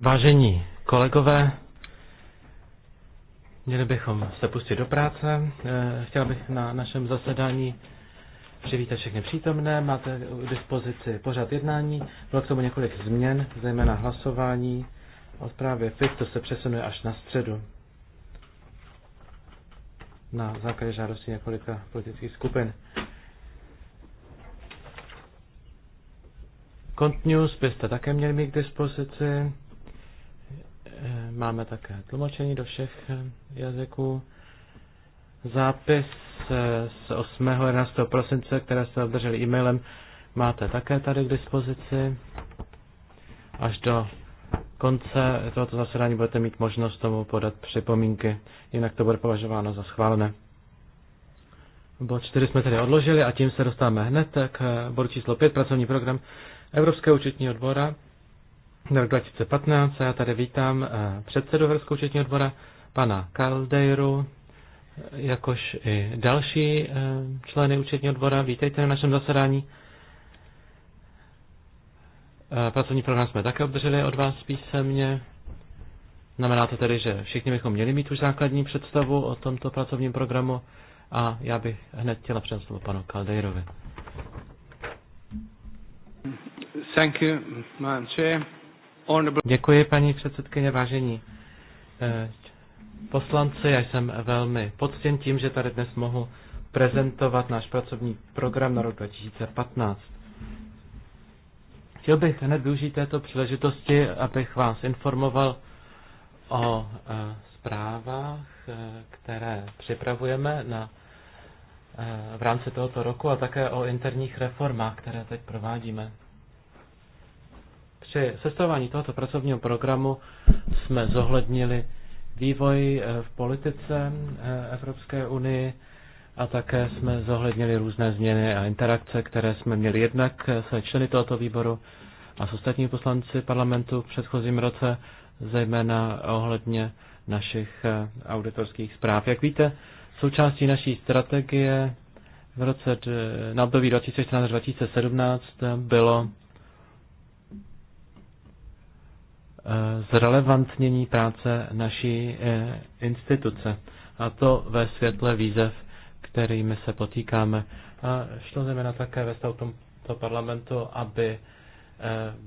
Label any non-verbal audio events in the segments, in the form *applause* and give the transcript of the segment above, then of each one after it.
Vážení kolegové, měli bychom se pustit do práce. Eh, Chtěl bych na našem zasedání přivítat všechny přítomné. Máte k dispozici pořád jednání. Bylo k tomu několik změn, zejména hlasování o zprávě FIT, to se přesunuje až na středu. Na základě žádosti několika politických skupin. Cont News byste také měli mít k dispozici. Eh, máme také tlumočení do všech eh, jazyků. Zápis eh, z 8. 11. prosince, které jste obdrželi e-mailem, máte také tady k dispozici. Až do konce tohoto zasedání budete mít možnost tomu podat připomínky, jinak to bude považováno za schválené. Bod 4 jsme tedy odložili a tím se dostáváme hned k bodu číslo 5, pracovní program Evropského účetního dvora na rok 2015 a já tady vítám eh, předsedu Evropského účetního dvora, pana Caldeiru, eh, jakož i další eh, členy účetního dvora. Vítejte na našem zasedání. Pracovní program jsme také obdrželi od vás písemně. Znamená to tedy, že všichni bychom měli mít už základní představu o tomto pracovním programu a já bych hned chtěla předat slovo panu Kaldejrovi. Děkuji, paní předsedkyně, vážení eh, poslanci. Já jsem velmi poctěn tím, že tady dnes mohu prezentovat náš pracovní program na rok 2015. Chtěl bych hned využít této příležitosti, abych vás informoval o eh, zprávách, eh, které připravujeme na, v rámci tohoto roku a také o interních reformách, které teď provádíme. Při sestavování tohoto pracovního programu jsme zohlednili vývoj eh, v politice eh, Evropské unie a také jsme zohlednili různé změny a interakce, které jsme měli jednak eh, se členy tohoto výboru a s ostatními poslanci parlamentu v předchozím roce, zejména ohledně našich auditorských zpráv. Jak víte, součástí naší strategie v roce, na období 2014-2017 bylo Eh, zrelevantnění práce naší eh, instituce. A to ve světle výzev, kterými se potýkáme. A šlo zejména také ve stavu tomto parlamentu, aby eh,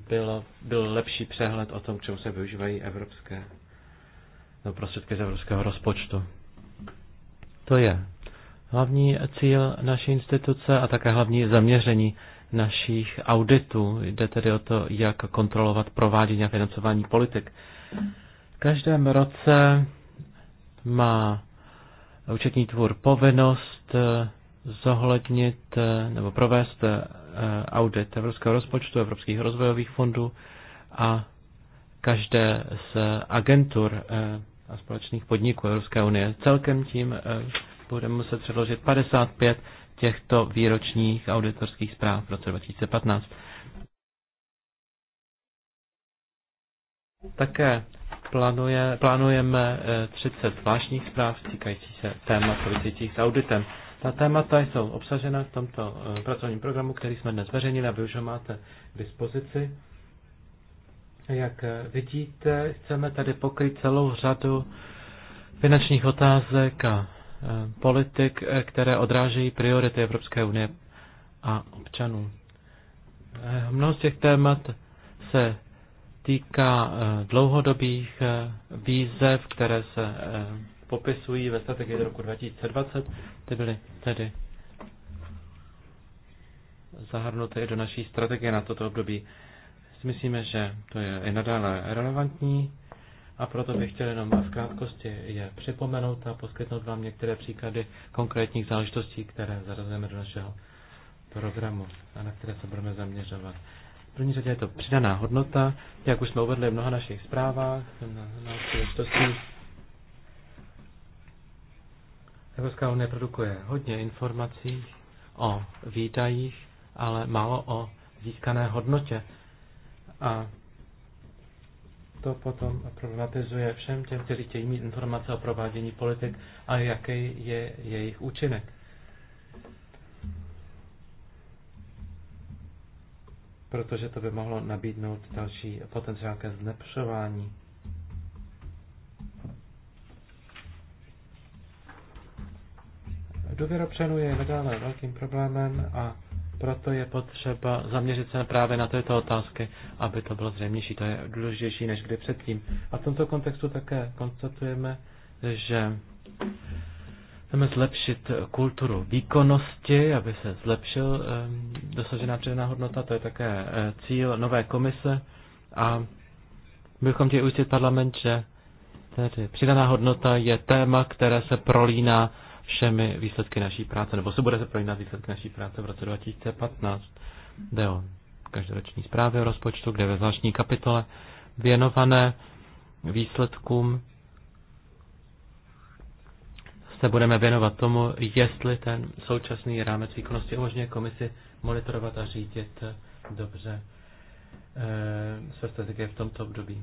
bylo, byl lepší přehled o tom, k čemu se využívají evropské no, prostředky z evropského rozpočtu. To je hlavní cíl naší instituce a také hlavní zaměření našich auditů. Jde tedy o to, jak kontrolovat provádění a financování politik. V každém roce má účetní tvůr povinnost eh, zohlednit eh, nebo provést eh, audit evropského rozpočtu, evropských rozvojových fondů a každé z agentur a společných podniků Evropské unie. Celkem tím budeme muset předložit 55 těchto výročních auditorských zpráv v roce 2015. Také plánuje, plánujeme 30 e, zvláštních zpráv týkající se témat souvisejících s auditem. Ta témata jsou obsažena v tomto e, pracovním programu, který jsme dnes zveřejnili a vy už ho máte k dispozici. Jak e, vidíte, chceme tady pokryt celou řadu finančních otázek a Eh, politik, eh, které odrážejí priority Evropské unie a občanů. Eh, mnoho z těch témat se týká dlouhodobých výzev, které se popisují ve strategii do roku 2020. Ty byly tedy zahrnuty i do naší strategie na toto období. Myslíme, že to je i nadále relevantní a proto bych chtěl jenom v krátkosti je připomenout a poskytnout vám některé příklady konkrétních záležitostí, které zarazujeme do našeho programu a na které se budeme zaměřovat. V první řadě je to přidaná hodnota, jak už jsme uvedli v mnoha našich zprávách, na, na příležitostí. Evropská unie produkuje hodně informací o výdajích, ale málo o získané hodnotě. A to potom problematizuje všem těm, kteří chtějí mít informace o provádění politik a jaký je jejich účinek. Protože to by mohlo nabídnout další potenciál ke zlepšování. Důvěra občanů je nadále velkým problémem a proto je potřeba zaměřit se právě na tyto otázky, aby to bylo zřejmější. To je důležitější než kdy předtím. A v tomto kontextu také konstatujeme, že chceme zlepšit kulturu výkonnosti, aby se zlepšil eh, dosažená předná hodnota. To je také eh, cíl nové komise. A bychom chtěli ujistit parlament, že tedy přidaná hodnota je téma, které se prolíná všemi výsledky naší práce, nebo se bude projednat výsledky naší práce v roce 2015. Jde o každoroční zprávy o rozpočtu, kde ve zvláštní kapitole věnované výsledkům se budeme věnovat tomu, jestli ten současný rámec výkonnosti umožňuje komisi monitorovat a řídit dobře e, své strategie v tomto období.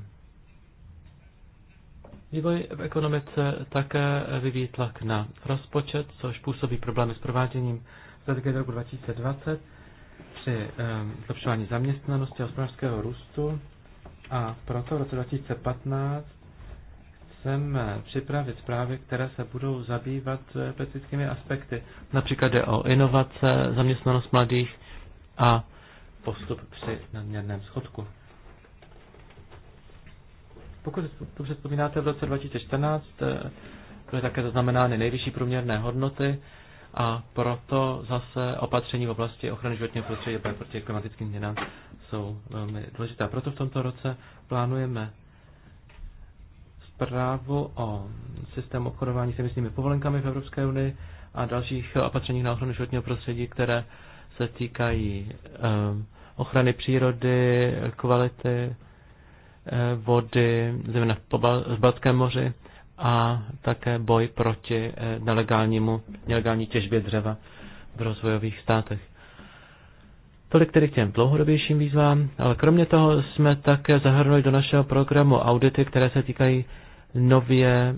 Vývoj v ekonomice také vyvíjí tlak na rozpočet, což působí problémy s prováděním strategie roku 2020 při ehm, zlepšování zaměstnanosti a hospodářského růstu. A proto v roce 2015 chceme připravit zprávy, které se budou zabývat specifickými aspekty. Například jde o inovace, zaměstnanost mladých a postup při nadměrném schodku. Pokud dobře vzpomínáte, v roce 2014 eh, byly také zaznamenány nejvyšší průměrné hodnoty a proto zase opatření v oblasti ochrany životního prostředí a proti klimatickým změnám jsou velmi důležitá. Proto v tomto roce plánujeme zprávu o systému obchodování s emisními povolenkami v Evropské unii a dalších opatřeních na ochranu životního prostředí, které se týkají eh, ochrany přírody, kvality Eh, vody, zejména v Baltském moři, a také boj proti eh, nelegálnímu, nelegální těžbě dřeva v rozvojových státech. Tolik tedy k těm dlouhodobějším výzvám, ale kromě toho jsme také zahrnuli do našeho programu audity, které se týkají nově eh,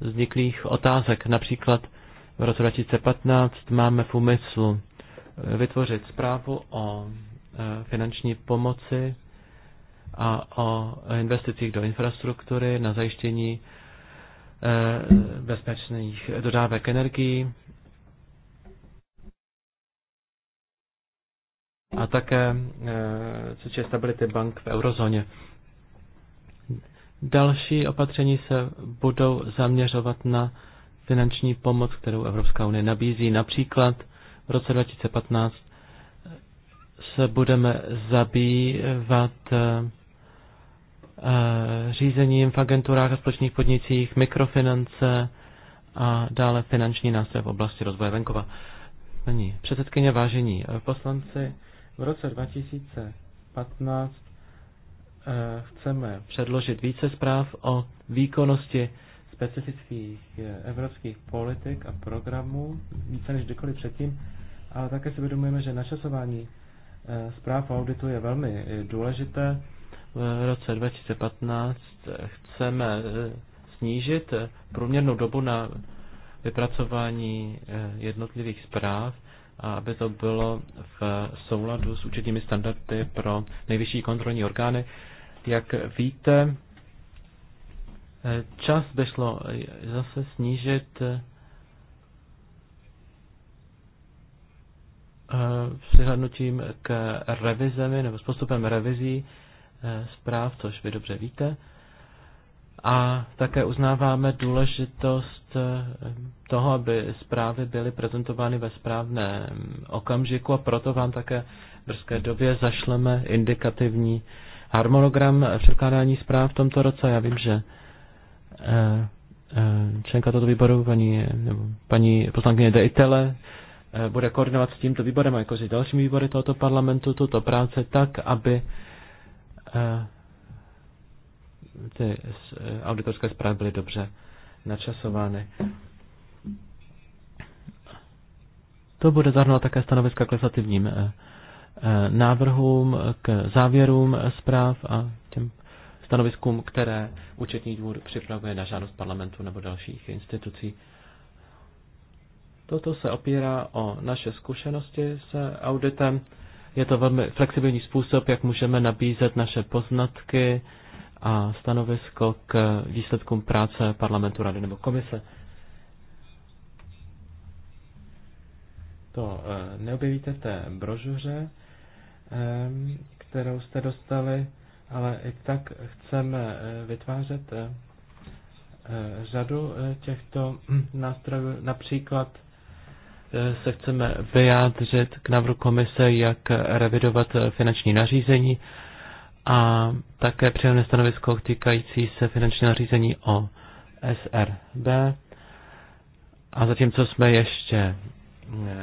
vzniklých otázek. Například v roce 2015 máme v úmyslu vytvořit zprávu o finanční pomoci a o investicích do infrastruktury na zajištění eh, bezpečných dodávek energií a také eh, co je stability bank v eurozóně. Další opatření se budou zaměřovat na finanční pomoc, kterou Evropská unie nabízí. Například v roce 2015 se budeme zabývat eh, Eh, řízením v agenturách a společných podnicích, mikrofinance a dále finanční nástroje v oblasti rozvoje venkova. Paní předsedkyně, vážení poslanci, v roce 2015 eh, chceme předložit více zpráv o výkonnosti specifických eh, evropských politik a programů, více než kdykoliv předtím, ale také si uvědomujeme, že načasování zpráv auditu je velmi důležité v roce 2015 chceme eh, snížit eh, průměrnou dobu na vypracování eh, jednotlivých zpráv a aby to bylo v souladu s určitými standardy pro nejvyšší kontrolní orgány. Jak víte, čas by šlo zase snížit přihlednutím k revizemi nebo způsobem revizí Eh, zpráv, což vy dobře víte. A také uznáváme důležitost eh, toho, aby zprávy byly prezentovány ve správném okamžiku a proto vám také v brzké době zašleme indikativní harmonogram předkládání zpráv v tomto roce. Já vím, že eh, členka tohoto výboru, paní, nebo paní poslankyně Deitele, bude koordinovat s tímto výborem a jako s dalšími výbory tohoto parlamentu tuto práce tak, aby ty eh, auditorské zprávy byly dobře načasovány. To bude zahrnovat také stanoviska k legislativním eh, eh, návrhům, k závěrům zpráv a těm stanoviskům, které účetní dvůr připravuje na žádost parlamentu nebo dalších institucí. Toto se opírá o naše zkušenosti s auditem. Je to velmi flexibilní způsob, jak můžeme nabízet naše poznatky a stanovisko k výsledkům práce parlamentu, rady nebo komise. To eh, neobjevíte v té brožuře, eh, kterou jste dostali, ale i tak chceme eh, vytvářet řadu těchto hm, nástrojů, například Eh, se chceme vyjádřit k návrhu komise, jak revidovat eh, finanční nařízení a také přijeme stanovisko týkající se finančního nařízení o SRB. A zatímco jsme ještě eh,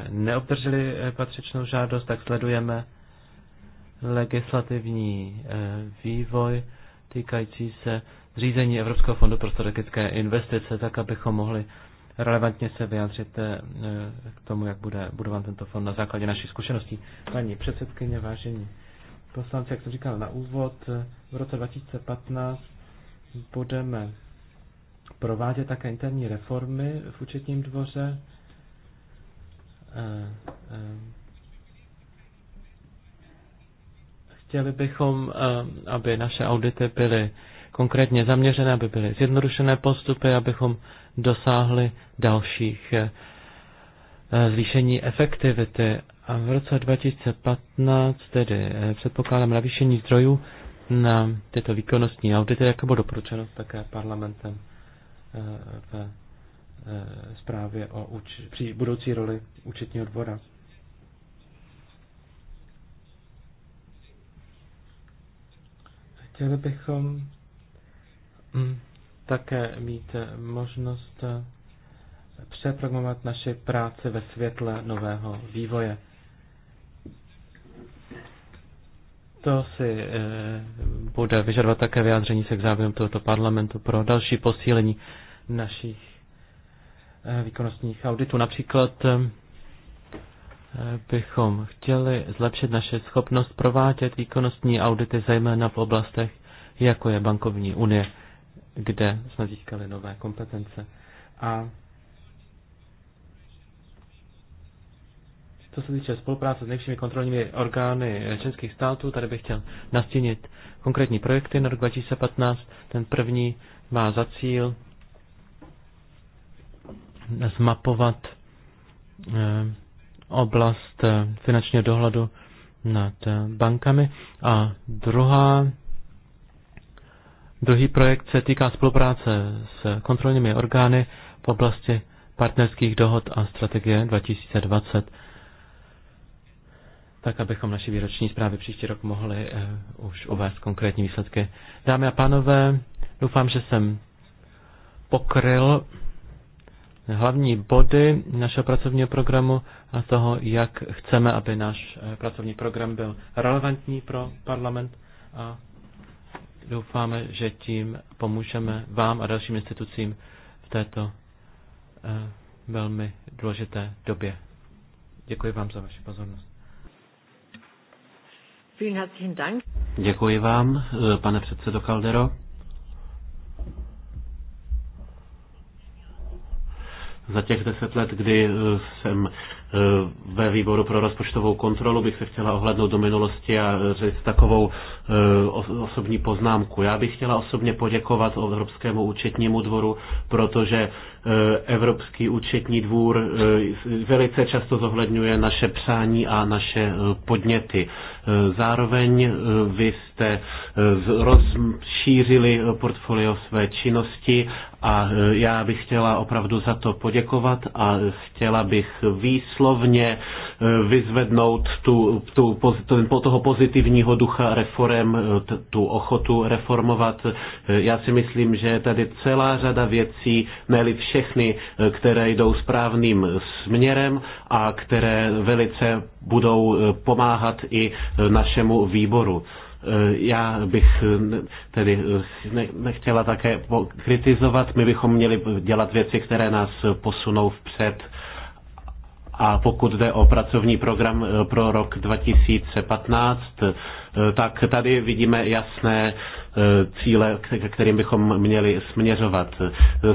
neobdrželi patřičnou žádost, tak sledujeme legislativní vývoj týkající se zřízení Evropského fondu pro strategické investice, tak abychom mohli relevantně se vyjádřit eh, k tomu, jak bude budován tento fond na základě našich zkušeností. Paní předsedkyně, vážení poslanci, jak jsem říkal na úvod, eh, v roce 2015 budeme provádět také interní reformy v účetním dvoře. Eh, chtěli bychom, aby naše audity byly konkrétně zaměřené, aby byly zjednodušené postupy, abychom dosáhli dalších eh, zvýšení efektivity. A v roce 2015 tedy eh, předpokládám navýšení zdrojů na tyto výkonnostní audity, jako bylo doporučeno také parlamentem eh, v zprávě o uč- při budoucí roli účetního dvora. Chtěli bychom mm, také mít možnost přeprogramovat naše práce ve světle nového vývoje. To si e, bude vyžadovat také vyjádření se k závěrům tohoto parlamentu pro další posílení našich e, výkonnostních auditů. Například e, bychom chtěli zlepšit naše schopnost provádět výkonnostní audity, zejména v oblastech, jako je bankovní unie kde jsme získali nové kompetence. A co se týče spolupráce s nejvšími kontrolními orgány českých států, tady bych chtěl nastínit konkrétní projekty na rok 2015. Ten první má za cíl eh, zmapovat eh, oblast eh, finančního dohledu nad bankami. A druhá Druhý projekt se týká spolupráce s kontrolními orgány v oblasti partnerských dohod a strategie 2020, tak abychom naši výroční zprávy příští rok mohli eh, už uvést konkrétní výsledky. Dámy a pánové, doufám, že jsem pokryl hlavní body našeho pracovního programu a toho, jak chceme, aby náš eh, pracovní program byl relevantní pro parlament a Doufáme, že tím pomůžeme vám a dalším institucím v této eh, velmi důležité době. Děkuji vám za vaši pozornost. Děkuji vám, eh, pane předsedo Caldero. Za těch deset let, kdy eh, jsem eh, ve výboru pro rozpočtovou kontrolu, bych se chtěla ohlednout do minulosti a říct takovou eh, osobní poznámku. Já bych chtěla osobně poděkovat Evropskému účetnímu dvoru, protože Evropský účetní dvůr velice často zohledňuje naše přání a naše podněty. Zároveň vy jste rozšířili portfolio své činnosti a e, já bych chtěla opravdu za to poděkovat a chtěla bych výslovně e, vyzvednout tu, tu, to, toho pozitivního ducha reform, e, tu ochotu reformovat. Já si myslím, že je tady celá řada věcí, ne všechny, které jdou správným směrem a které velice budou pomáhat i našemu výboru. Já bych eh, tedy eh, nechtěla také kritizovat, my bychom měli dělat věci, které nás posunou vpřed. A pokud jde o pracovní program eh, pro rok 2015, tak tady vidíme jasné cíle, kterým bychom měli směřovat.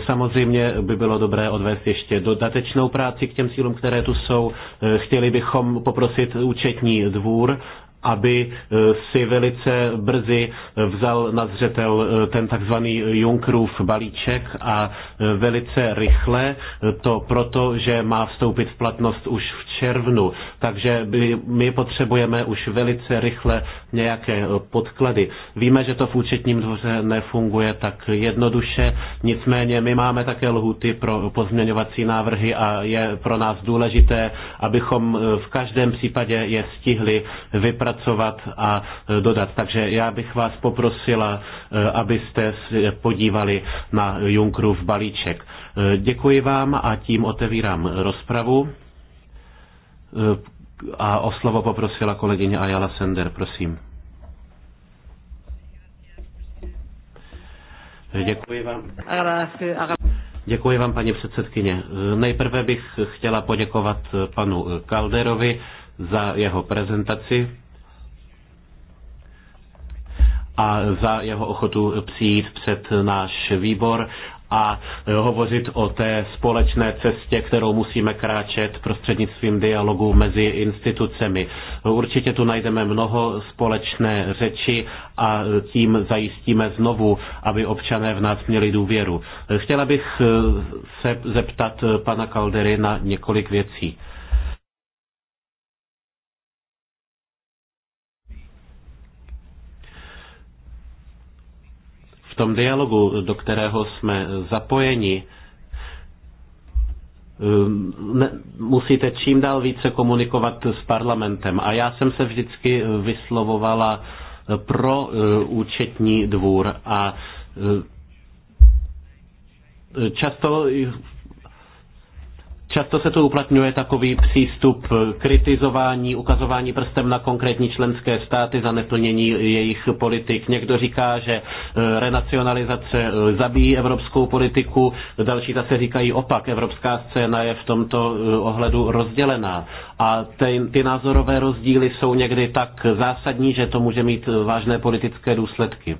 Samozřejmě by bylo dobré odvést ještě dodatečnou práci k těm cílům, které tu jsou. Chtěli bychom poprosit účetní dvůr, aby eh, si velice brzy eh, vzal na zřetel eh, ten takzvaný Junckerův balíček a velice rychle, to proto, že má vstoupit v platnost už v červnu. Takže my potřebujeme už velice rychle nějaké podklady. Víme, že to v účetním dvoře nefunguje tak jednoduše, nicméně my máme také lhuty pro pozměňovací návrhy a je pro nás důležité, abychom v každém případě je stihli vypracovat zapracovat a e, dodat. Takže já bych vás poprosila, e, abyste se podívali na Junkrův balíček. E, děkuji vám a tím otevírám rozpravu. A o slovo poprosila kolegyně Ayala Sender, prosím. Děkuji vám. Děkuji vám, paní předsedkyně. Nejprve bych chtěla poděkovat panu Kalderovi za jeho prezentaci a za jeho ochotu přijít před náš výbor a eh, hovořit o té společné cestě, kterou musíme kráčet prostřednictvím dialogu mezi institucemi. Určitě tu najdeme mnoho společné řeči a tím zajistíme znovu, aby občané v nás měli důvěru. Chtěla bych eh, se zeptat eh, pana Kaldery na několik věcí. tom dialogu, do kterého jsme zapojeni, ehm, musíte čím dál více komunikovat s parlamentem. A já jsem se vždycky vyslovovala eh, pro eh, účetní dvůr a eh, často Často se tu uplatňuje takový přístup kritizování, ukazování prstem na konkrétní členské státy za neplnění jejich politik. Někdo říká, že eh, renacionalizace eh, zabíjí evropskou politiku, další zase říkají opak. Evropská scéna je v tomto eh, ohledu rozdělená. A ty, ty názorové rozdíly jsou někdy tak zásadní, že to může mít vážné politické důsledky.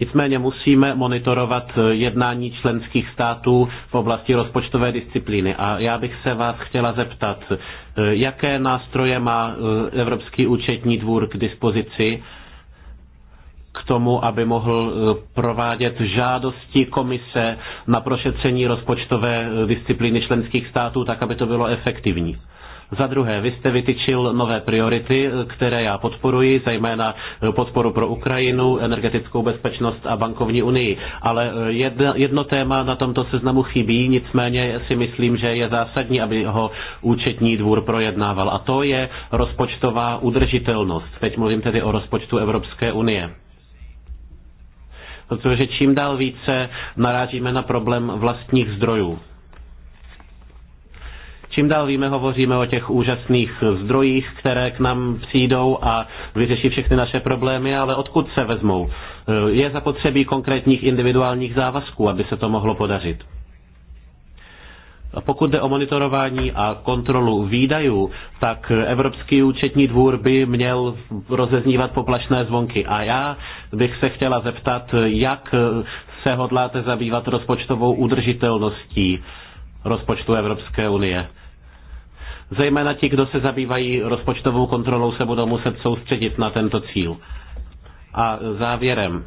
Nicméně musíme monitorovat eh, jednání členských států v oblasti rozpočtové disciplíny. A já bych se vás chtěla zeptat, eh, jaké nástroje má eh, Evropský účetní dvůr k dispozici k tomu, aby mohl provádět žádosti komise na prošetření rozpočtové disciplíny členských států, tak aby to bylo efektivní. Za druhé, vy jste vytyčil nové priority, které já podporuji, zejména podporu pro Ukrajinu, energetickou bezpečnost a bankovní unii. Ale eh, jedno, jedno téma na tomto seznamu chybí, nicméně si myslím, že je zásadní, aby ho účetní dvůr projednával. A to je rozpočtová udržitelnost. Teď mluvím tedy o rozpočtu Evropské unie protože čím dál více narážíme na problém vlastních zdrojů. Čím dál víme, hovoříme o těch úžasných zdrojích, které k nám přijdou a vyřeší všechny naše problémy, ale odkud se vezmou? Je zapotřebí konkrétních individuálních závazků, aby se to mohlo podařit. Pokud jde o monitorování a kontrolu výdajů, tak Evropský účetní dvůr by měl rozeznívat poplašné zvonky. A já bych se chtěla zeptat, jak se hodláte zabývat rozpočtovou udržitelností rozpočtu Evropské unie. Zejména ti, kdo se zabývají rozpočtovou kontrolou, se budou muset soustředit na tento cíl. A závěrem.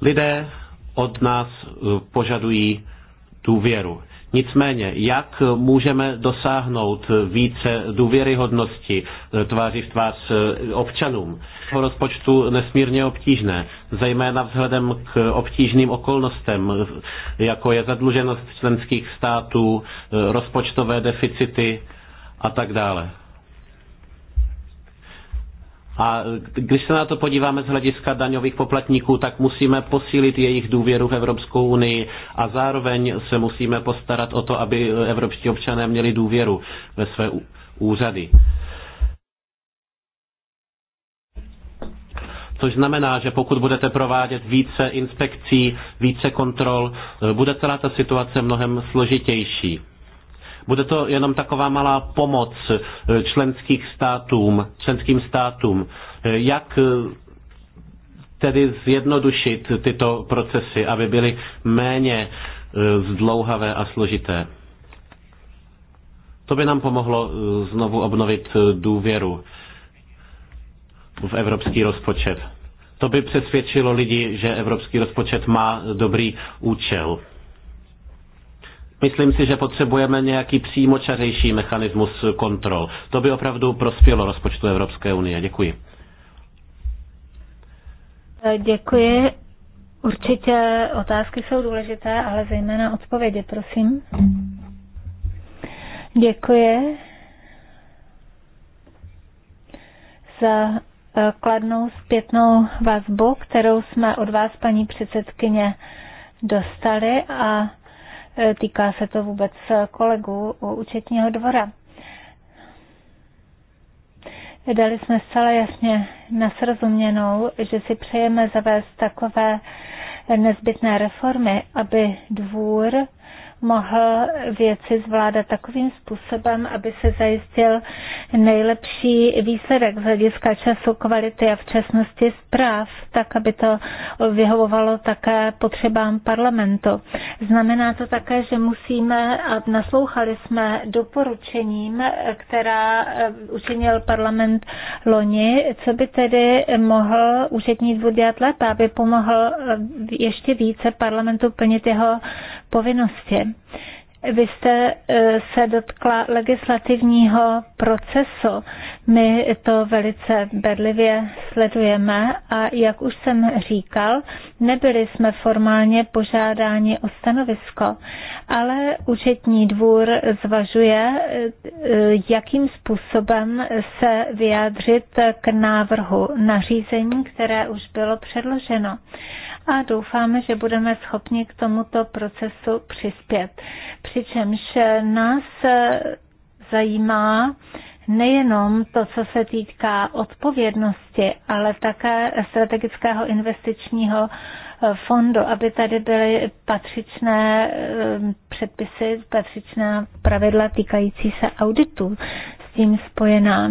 Lidé od nás eh, požadují důvěru. Nicméně, jak můžeme dosáhnout více důvěryhodnosti e, tváří v tvář e, občanům? V rozpočtu nesmírně obtížné, zejména vzhledem k obtížným okolnostem, jako je zadluženost členských států, e, rozpočtové deficity a tak dále. A když se na to podíváme z hlediska daňových poplatníků, tak musíme posílit jejich důvěru v Evropskou unii a zároveň se musíme postarat o to, aby evropští občané měli důvěru ve své úřady. což znamená, že pokud budete provádět více inspekcí, více kontrol, eh, bude celá ta situace mnohem složitější. Bude to jenom taková malá pomoc eh, členských státům, členským státům. Eh, jak eh, tedy zjednodušit tyto procesy, aby byly méně zdlouhavé a složité? To by nám pomohlo znovu obnovit důvěru v evropský rozpočet. To by přesvědčilo lidi, že evropský rozpočet má dobrý účel. Myslím si, že potřebujeme nějaký přímočařejší mechanismus kontrol. To by opravdu prospělo rozpočtu Evropské unie. Děkuji. Eh, děkuji. Určitě otázky jsou důležité, ale zejména odpovědi, prosím. Děkuji za eh, kladnou zpětnou vazbu, kterou jsme od vás, paní předsedkyně, dostali a E, týká se to vůbec e, kolegů u účetního dvora. Dali jsme zcela jasně nasrozuměnou, že si přejeme zavést takové nezbytné reformy, aby dvůr mohl věci zvládat takovým způsobem, aby se zajistil nejlepší výsledek z hlediska času, kvality a včasnosti zpráv, tak aby to vyhovovalo také potřebám parlamentu. Znamená to také, že musíme, a naslouchali jsme doporučením, která eh, učinil parlament loni, co by tedy mohl úřední dvůr dělat lépe, aby pomohl eh, ještě více parlamentu plnit jeho povinnosti. Vy jste e, se dotkla legislativního procesu. My to velice bedlivě sledujeme a jak už jsem říkal, nebyli jsme formálně požádáni o stanovisko, ale účetní dvůr zvažuje, e, jakým způsobem se vyjádřit k návrhu nařízení, které už bylo předloženo a doufáme, že budeme schopni k tomuto procesu přispět. Přičemž nás zajímá, nejenom to, co se týká odpovědnosti, ale také strategického investičního fondu, aby tady byly patřičné eh, předpisy, patřičná pravidla týkající se auditu s tím spojená.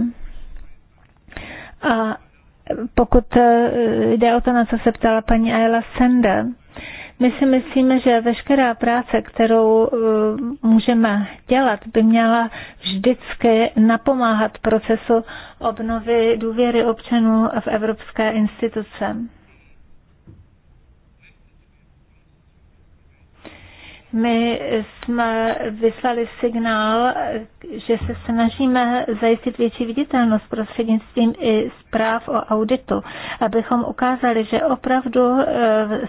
A pokud e, jde o to, na co se ptala paní Ayla Sende, my si myslíme, že veškerá práce, kterou e, můžeme dělat, by měla vždycky napomáhat procesu obnovy důvěry občanů v evropské instituce. My jsme vyslali signál, že se snažíme zajistit větší viditelnost prostřednictvím i zpráv o auditu, abychom ukázali, že opravdu eh,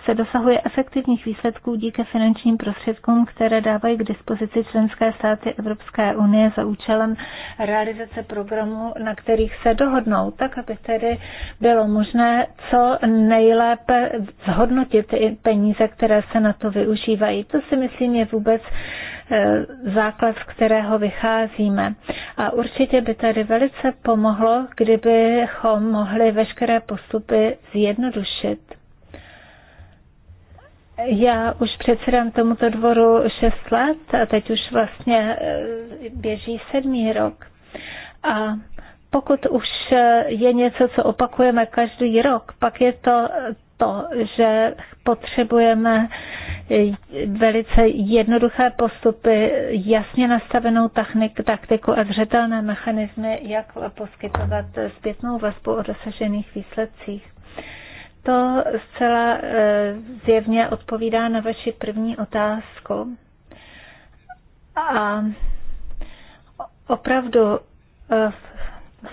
se dosahuje efektivních výsledků díky finančním prostředkům, které dávají k dispozici členské státy Evropské unie za účelem realizace programů, na kterých se dohodnou, tak aby tedy bylo možné co nejlépe zhodnotit peníze, které se na to využívají. To si myslím, myslím, je vůbec eh, základ, z kterého vycházíme. A určitě by tady velice pomohlo, kdybychom mohli veškeré postupy zjednodušit. Já už předsedám tomuto dvoru 6 let a teď už vlastně eh, běží sedmý rok. A pokud už eh, je něco, co opakujeme každý rok, pak je to to, že potřebujeme velice jednoduché postupy, jasně nastavenou technik, taktiku a zřetelné mechanismy, jak poskytovat zpětnou vazbu o dosažených výsledcích. To zcela e, zjevně odpovídá na vaši první otázku. A opravdu e, v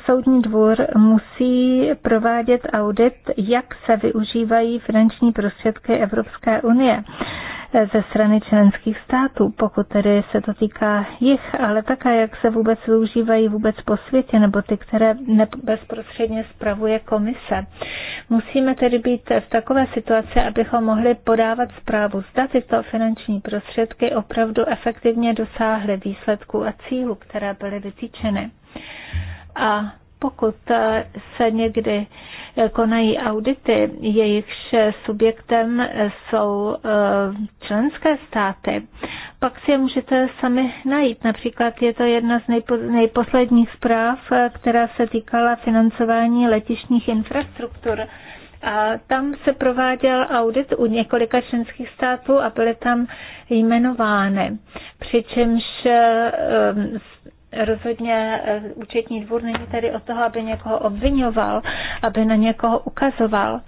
Soudní dvůr musí provádět audit, jak se využívají finanční prostředky Evropské unie ze strany členských států, pokud tedy se to týká jich, ale také jak se vůbec využívají vůbec po světě, nebo ty, které ne- bezprostředně spravuje komise. Musíme tedy být v takové situaci, abychom mohli podávat zprávu, zda tyto finanční prostředky opravdu efektivně dosáhly výsledků a cílů, které byly vytýčeny. A pokud eh, se někdy eh, konají audity, jejichž eh, subjektem jsou členské státy, pak si je můžete sami najít. Například je to jedna z nejpo, nejposledních zpráv, která se týkala financování letišních infrastruktur. A tam se prováděl audit u několika členských států a byly tam jmenovány. Přičemž rozhodně eh, účetní dvůr není tady od toho, aby někoho obvinoval, aby na někoho ukazoval,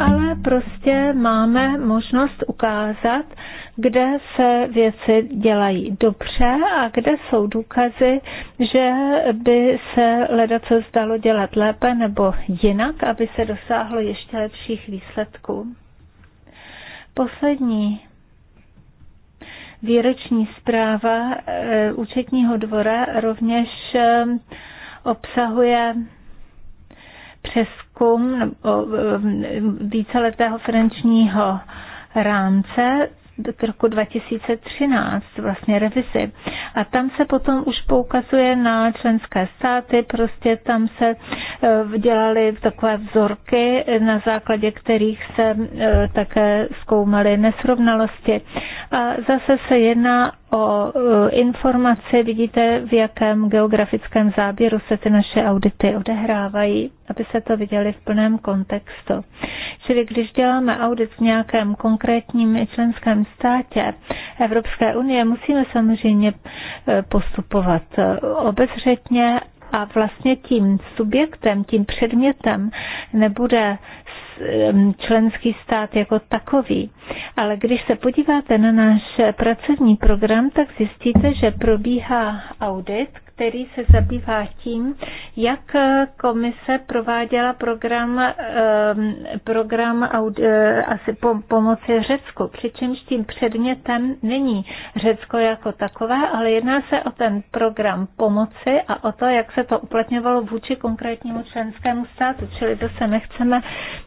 ale prostě máme možnost ukázat, kde se věci dělají dobře a kde jsou důkazy, že by se leda co zdalo dělat lépe nebo jinak, aby se dosáhlo ještě lepších výsledků. Poslední Výroční zpráva eh, účetního dvora rovněž eh, obsahuje přeskum eh, víceletého finančního rámce do roku 2013, vlastně revizi. A tam se potom už poukazuje na členské státy, prostě tam se dělaly takové vzorky, na základě kterých se také zkoumaly nesrovnalosti zase se jedná o eh, informace, vidíte, v jakém geografickém záběru se ty naše audity odehrávají, aby se to viděli v plném kontextu. Čili když děláme audit v nějakém konkrétním členském státě Evropské unie, musíme samozřejmě eh, postupovat eh, obezřetně a vlastně tím subjektem, tím předmětem nebude Um, členský stát jako takový. Ale když se podíváte na náš pracovní program, tak zjistíte, že probíhá audit, který se zabývá tím, jak komise prováděla program, ehm, program eh, asi pomoci Řecku, přičemž tím předmětem není Řecko jako takové, ale jedná se o ten program pomoci a o to, jak se to uplatňovalo vůči konkrétnímu členskému státu, čili se nechceme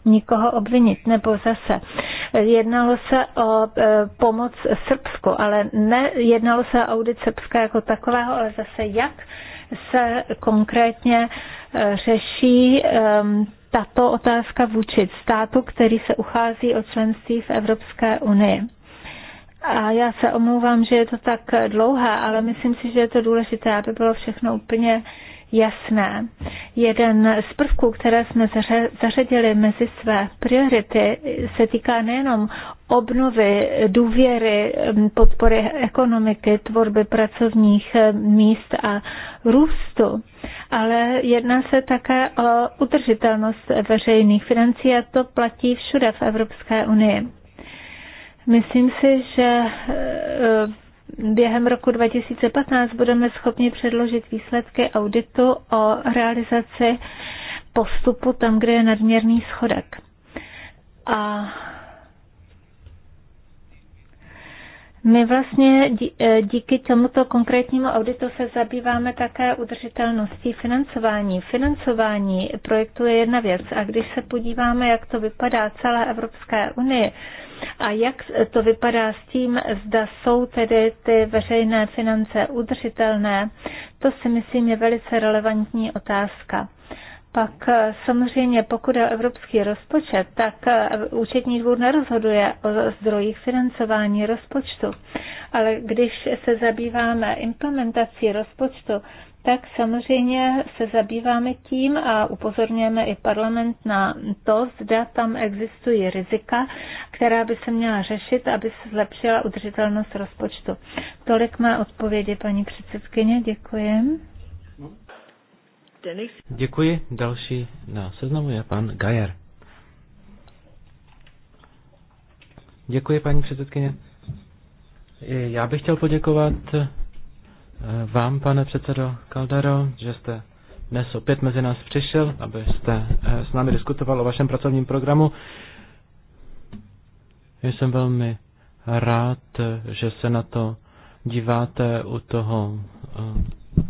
nikoho obvinit, nebo zase jednalo se o eh, pomoc Srbsku, ale ne jednalo se o audit Srbska jako takového, ale zase jak se konkrétně eh, řeší ehm, tato otázka vůči státu, který se uchází o členství v Evropské unii. A já se omlouvám, že je to tak dlouhé, ale myslím si, že je to důležité, aby bylo všechno úplně jasné. Jeden z prvků, které jsme zařadili mezi své priority, se týká nejenom obnovy důvěry, podpory ekonomiky, tvorby pracovních míst a růstu, ale jedná se také o udržitelnost veřejných financí a to platí všude v Evropské unii. Myslím si, že e, během roku 2015 budeme schopni předložit výsledky auditu o realizaci postupu tam, kde je nadměrný schodek. A My vlastně eh, díky tomuto konkrétnímu auditu se zabýváme také udržitelností financování. Financování projektu je jedna věc a když se podíváme, jak to vypadá celé Evropské unie, a jak to vypadá s tím, zda jsou tedy ty veřejné finance udržitelné, to si myslím je velice relevantní otázka. Pak eh, samozřejmě, pokud je evropský rozpočet, tak eh, účetní dvůr nerozhoduje o zdrojích financování rozpočtu. Ale když se zabýváme implementací rozpočtu, tak samozřejmě se zabýváme tím a upozorňujeme i parlament na to, zda tam existují rizika, která by se měla řešit, aby se zlepšila udržitelnost rozpočtu. Tolik má odpovědi, paní předsedkyně, děkuji. Děkuji. Další na seznamu je pan Gajer. Děkuji, paní předsedkyně. Já bych chtěl poděkovat vám, pane předsedo Caldero, že jste dnes opět mezi nás přišel, abyste eh, s námi diskutoval o vašem pracovním programu. Jsem velmi rád, že se na to díváte u toho eh,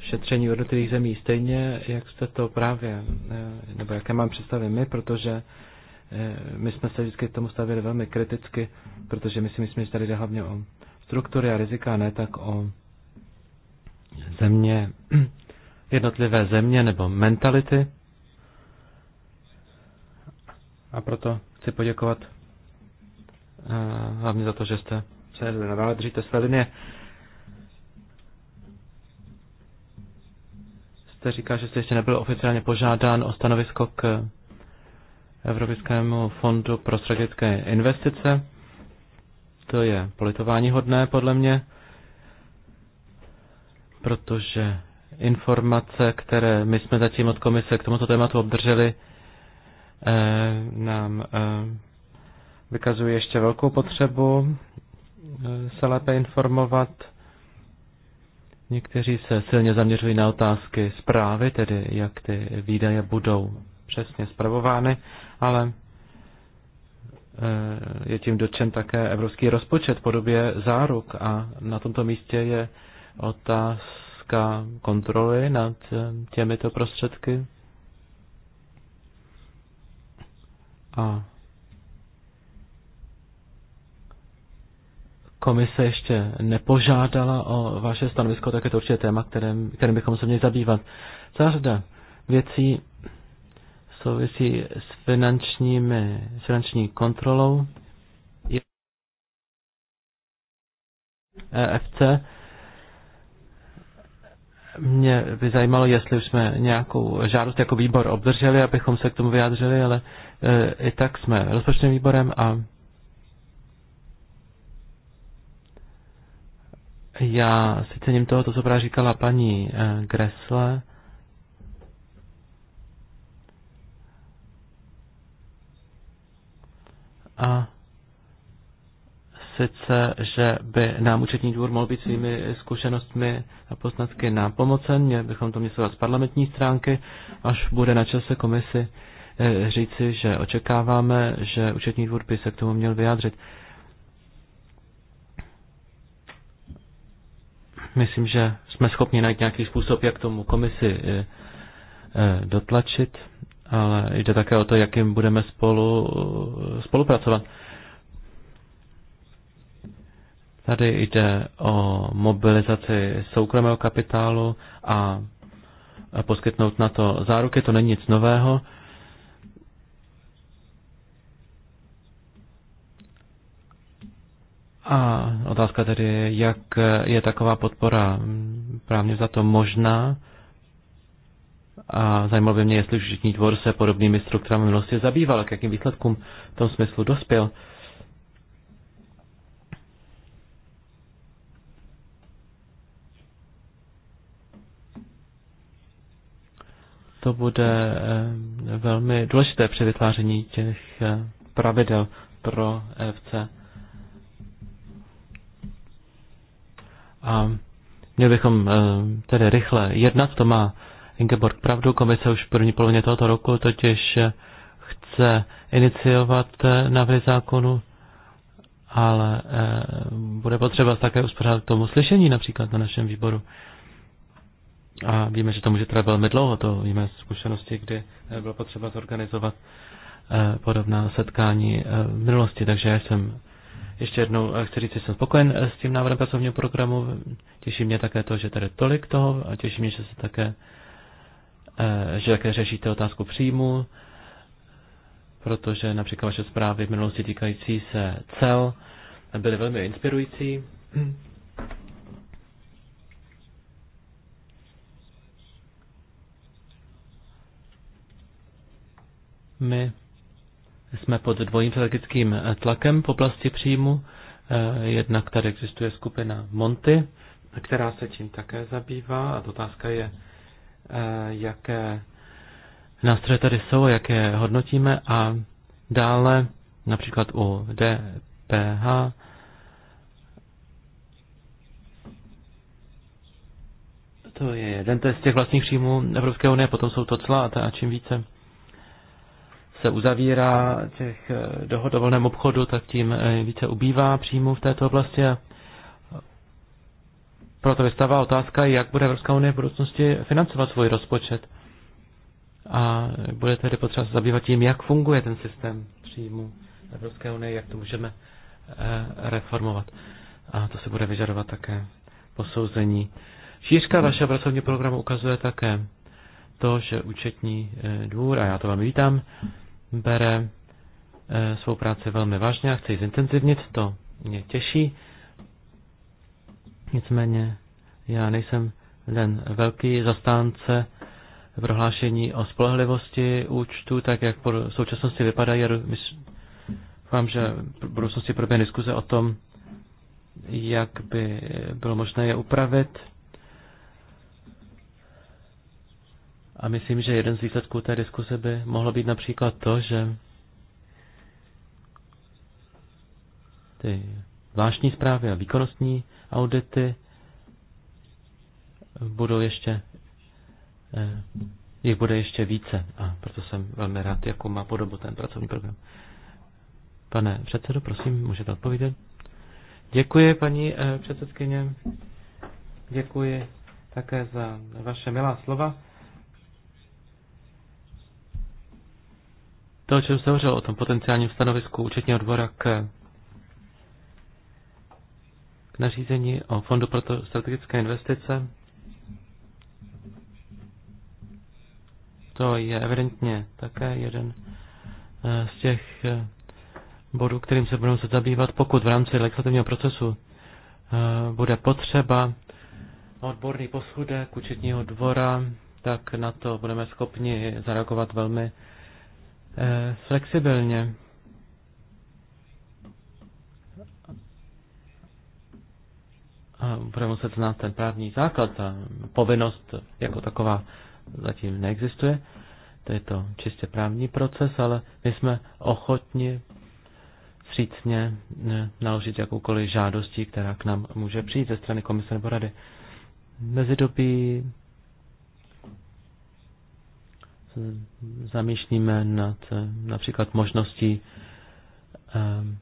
šetření jednotlivých zemí stejně, jak jste to právě, eh, nebo jaké mám představy my, protože my jsme se vždycky k tomu stavili velmi kriticky, protože my si myslíme, že tady jde hlavně o struktury a rizika, ne tak o země, *clears throat* jednotlivé země nebo mentality. A proto chci poděkovat eh, hlavně za to, že jste se nadále držíte své linie. Jste říká, že jste ještě nebyl oficiálně požádán o stanovisko k Evropskému fondu pro strategické investice. To je politování hodné podle mě protože informace, které my jsme zatím od komise k tomuto tématu obdrželi, eh, nám eh, vykazuje ještě velkou potřebu eh, se lépe informovat. Někteří se silně zaměřují na otázky zprávy, tedy jak ty výdaje budou přesně zpravovány, ale je tím dotčen také evropský rozpočet v podobě záruk a na tomto místě je otázka kontroly nad těmito prostředky. A komise ještě nepožádala o vaše stanovisko, tak je to určitě téma, kterým, kterým bychom se měli zabývat. Celá řada věcí souvisí s, finančními, s finanční kontrolou EFC e mě by zajímalo, jestli už jsme nějakou žádost jako výbor obdrželi, abychom se k tomu vyjádřili, ale e, i tak jsme rozpočtovým výborem a já si cením toho, to, co právě říkala paní e, Gresle, a sice, že by nám účetní dvůr mohl být svými zkušenostmi a poznatky nám pomocen, měli bychom to měsovat z parlamentní stránky, až bude na čase komisi eh, říci, že očekáváme, že účetní dvůr by se k tomu měl vyjádřit. Myslím, že jsme schopni najít nějaký způsob, jak tomu komisi eh, eh, dotlačit, ale jde také o to, jakým budeme spolu spolupracovat. Tady jde o mobilizaci soukromého kapitálu a poskytnout na to záruky, to není nic nového. A otázka tedy je, jak je taková podpora právně za to možná. A zajímalo by mě, jestli Žitní dvor se podobnými strukturami minulosti zabýval, k jakým výsledkům v tom smyslu dospěl. to bude eh, velmi důležité při vytváření těch eh, pravidel pro EFC. A měli bychom eh, tedy rychle jednat, to má Ingeborg pravdu, komise už v první polovině tohoto roku totiž chce iniciovat návrh zákonu, ale bude potřeba také uspořádat k tomu slyšení například na našem výboru. A víme, že to může trvat velmi dlouho, to víme z zkušenosti, kdy eh, bylo potřeba zorganizovat eh, podobná setkání eh, v minulosti, takže já jsem ještě jednou chci říct, že jsem spokojen s tím návrhem pracovního programu. Těší mě také to, že tady tolik toho a těší mě, že se také, že také řešíte otázku příjmu, protože například vaše zprávy v minulosti týkající se cel byly velmi inspirující My jsme pod dvojím strategickým tlakem v oblasti příjmu. Eh, jednak tady existuje skupina Monty, která se tím také zabývá a otázka je, eh, jaké nástroje tady jsou, jaké hodnotíme a dále například u DPH to je jeden z těch vlastních příjmů Evropské unie, potom jsou to cla a čím více se uzavírá těch eh, dohod o volném obchodu, tak tím eh, více ubývá příjmů v této oblasti. proto vystává otázka, jak bude Evropská unie v budoucnosti financovat svůj rozpočet. A bude tedy potřeba se zabývat tím, jak funguje ten systém příjmu Evropské unie, jak to můžeme eh, reformovat. A to se bude vyžadovat také posouzení. Šířka vašeho pracovního programu ukazuje také to, že účetní dvůr, a já to vám vítám, bere eh, svou práci velmi vážně a chce ji zintenzivnit, to mě těší. Nicméně já nejsem ten velký zastánce prohlášení o spolehlivosti účtu, tak jak v současnosti vypadají. Doufám, že v budoucnosti proběhne diskuze o tom, jak by bylo možné je upravit. A myslím, že jeden z výsledků té diskuse by mohlo být například to, že ty zvláštní zprávy a výkonnostní audity budou ještě, eh, jich bude ještě více. A proto jsem velmi rád, jakou má podobu ten pracovní program. Pane předsedo, prosím, můžete odpovědět. Děkuji, paní eh, předsedkyně. Děkuji také za vaše milá slova. to, o čem se hovořilo, o tom potenciálním stanovisku účetního dvora k, k nařízení o Fondu pro strategické investice, to je evidentně také jeden eh, z těch eh, bodů, kterým se budeme se zabývat, pokud v rámci legislativního procesu eh, bude potřeba odborný posudek účetního dvora, tak na to budeme schopni zareagovat velmi Eh, flexibilně. A bude muset znát ten právní základ, ta povinnost jako taková zatím neexistuje. To je to čistě právní proces, ale my jsme ochotni vstřícně eh, naložit jakoukoliv žádostí, která k nám může přijít ze strany komise nebo rady. Mezidobí zamýšlíme nad eh, například možností ehm,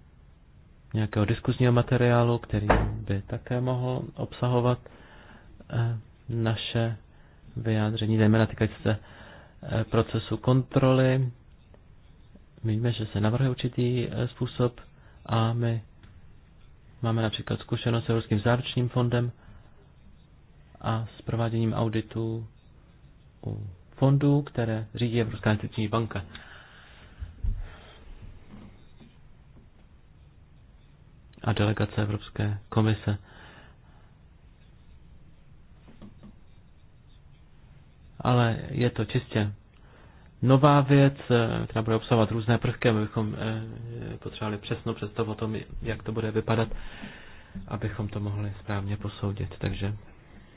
nějakého diskuzního materiálu, který by také mohl obsahovat eh, naše vyjádření, zejména týkající se eh, procesu kontroly. Víme, že se navrhuje určitý způsob a my máme například zkušenost s Evropským záručním fondem a s prováděním auditů u fondů, které řídí Evropská investiční banka. A delegace Evropské komise. Ale je to čistě nová věc, eh, která bude obsahovat různé prvky, my bychom eh, potřebovali přesnou představu o tom, jak to bude vypadat, abychom to mohli správně posoudit. Takže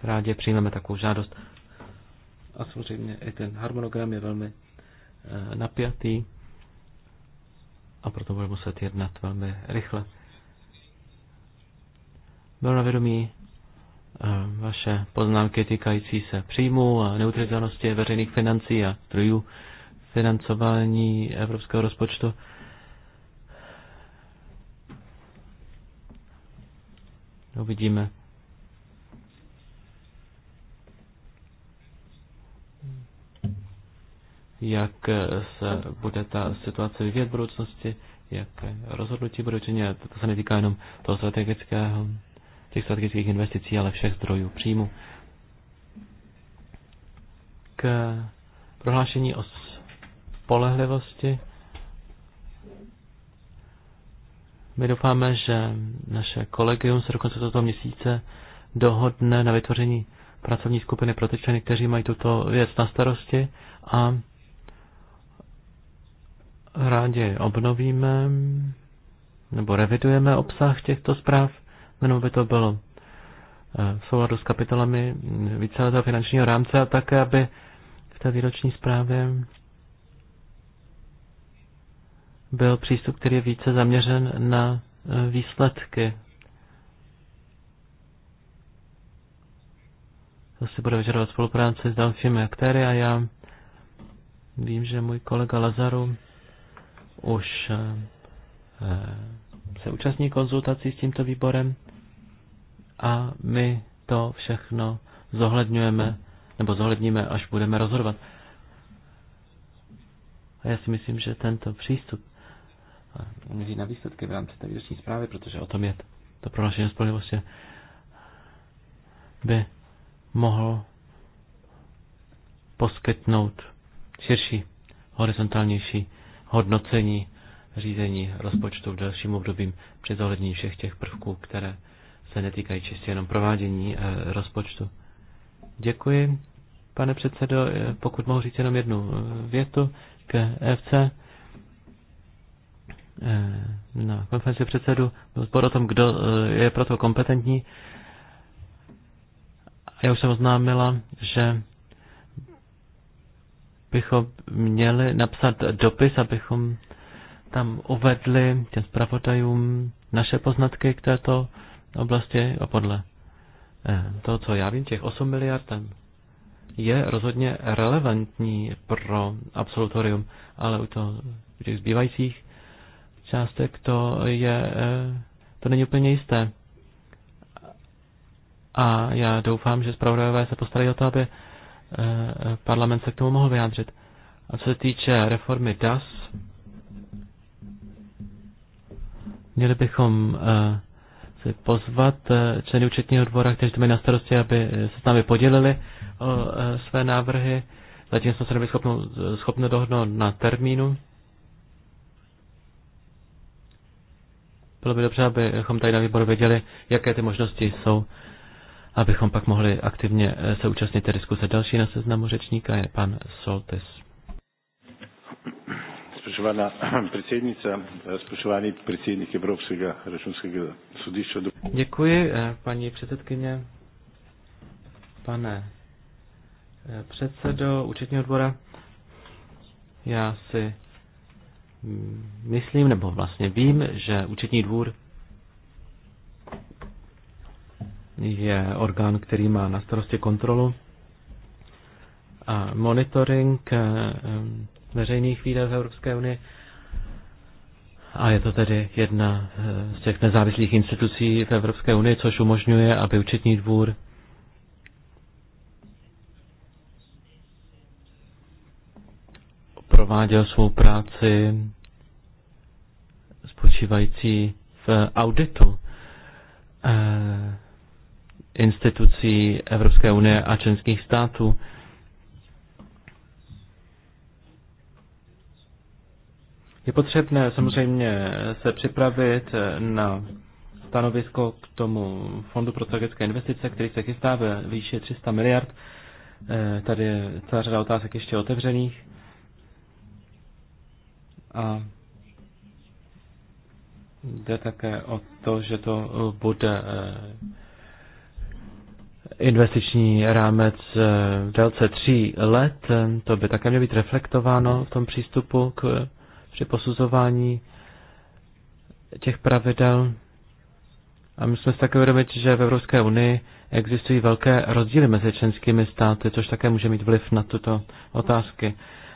rádi přijmeme takovou žádost. A samozřejmě i ten harmonogram je velmi eh, napjatý a proto bude muset jednat velmi rychle. Bylo na vědomí eh, vaše poznámky týkající se příjmu a neutralizovanosti veřejných financí a trojů financování evropského rozpočtu. Uvidíme, jak se bude ta situace vyvíjet v budoucnosti, jak rozhodnutí budou činět. To se netýká jenom toho strategického, těch strategických investicí, ale všech zdrojů příjmu. K prohlášení o spolehlivosti My doufáme, že naše kolegium se dokonce konce tohoto měsíce dohodne na vytvoření pracovní skupiny pro ty členy, kteří mají tuto věc na starosti a rádi obnovíme nebo revidujeme obsah těchto zpráv, jenom by to bylo eh, v souladu s kapitolami víceletého finančního rámce a také, aby v té výroční zprávě byl přístup, který je více zaměřen na eh, výsledky. To si bude vyžadovat spolupráci s dalšími aktéry a já vím, že můj kolega Lazaru už eh, eh, se účastní konzultací s tímto výborem a my to všechno zohledňujeme nebo zohledníme, až budeme rozhodovat. A já si myslím, že tento přístup měří eh, na výsledky v rámci té výroční zprávy, protože o tom je to pro naše spolehlivosti by mohl poskytnout širší, horizontálnější hodnocení řízení rozpočtu v dalším období při zohlednění všech těch prvků, které se netýkají čistě jenom provádění eh, rozpočtu. Děkuji, pane předsedo. Eh, pokud mohu říct jenom jednu eh, větu k FC. Na konferenci předsedu byl spor o tom, kdo je proto kompetentní. Já už jsem oznámila, že bychom měli napsat dopis, abychom tam uvedli těm zpravodajům naše poznatky k této oblasti a podle eh, toho, co já vím, těch 8 miliard je rozhodně relevantní pro absolutorium, ale u, to, u těch zbývajících částek to je, eh, to není úplně jisté. A já doufám, že zpravodajové se postarají o to, aby Eh, parlament se k tomu mohl vyjádřit. A co se týče reformy DAS, měli bychom eh, si pozvat eh, členy účetního dvora, kteří to mají na starosti, aby se s námi podělili o své návrhy. Zatím jsme se nebyli schopni dohodnout na termínu. Bylo by dobře, abychom tady na výboru věděli, jaké ty možnosti jsou abychom pak mohli aktivně eh, se účastnit té diskuse. Další na seznamu řečníka je pan Soltis. Spoštovaná *clears throat* předsednice, spoštovaný předsednik Evropského računskega sudiště. Děkuji, eh, paní předsedkyně, pane eh, předsedo účetního dvora. Já si mm, myslím, nebo vlastně vím, že účetní dvůr je orgán, který má na starosti kontrolu a monitoring eh, eh, veřejných výdajů v Evropské unii. A je to tedy jedna eh, z těch nezávislých institucí v Evropské unii, což umožňuje, aby účetní dvůr prováděl svou práci spočívající v auditu institucí Evropské unie a členských států. Je potřebné samozřejmě se připravit na stanovisko k tomu Fondu pro strategické investice, který se chystá ve výši 300 miliard. Eh, tady je celá řada otázek ještě otevřených. A jde také o to, že to bude eh, investiční rámec v eh, délce tří let, eh, to by také mělo být reflektováno v tom přístupu k, při posuzování těch pravidel. A my jsme si také uvědomit, že v Evropské unii existují velké rozdíly mezi členskými státy, což také může mít vliv na tuto otázky.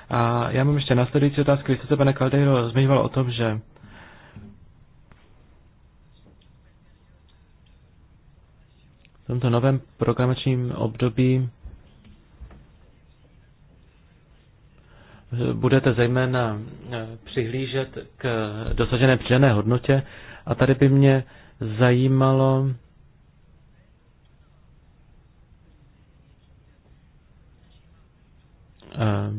A já mám ještě následující otázku. Vy jste se, pane Kaldejro, zmiňoval o tom, že tomto novém programačním období budete zejména eh, přihlížet k dosažené přidané hodnotě a tady by mě zajímalo, eh,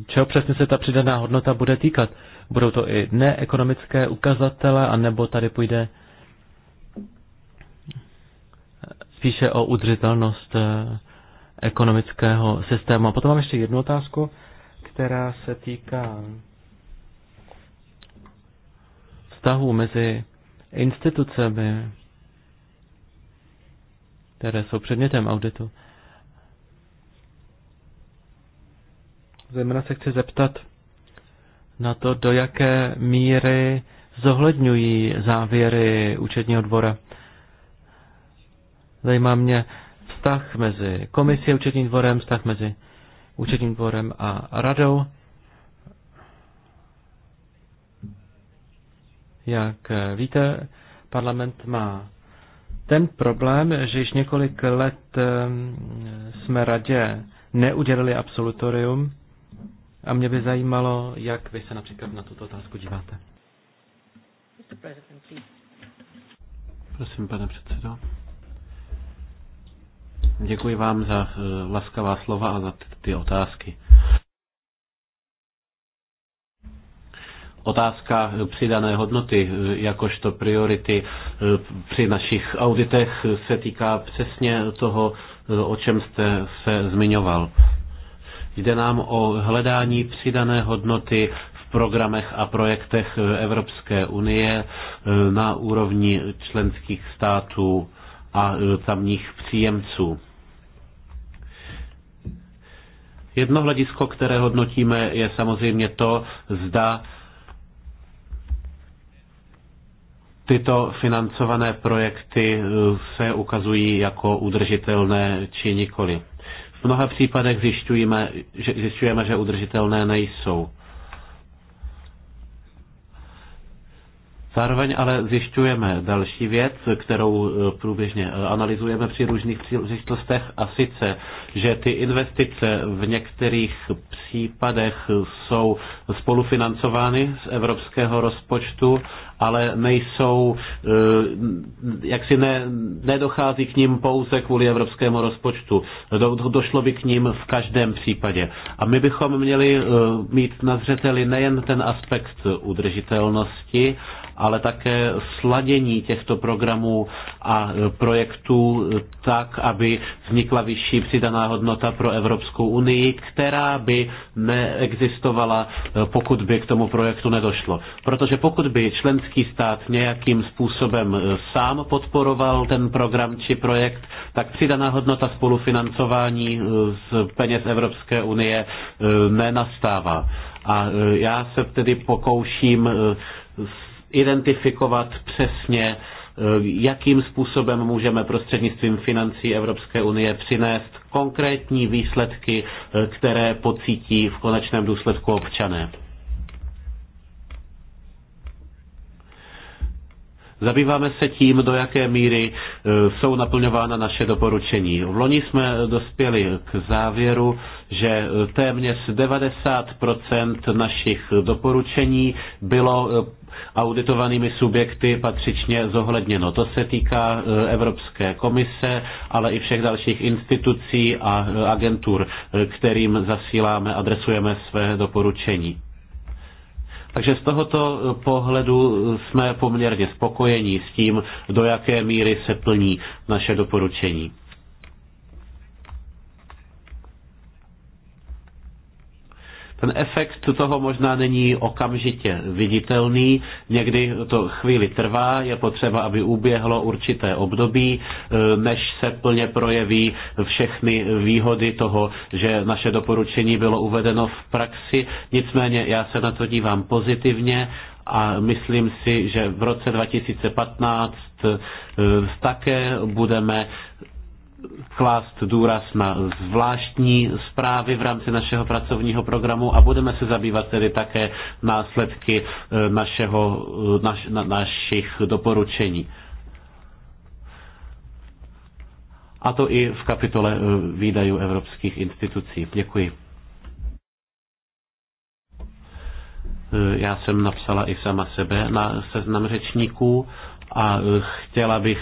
čeho přesně se ta přidaná hodnota bude týkat. Budou to i neekonomické ukazatele, anebo tady půjde spíše o udržitelnost eh, ekonomického systému. A potom mám ještě jednu otázku, která se týká vztahu mezi institucemi, které jsou předmětem auditu. Zejména se chci zeptat na to, do jaké míry zohledňují závěry účetního dvora Zajímá mě vztah mezi komisí a účetním dvorem, vztah mezi účetním dvorem a radou. Jak eh, víte, parlament má ten problém, že již několik let eh, jsme radě neudělali absolutorium a mě by zajímalo, jak vy se například na tuto otázku díváte. Prosím, pane předsedo. Děkuji vám za eh, laskavá slova a za ty, ty otázky. Otázka eh, přidané hodnoty eh, jakožto priority při našich auditech se týká přesně toho, o čem jste se zmiňoval. Jde nám o hledání přidané hodnoty v programech a projektech Evropské unie na úrovni členských států a e, tamních příjemců. Jedno hledisko, které hodnotíme, je samozřejmě to, zda tyto financované projekty e, se ukazují jako udržitelné či nikoli. V mnoha případech zjišťujeme, že, zjišťujeme, že udržitelné nejsou. Zároveň ale zjišťujeme další věc, kterou eh, průběžně eh, analyzujeme při různých příležitostech a sice, že ty investice v některých případech jsou spolufinancovány z evropského rozpočtu, ale nejsou, eh, jak si ne, nedochází k ním pouze kvůli evropskému rozpočtu. Do, došlo by k ním v každém případě. A my bychom měli mít na zřeteli nejen ten aspekt udržitelnosti, ale také sladění těchto programů a e, projektů e, tak, aby vznikla vyšší přidaná hodnota pro Evropskou unii, která by neexistovala, e, pokud by k tomu projektu nedošlo. Protože pokud by členský stát nějakým způsobem sám podporoval ten program či projekt, tak přidaná hodnota spolufinancování z peněz Evropské unie nenastává. A já se tedy pokouším identifikovat přesně, eh, jakým způsobem můžeme prostřednictvím financí Evropské unie přinést konkrétní výsledky, eh, které pocítí v konečném důsledku občané. Zabýváme se tím, do jaké míry e, jsou naplňována naše doporučení. V loni jsme dospěli k závěru, že téměř 90% našich doporučení bylo e, auditovanými subjekty patřičně zohledněno. To se týká e, Evropské komise, ale i všech dalších institucí a agentur, kterým zasíláme, adresujeme své doporučení. Takže z tohoto eh, pohledu eh, jsme poměrně spokojení s tím, do jaké míry se plní naše doporučení. Ten efekt toho možná není okamžitě viditelný, někdy to chvíli trvá, je potřeba, aby uběhlo určité období, e, než se plně projeví všechny výhody toho, že naše doporučení bylo uvedeno v praxi. Nicméně já se na to dívám pozitivně a myslím si, že v roce 2015 e, také budeme klást důraz na zvláštní zprávy v rámci našeho pracovního programu a budeme se zabývat tedy také následky eh, našeho, eh, naš, na, našich doporučení. A to i v kapitole eh, výdajů evropských institucí. Děkuji. Já jsem napsala i sama sebe na seznam řečníků a chtěla bych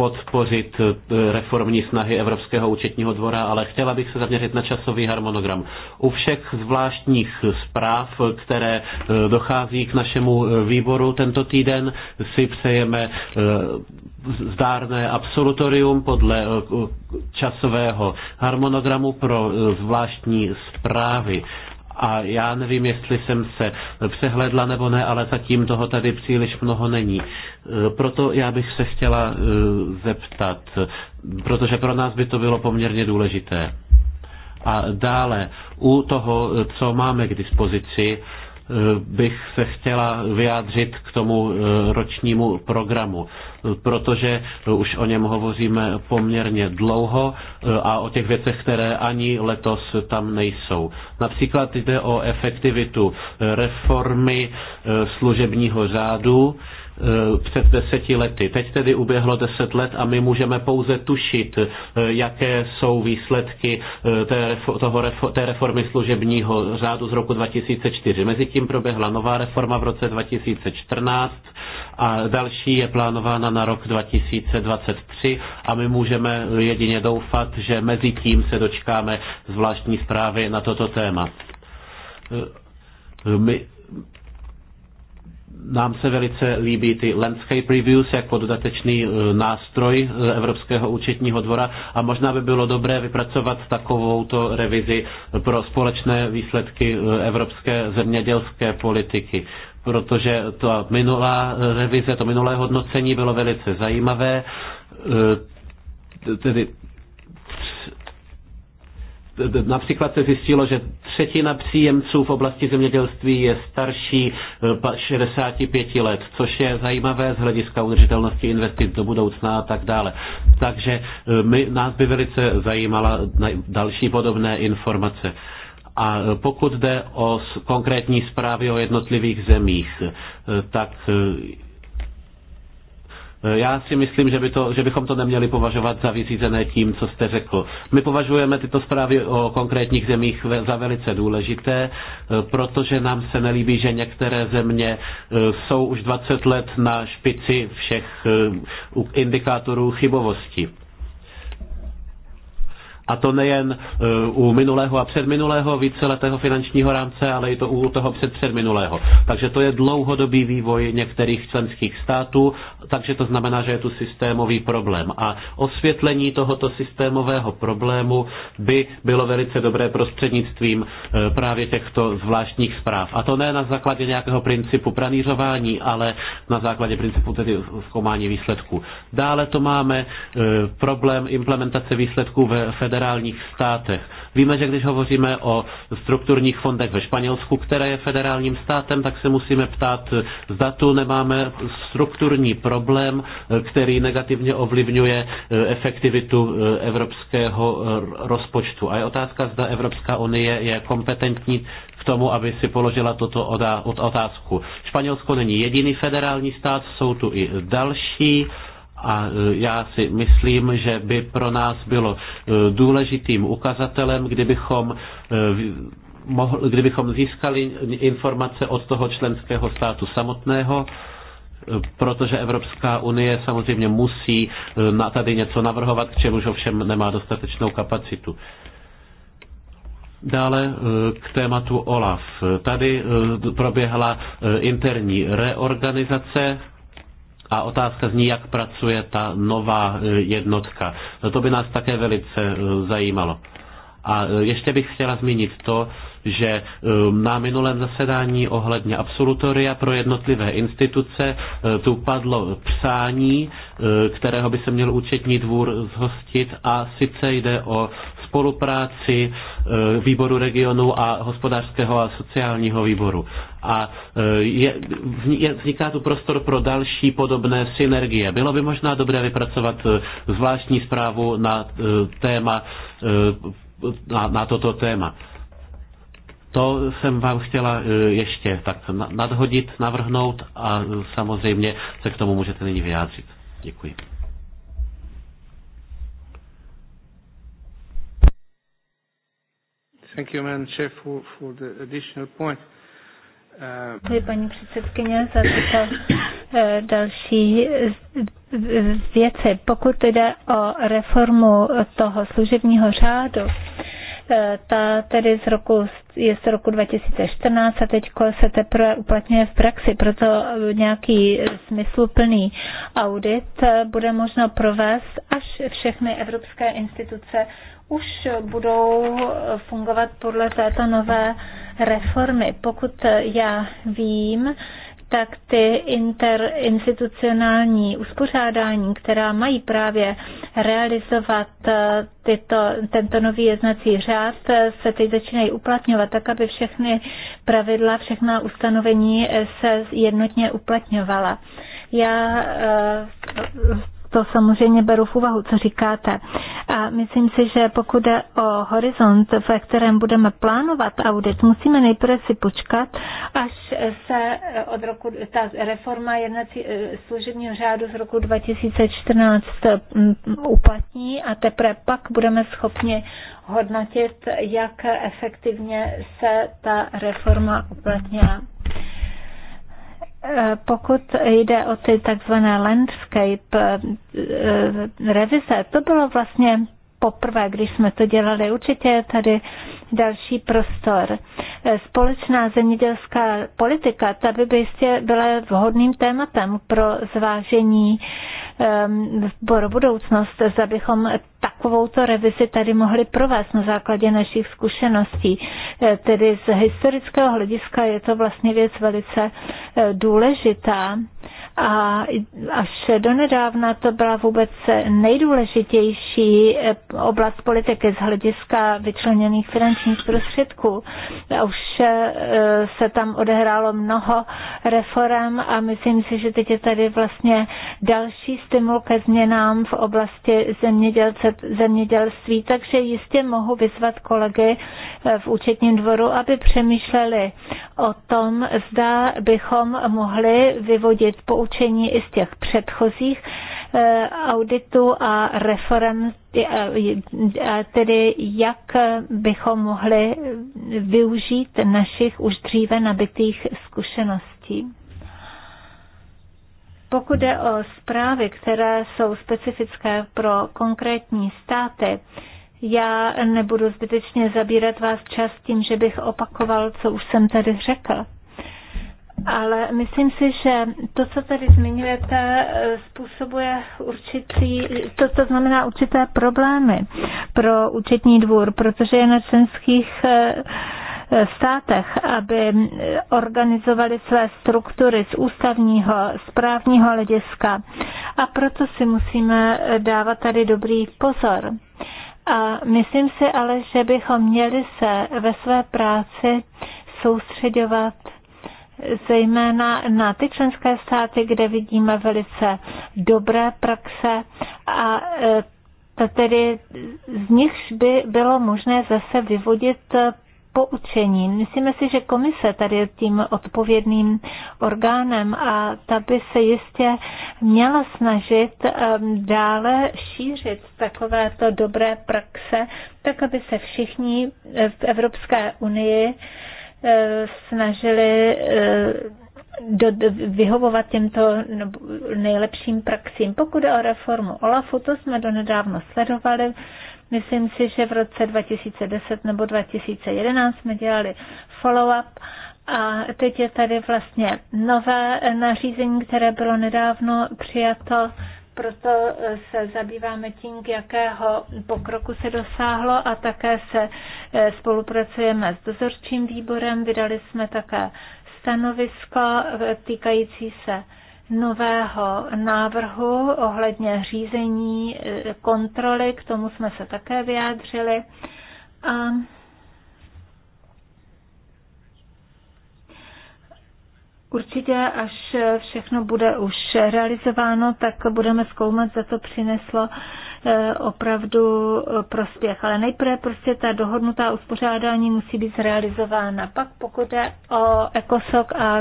podpořit eh, reformní snahy Evropského účetního dvora, ale chtěla bych se zaměřit na časový harmonogram. U všech zvláštních zpráv, které eh, dochází k našemu eh, výboru tento týden, si přejeme zdárné absolutorium podle časového harmonogramu pro zvláštní zprávy. A já nevím, jestli jsem se přehledla nebo ne, ale zatím toho tady příliš mnoho není. E, proto já bych se chtěla e, zeptat, protože pro nás by to bylo poměrně důležité. A dále, u toho, co máme k dispozici, Eh, bych se chtěla vyjádřit k tomu eh, ročnímu programu, protože no, už o něm hovoříme poměrně dlouho eh, a o těch věcech, které ani letos tam nejsou. Například jde o efektivitu reformy služebního řádu, Eh, před deseti lety. Teď tedy uběhlo deset let a my můžeme pouze tušit, eh, jaké jsou výsledky eh, té, toho, té reformy služebního řádu z roku 2004. Mezitím proběhla nová reforma v roce 2014 a další je plánována na rok 2023 a my můžeme jedině doufat, že mezi tím se dočkáme zvláštní zprávy na toto téma. My, nám se velice líbí ty landscape reviews jako dodatečný e, nástroj e, Evropského účetního dvora a možná by bylo dobré vypracovat takovou to revizi pro společné výsledky e, evropské zemědělské politiky protože ta minulá revize, to minulé hodnocení bylo velice zajímavé. Tedy například se zjistilo, že třetina příjemců v oblasti zemědělství je starší 65 eh, let, což je zajímavé z hlediska udržitelnosti investic do budoucna a tak dále. Takže eh, my, nás by velice zajímala další podobné informace. A eh, pokud jde o konkrétní zprávy o jednotlivých zemích, tak Eh, já si myslím, že, by to, že bychom to neměli považovat za vyřízené tím, co jste řekl. My považujeme tyto zprávy o konkrétních zemích za velice důležité, eh, protože nám se nelíbí, že některé země eh, jsou už 20 let na špici všech indikátorů chybovosti. A to nejen e, u minulého a předminulého víceletého finančního rámce, ale i to u toho předpředminulého. Takže to je dlouhodobý vývoj některých členských států, takže to znamená, že je tu systémový problém. A osvětlení tohoto systémového problému by bylo velice dobré prostřednictvím e, právě těchto zvláštních zpráv. A to ne na základě nějakého principu pranířování, ale na základě principu tedy zkoumání výsledků. Dále to máme e, problém implementace výsledků ve FEDER federálních státech. Víme, že když hovoříme o strukturních fondech ve Španělsku, které je federálním státem, tak se musíme ptát, zda tu nemáme strukturní problém, který negativně ovlivňuje eh, efektivitu eh, evropského eh, rozpočtu. A je otázka, zda Evropská unie je kompetentní k tomu, aby si položila toto otázku. Španělsko není jediný federální stát, jsou tu i další a e, já si myslím, že by pro nás bylo e, důležitým ukazatelem, kdybychom e, mohl, kdybychom získali informace od toho členského státu samotného, protože Evropská unie samozřejmě musí na tady něco navrhovat, k čemuž ovšem nemá dostatečnou kapacitu. Dále k tématu OLAF. Tady proběhla interní reorganizace a otázka zní, jak pracuje ta nová eh, jednotka. No to by nás také velice eh, zajímalo. A eh, ještě bych chtěla zmínit to, že na minulém zasedání ohledně absolutoria pro jednotlivé instituce tu padlo psání, kterého by se měl účetní dvůr zhostit a sice jde o spolupráci e, výboru regionu a hospodářského a sociálního výboru. A e, je, vzniká tu prostor pro další podobné synergie. Bylo by možná dobré vypracovat e, zvláštní zprávu na téma na, na toto téma. To jsem vám chtěla ještě tak nadhodit, navrhnout a samozřejmě se k tomu můžete nyní vyjádřit. Děkuji. Thank you, Madam Chair, for, for the additional point. Uh, Děkuji paní předsedkyně za tyto eh, další věci. Pokud jde o reformu toho služebního řádu, eh, ta tedy z roku, je z roku 2014 a teď se teprve uplatňuje v praxi, proto nějaký smysluplný audit eh, bude možno provést, až všechny evropské instituce už budou fungovat podle této nové reformy. Pokud já vím, tak ty interinstitucionální uspořádání, která mají právě realizovat tyto, tento nový jednací řád, se teď začínají uplatňovat tak, aby všechny pravidla, všechna ustanovení se jednotně uplatňovala. Já eh, to samozřejmě beru v úvahu, co říkáte. A myslím si, že pokud je o horizont, ve kterém budeme plánovat audit, musíme nejprve si počkat, až se od roku ta reforma jednací eh, služebního řádu z roku 2014 mm, uplatní a teprve pak budeme schopni hodnotit, jak efektivně se ta reforma uplatnila. Eh, pokud jde o ty takzvané landscape eh, eh, revize, to bylo vlastně poprvé, když jsme to dělali. Určitě je tady další prostor. Společná zemědělská politika, ta by jistě byla vhodným tématem pro zvážení Ehm, pro budoucnost, zda bychom takovouto revizi tady mohli provést na základě našich zkušeností. E, tedy z historického hlediska je to vlastně věc velice e, důležitá a až do nedávna to byla vůbec nejdůležitější e, oblast politiky z hlediska vyčleněných finančních prostředků. Už se tam odehrálo mnoho reform a myslím si, že teď je tady vlastně další stimul ke změnám v oblasti zemědělství, takže jistě mohu vyzvat kolegy eh, v účetním dvoru, aby přemýšleli o tom, zda bychom mohli vyvodit poučení i z těch předchozích eh, auditu a reform, eh, tedy jak bychom mohli využít našich už dříve nabitých zkušeností. Pokud jde o zprávy, které jsou specifické pro konkrétní státy, já nebudu zbytečně zabírat vás čas tím, že bych opakoval, co už jsem tady řekl. Ale myslím si, že to, co tady zmiňujete, způsobuje určitý, to, co znamená určité problémy pro účetní dvůr, protože je na členských státech, aby organizovali své struktury z ústavního, správního hlediska. A proto si musíme dávat tady dobrý pozor. A myslím si ale, že bychom měli se ve své práci soustředovat zejména na ty členské státy, kde vidíme velice dobré praxe a e, tedy z nichž by bylo možné zase vyvodit poučení. Myslíme si, že komise tady je tím odpovědným orgánem a ta by se jistě měla snažit ehm, dále šířit takovéto dobré praxe, tak aby se všichni v Evropské unii eh, snažili eh, do, do, vyhovovat těmto nejlepším praxím. Pokud je o reformu OLAFu, to jsme donedávno sledovali, Myslím si, že v roce 2010 nebo 2011 jsme dělali follow-up a teď je tady vlastně nové nařízení, které bylo nedávno přijato proto eh, se zabýváme tím, k jakého pokroku se dosáhlo a také se eh, spolupracujeme s dozorčím výborem. Vydali jsme také stanovisko eh, týkající se nového návrhu ohledně řízení e, kontroly, k tomu jsme se také vyjádřili. A Určitě, až všechno bude už realizováno, tak budeme zkoumat, za to přineslo Eh, opravdu eh, prospěch. Ale nejprve prostě ta dohodnutá uspořádání musí být zrealizována. Pak pokud je o ECOSOC a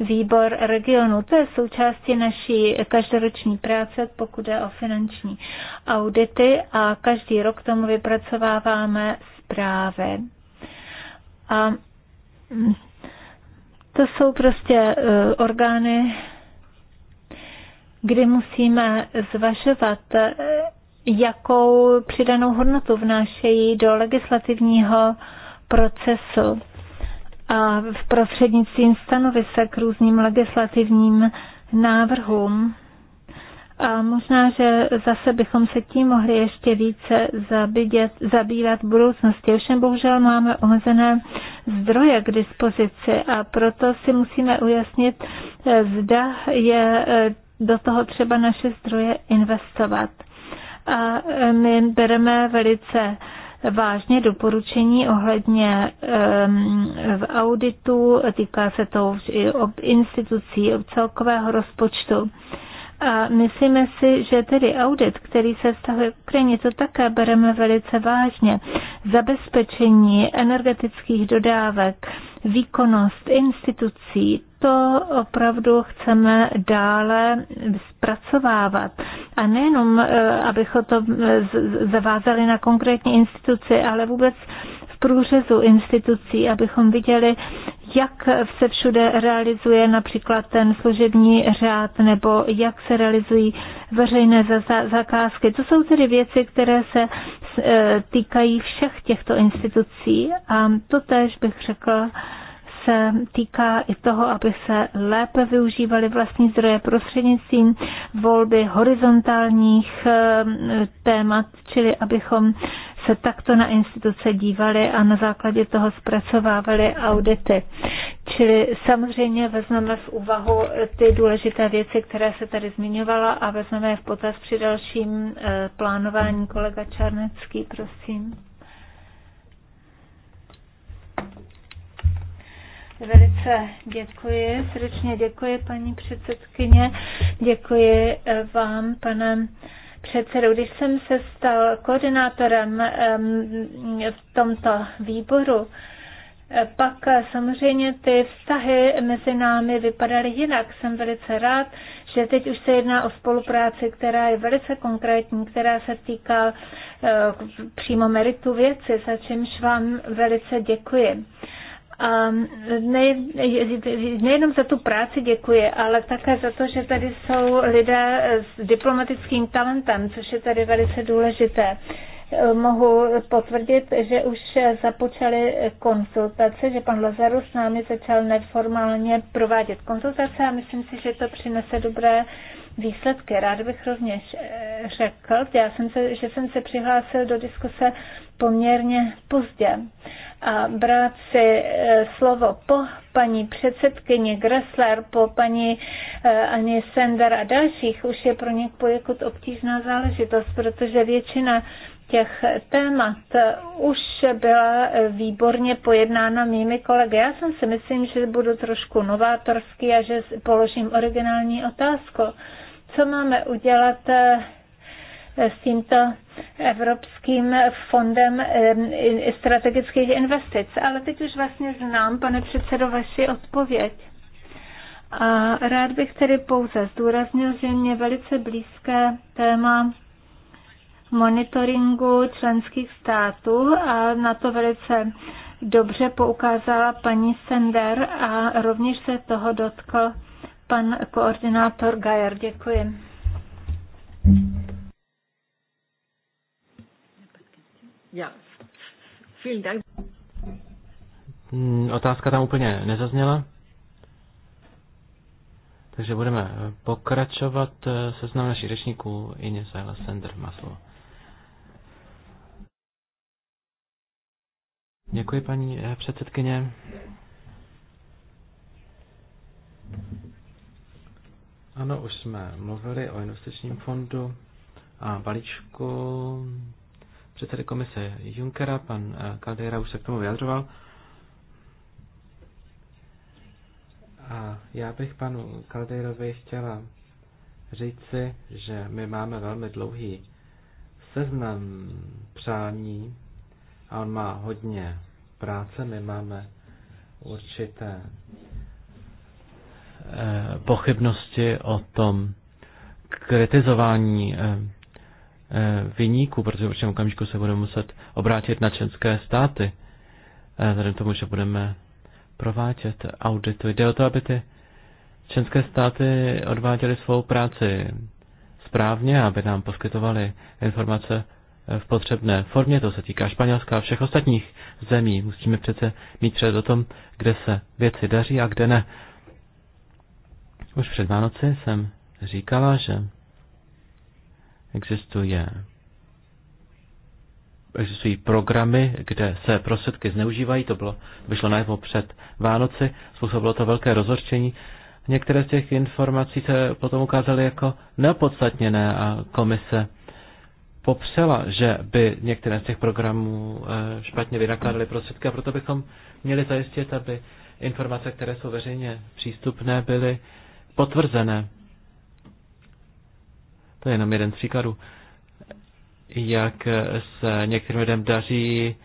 výbor regionu, to je součástí naší každoroční práce, pokud je o finanční audity a každý rok tomu vypracováváme zprávy. A mm, to jsou prostě eh, orgány, kdy musíme zvažovat, jakou přidanou hodnotu vnášejí do legislativního procesu a v prostřednictvím stanovisek k různým legislativním návrhům. A možná, že zase bychom se tím mohli ještě více zabídět, zabývat v budoucnosti. Ovšem bohužel máme omezené zdroje k dispozici a proto si musíme ujasnit, eh, zda je eh, do toho třeba naše zdroje investovat a e, my bereme velice vážně doporučení ohledně um, auditu, týká se to i ob institucí, ob celkového rozpočtu. A myslíme si, že tedy audit, který se vztahuje k Ukrajině, to také bereme velice vážně. Zabezpečení energetických dodávek, výkonnost institucí, to opravdu chceme dále zpracovávat. A nejenom, eh, abychom to eh, zavázali na konkrétní instituci, ale vůbec v průřezu institucí, abychom viděli, jak se všude realizuje například ten služební řád nebo jak se realizují veřejné zakázky. To jsou tedy věci, které se e, týkají všech těchto institucí a to tež bych řekla se týká i toho, aby se lépe využívaly vlastní zdroje prostřednictvím volby horizontálních ehm, témat, čili abychom se takto na instituce dívali a na základě toho zpracovávali audity. Čili samozřejmě vezmeme v úvahu ty důležité věci, které se tady zmiňovala a vezmeme je v potaz při dalším eh, plánování. Kolega Čarnecký, prosím. Velice děkuji, srdečně děkuji, paní předsedkyně. Děkuji eh, vám, pane předsedu. Když jsem se stal koordinátorem v tomto výboru, eh, pak eh, samozřejmě ty vztahy mezi námi vypadaly jinak. Jsem velice rád, že teď už se jedná o spolupráci, která je velice konkrétní, která se týká přímo meritu věci, za čímž vám velice děkuji. A ehm, nej, nejenom za tu práci děkuji, ale také za to, že tady jsou lidé s diplomatickým talentem, což je tady velice důležité. Ehm, mohu potvrdit, že už započaly konzultace, že pan Lazaru s námi začal neformálně provádět konzultace a myslím si, že to přinese dobré výsledky. Rád bych rovněž eh, řekl, já jsem se, že jsem se přihlásil do diskuse poměrně pozdě. A brát si eh, slovo po paní předsedkyni Gressler, po paní eh, Ani Sender a dalších už je pro ně poněkud obtížná záležitost, protože většina těch témat už byla výborně pojednána mými kolegy. Já jsem si myslím, že budu trošku novátorský a že položím originální otázku co máme udělat eh, s tímto Evropským fondem eh, strategických investic. Ale teď už vlastně znám, pane předsedo, vaši odpověď. A rád bych tedy pouze zdůraznil, že mě velice blízké téma monitoringu členských států a na to velice dobře poukázala paní Sender a rovněž se toho dotkl Pan koordinátor Gajer, děkuji. Hmm, otázka tam úplně nezazněla. Takže budeme pokračovat eh, seznam našich řečníků. Ines Sajla Sender má slovo. Děkuji, paní eh, předsedkyně. Ano, už jsme mluvili o investičním fondu a balíčku předsedy komise Junckera, pan eh, Caldera už se k tomu vyjadřoval. A já bych panu Calderovi chtěla říci, že my máme velmi dlouhý seznam přání a on má hodně práce. My máme určité Eh, pochybnosti o tom kritizování eh, eh, vyníků, protože v určitém okamžiku se budeme muset obrátit na členské státy, vzhledem tomu, že budeme provádět auditu. Jde o to, aby ty členské státy odváděly svou práci správně, aby nám poskytovaly informace v potřebné formě, to se týká Španělska a všech ostatních zemí. Musíme přece mít před o tom, kde se věci daří a kde ne. Už před vánoce jsem říkala, že existuje existují programy, kde se prostředky zneužívají, to bylo, vyšlo najednou před Vánoci, způsobilo to velké rozhorčení. Některé z těch informací se potom ukázaly jako neopodstatněné a komise popřela, že by některé z těch programů eh, špatně vynakládaly prostředky a proto bychom měli zajistit, aby informace, které jsou veřejně přístupné, byly potvrzené. To je jenom jeden z příkladů, jak se některým lidem daří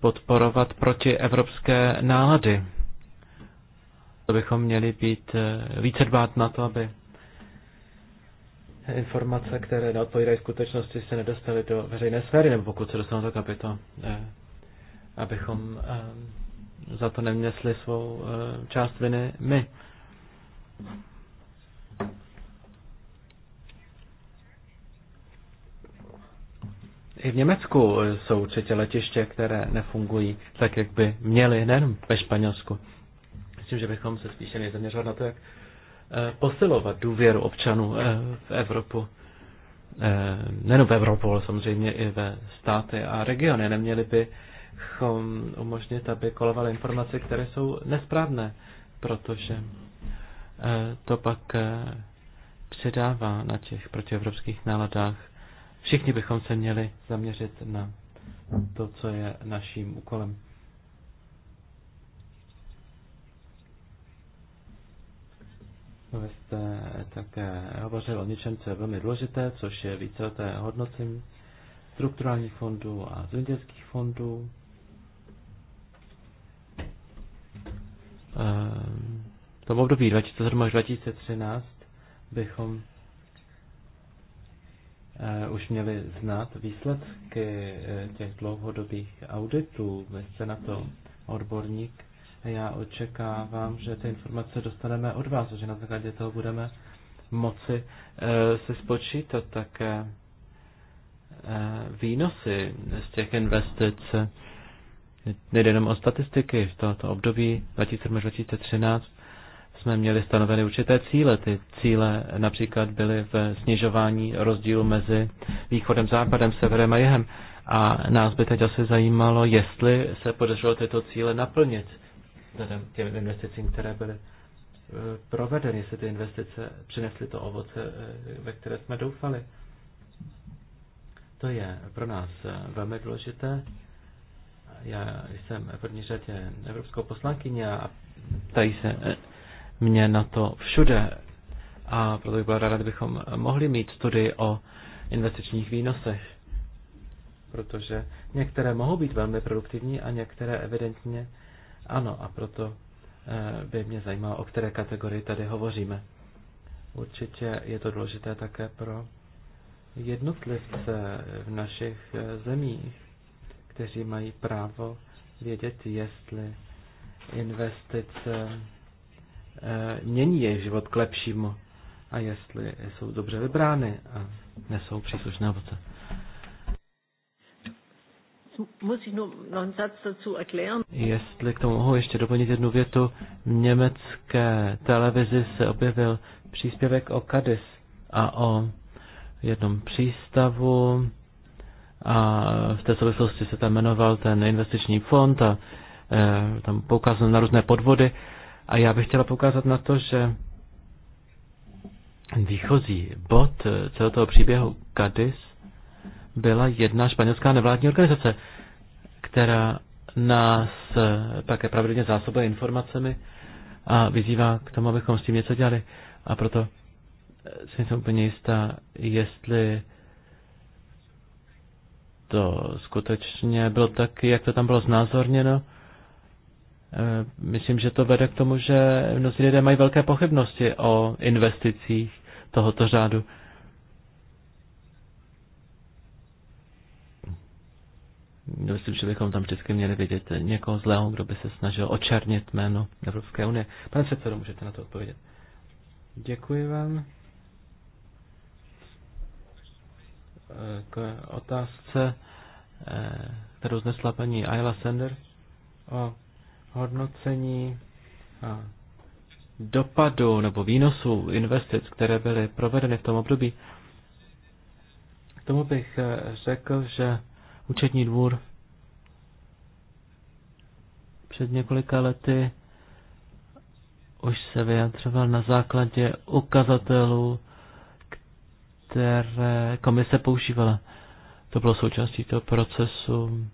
podporovat proti evropské nálady. To bychom měli být eh, více dbát na to, aby informace, které neodpovídají skutečnosti, se nedostaly do veřejné sféry, nebo pokud se dostanou, tak aby to, eh, abychom eh, za to neměsli svou část viny my. I v Německu jsou určitě letiště, které nefungují tak, jak by měly, nejen ve Španělsku. Myslím, že bychom se spíše měli zaměřovat na to, jak eh, posilovat důvěru občanů eh, v Evropu. Eh, nejen v Evropu, ale samozřejmě i ve státy a regiony. Neměli bychom umožnit, aby kolovaly informace, které jsou nesprávné, protože to pak přidává na těch protievropských náladách Všichni bychom se měli zaměřit na to, co je naším úkolem. No, vy jste také hovořil o něčem, co je velmi důležité, což je více o té hodnocení strukturálních fondů a zemědělských fondů. Ehm, v tom období 2007 až 2013 bychom Eh, už měli znát výsledky eh, těch dlouhodobých auditů. Vy na to odborník. Já očekávám, že ty informace dostaneme od vás, že na základě toho budeme moci eh, se spočítat také výnosy z těch investic. Nejde jenom o statistiky. V tohoto období 2013 jsme měli stanoveny určité cíle. Ty cíle například byly v snižování rozdílu mezi východem, západem, severem a jihem. A nás by teď asi zajímalo, jestli se podařilo tyto cíle naplnit vzhledem těm investicím, které byly e, provedeny, jestli ty investice přinesly to ovoce, e, ve které jsme doufali. To je pro nás e, velmi důležité. Já jsem v první řadě evropskou poslankyně a tady se mě na to všude. A proto bych byla ráda, kdybychom mohli mít studii o investičních výnosech. Protože některé mohou být velmi produktivní a některé evidentně ano. A proto eh, by mě zajímalo, o které kategorii tady hovoříme. Určitě je to důležité také pro jednotlivce v našich eh, zemích, kteří mají právo vědět, jestli investice Eh, mění jejich život k lepšímu a jestli jsou dobře vybrány a nesou příslušné ovoce. Jestli k tomu mohu ještě doplnit jednu větu, v německé televizi se objevil příspěvek o Kadis a o jednom přístavu a v té souvislosti se tam jmenoval ten investiční fond a e, tam poukázal na různé podvody a já bych chtěla poukázat na to, že výchozí bod eh, celého toho příběhu Cadiz byla jedna španělská nevládní organizace, která nás také eh, pravidelně zásobuje informacemi a vyzývá k tomu, abychom s tím něco dělali. A proto eh, si jsem úplně jistá, jestli to skutečně bylo tak, jak to tam bylo znázorněno, Eh, myslím, že to vede k tomu, že mnozí lidé mají velké pochybnosti o investicích tohoto řádu. Myslím, že bychom tam vždycky měli vidět někoho zlého, kdo by se snažil očernit jméno Evropské unie. Pane předsedo, můžete na to odpovědět. Děkuji vám. Eh, k otázce, eh, kterou znesla paní Ayla Sender o hodnocení a dopadu nebo výnosu investic, které byly provedeny v tom období, k tomu bych e, řekl, že účetní dvůr před několika lety už se vyjadřoval na základě ukazatelů, které komise používala. To bylo součástí toho procesu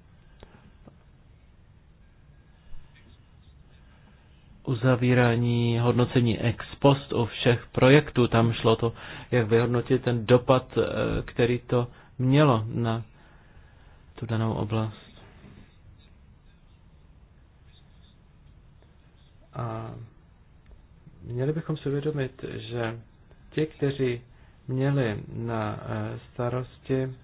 uzavírání hodnocení ex post u všech projektů. Tam šlo to, jak vyhodnotit ten dopad, eh, který to mělo na tu danou oblast. A měli bychom si uvědomit, že ti, kteří měli na eh, starosti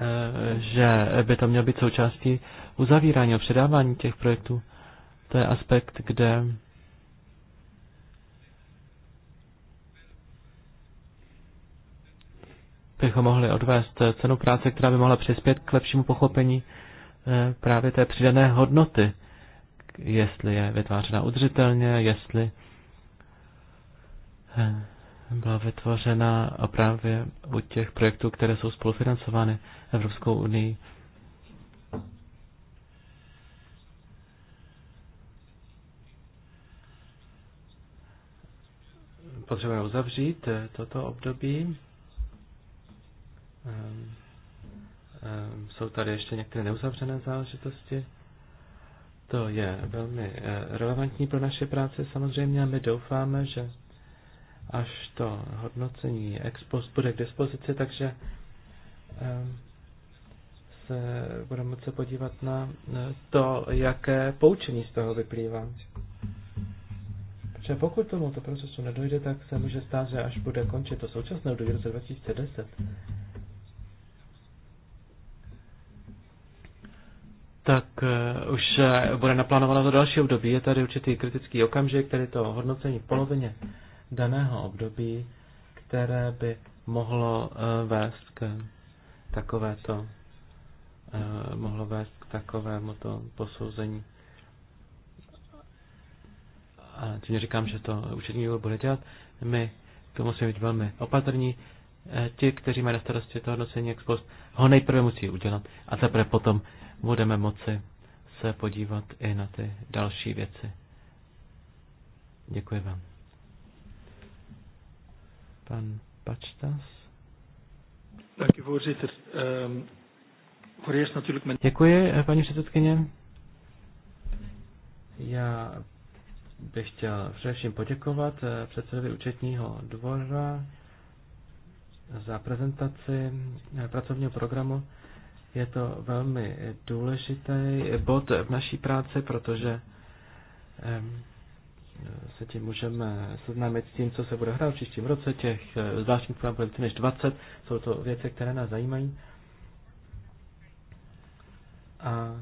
Eh, že by to mělo být součástí uzavírání a předávání těch projektů. To je aspekt, kde bychom mohli odvést cenu práce, která by mohla přispět k lepšímu pochopení eh, právě té přidané hodnoty, jestli je vytvářena udržitelně, jestli eh, byla vytvořena a právě u těch projektů, které jsou spolufinancovány Evropskou unii. Potřebujeme uzavřít eh, toto období. Ehm, ehm, jsou tady ještě některé neuzavřené záležitosti. To je velmi eh, relevantní pro naše práce samozřejmě a my doufáme, že až to hodnocení ex post bude k dispozici, takže ehm, se budeme moci podívat na eh, to, jaké poučení z toho vyplývá. Protože pokud tomu to procesu nedojde, tak se může stát, že až bude končit to současné období roce 2010, tak uh, už uh, bude naplánováno to další období. Je tady určitý kritický okamžik, který to hodnocení v polovině daného období, které by mohlo eh, vést k takovéto eh, mohlo vést k takovému to posouzení. A tím říkám, že to učení bude dělat. My to musíme být velmi opatrní. Eh, ti, kteří mají na starosti to hodnocení ex post, ho nejprve musí udělat a teprve potom budeme moci se podívat i na ty další věci. Děkuji vám. Pan Pačtas. voorzitter. Um, voor eerst natuurlijk mijn... Děkuji, eh, paní předsedkyně. Já bych chtěl především poděkovat eh, předsedovi účetního dvora za prezentaci eh, pracovního programu. Je to velmi důležitý bod v naší práci, protože ehm, se tím můžeme seznámit s tím, co se bude hrát v příštím roce. Těch eh, zvláštních programů bude než 20. Jsou to věci, které nás zajímají. A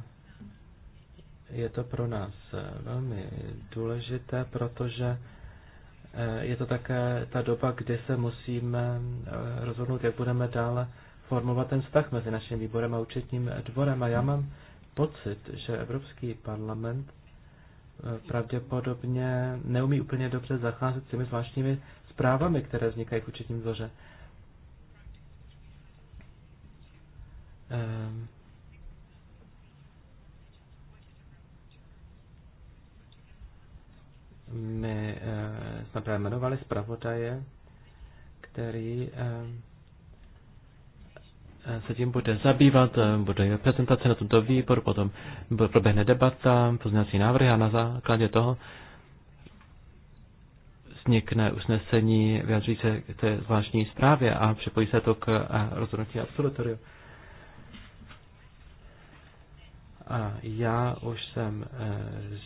je to pro nás eh, velmi důležité, protože eh, je to také ta doba, kdy se musíme rozhodnout, jak budeme dále formovat ten vztah mezi naším výborem a účetním dvorem. A já mám pocit, že Evropský parlament Eh, pravděpodobně neumí úplně dobře zacházet s těmi zvláštními zprávami, které vznikají v účetním dvoře. Ehm. My eh, jsme právě jmenovali zpravodaje, který ehm, se tím bude zabývat, eh, bude prezentace na tomto výboru, potom proběhne debata, poznací návrhy a na základě toho vznikne usnesení vyjadří se k té zvláštní zprávě a připojí se to k eh, rozhodnutí absolutoriu. A já už jsem eh,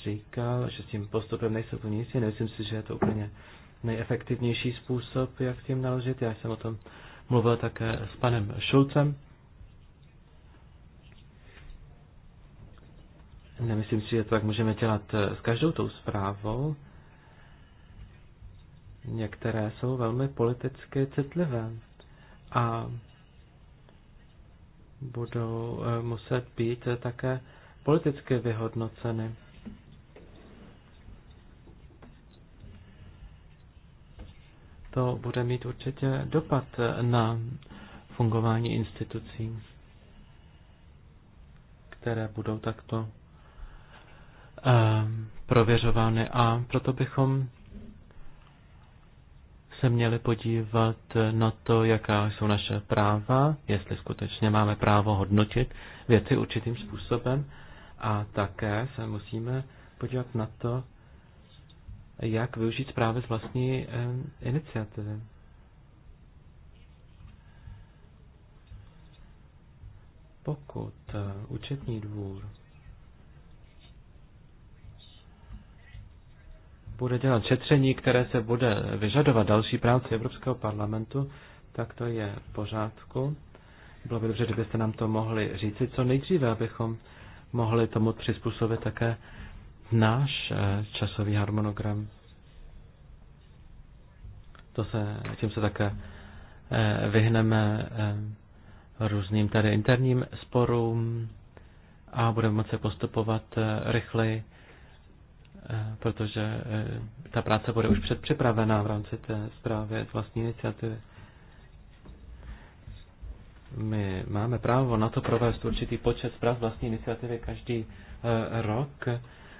říkal, že s tím postupem nejsem úplně jistý, nemyslím si, že je to úplně nejefektivnější způsob, jak s tím naložit. Já jsem o tom mluvil také s panem Šulcem. Nemyslím si, že to tak můžeme dělat eh, s každou tou zprávou. Některé jsou velmi politicky citlivé a budou eh, muset být eh, také politicky vyhodnoceny. to bude mít určitě dopad na fungování institucí, které budou takto ehm, prověřovány. A proto bychom se měli podívat na to, jaká jsou naše práva, jestli skutečně máme právo hodnotit věci určitým způsobem. A také se musíme podívat na to, jak využít právě z vlastní eh, iniciativy. Pokud eh, účetní dvůr bude dělat šetření, které se bude vyžadovat další práci Evropského parlamentu, tak to je v pořádku. Bylo by dobře, kdybyste nám to mohli říci co nejdříve, abychom mohli tomu přizpůsobit také náš eh, časový harmonogram. To se, tím se také eh, vyhneme eh, různým tady interním sporům a budeme moci postupovat rychleji, protože ta práce bude už předpřipravená v rámci té zprávy z vlastní iniciativy. My máme právo na to provést určitý počet zpráv vlastní iniciativy každý rok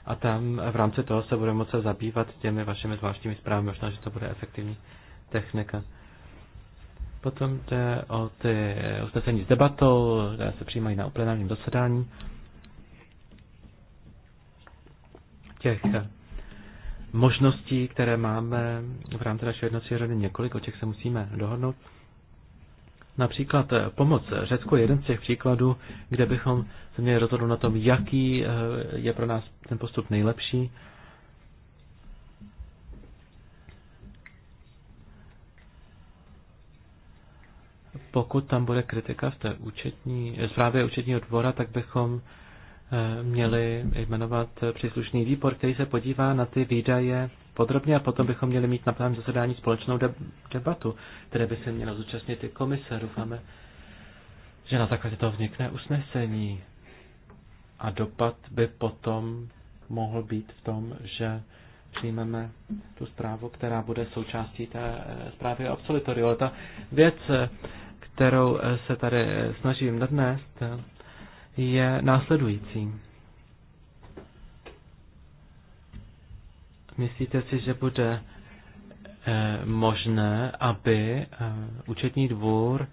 a tam v rámci toho se budeme moci zabývat těmi vašimi zvláštními zprávami, možná, že to bude efektivní technika. Potom jde o ty usnesení s debatou, které se přijímají na plenárním zasedání. Těch eh, možností, které máme v rámci našeho jednacího několik, o těch se musíme dohodnout. Například eh, pomoc Řecku je jeden z těch příkladů, kde bychom se měli rozhodnout na tom, jaký eh, je pro nás ten postup nejlepší. Pokud tam bude kritika v té účetní, eh, zprávě účetního dvora, tak bychom měli jmenovat příslušný výbor, který se podívá na ty výdaje podrobně a potom bychom měli mít na plánu zasedání společnou debatu, které by se měla zúčastnit i komise. Doufáme, že na základě toho vznikne usnesení a dopad by potom mohl být v tom, že přijmeme tu zprávu, která bude součástí té eh, zprávy absolutoriu. Ale ta věc, eh, kterou eh, se tady snažím nadnést, je následující. Myslíte si, že bude eh, možné, aby eh, účetní dvůr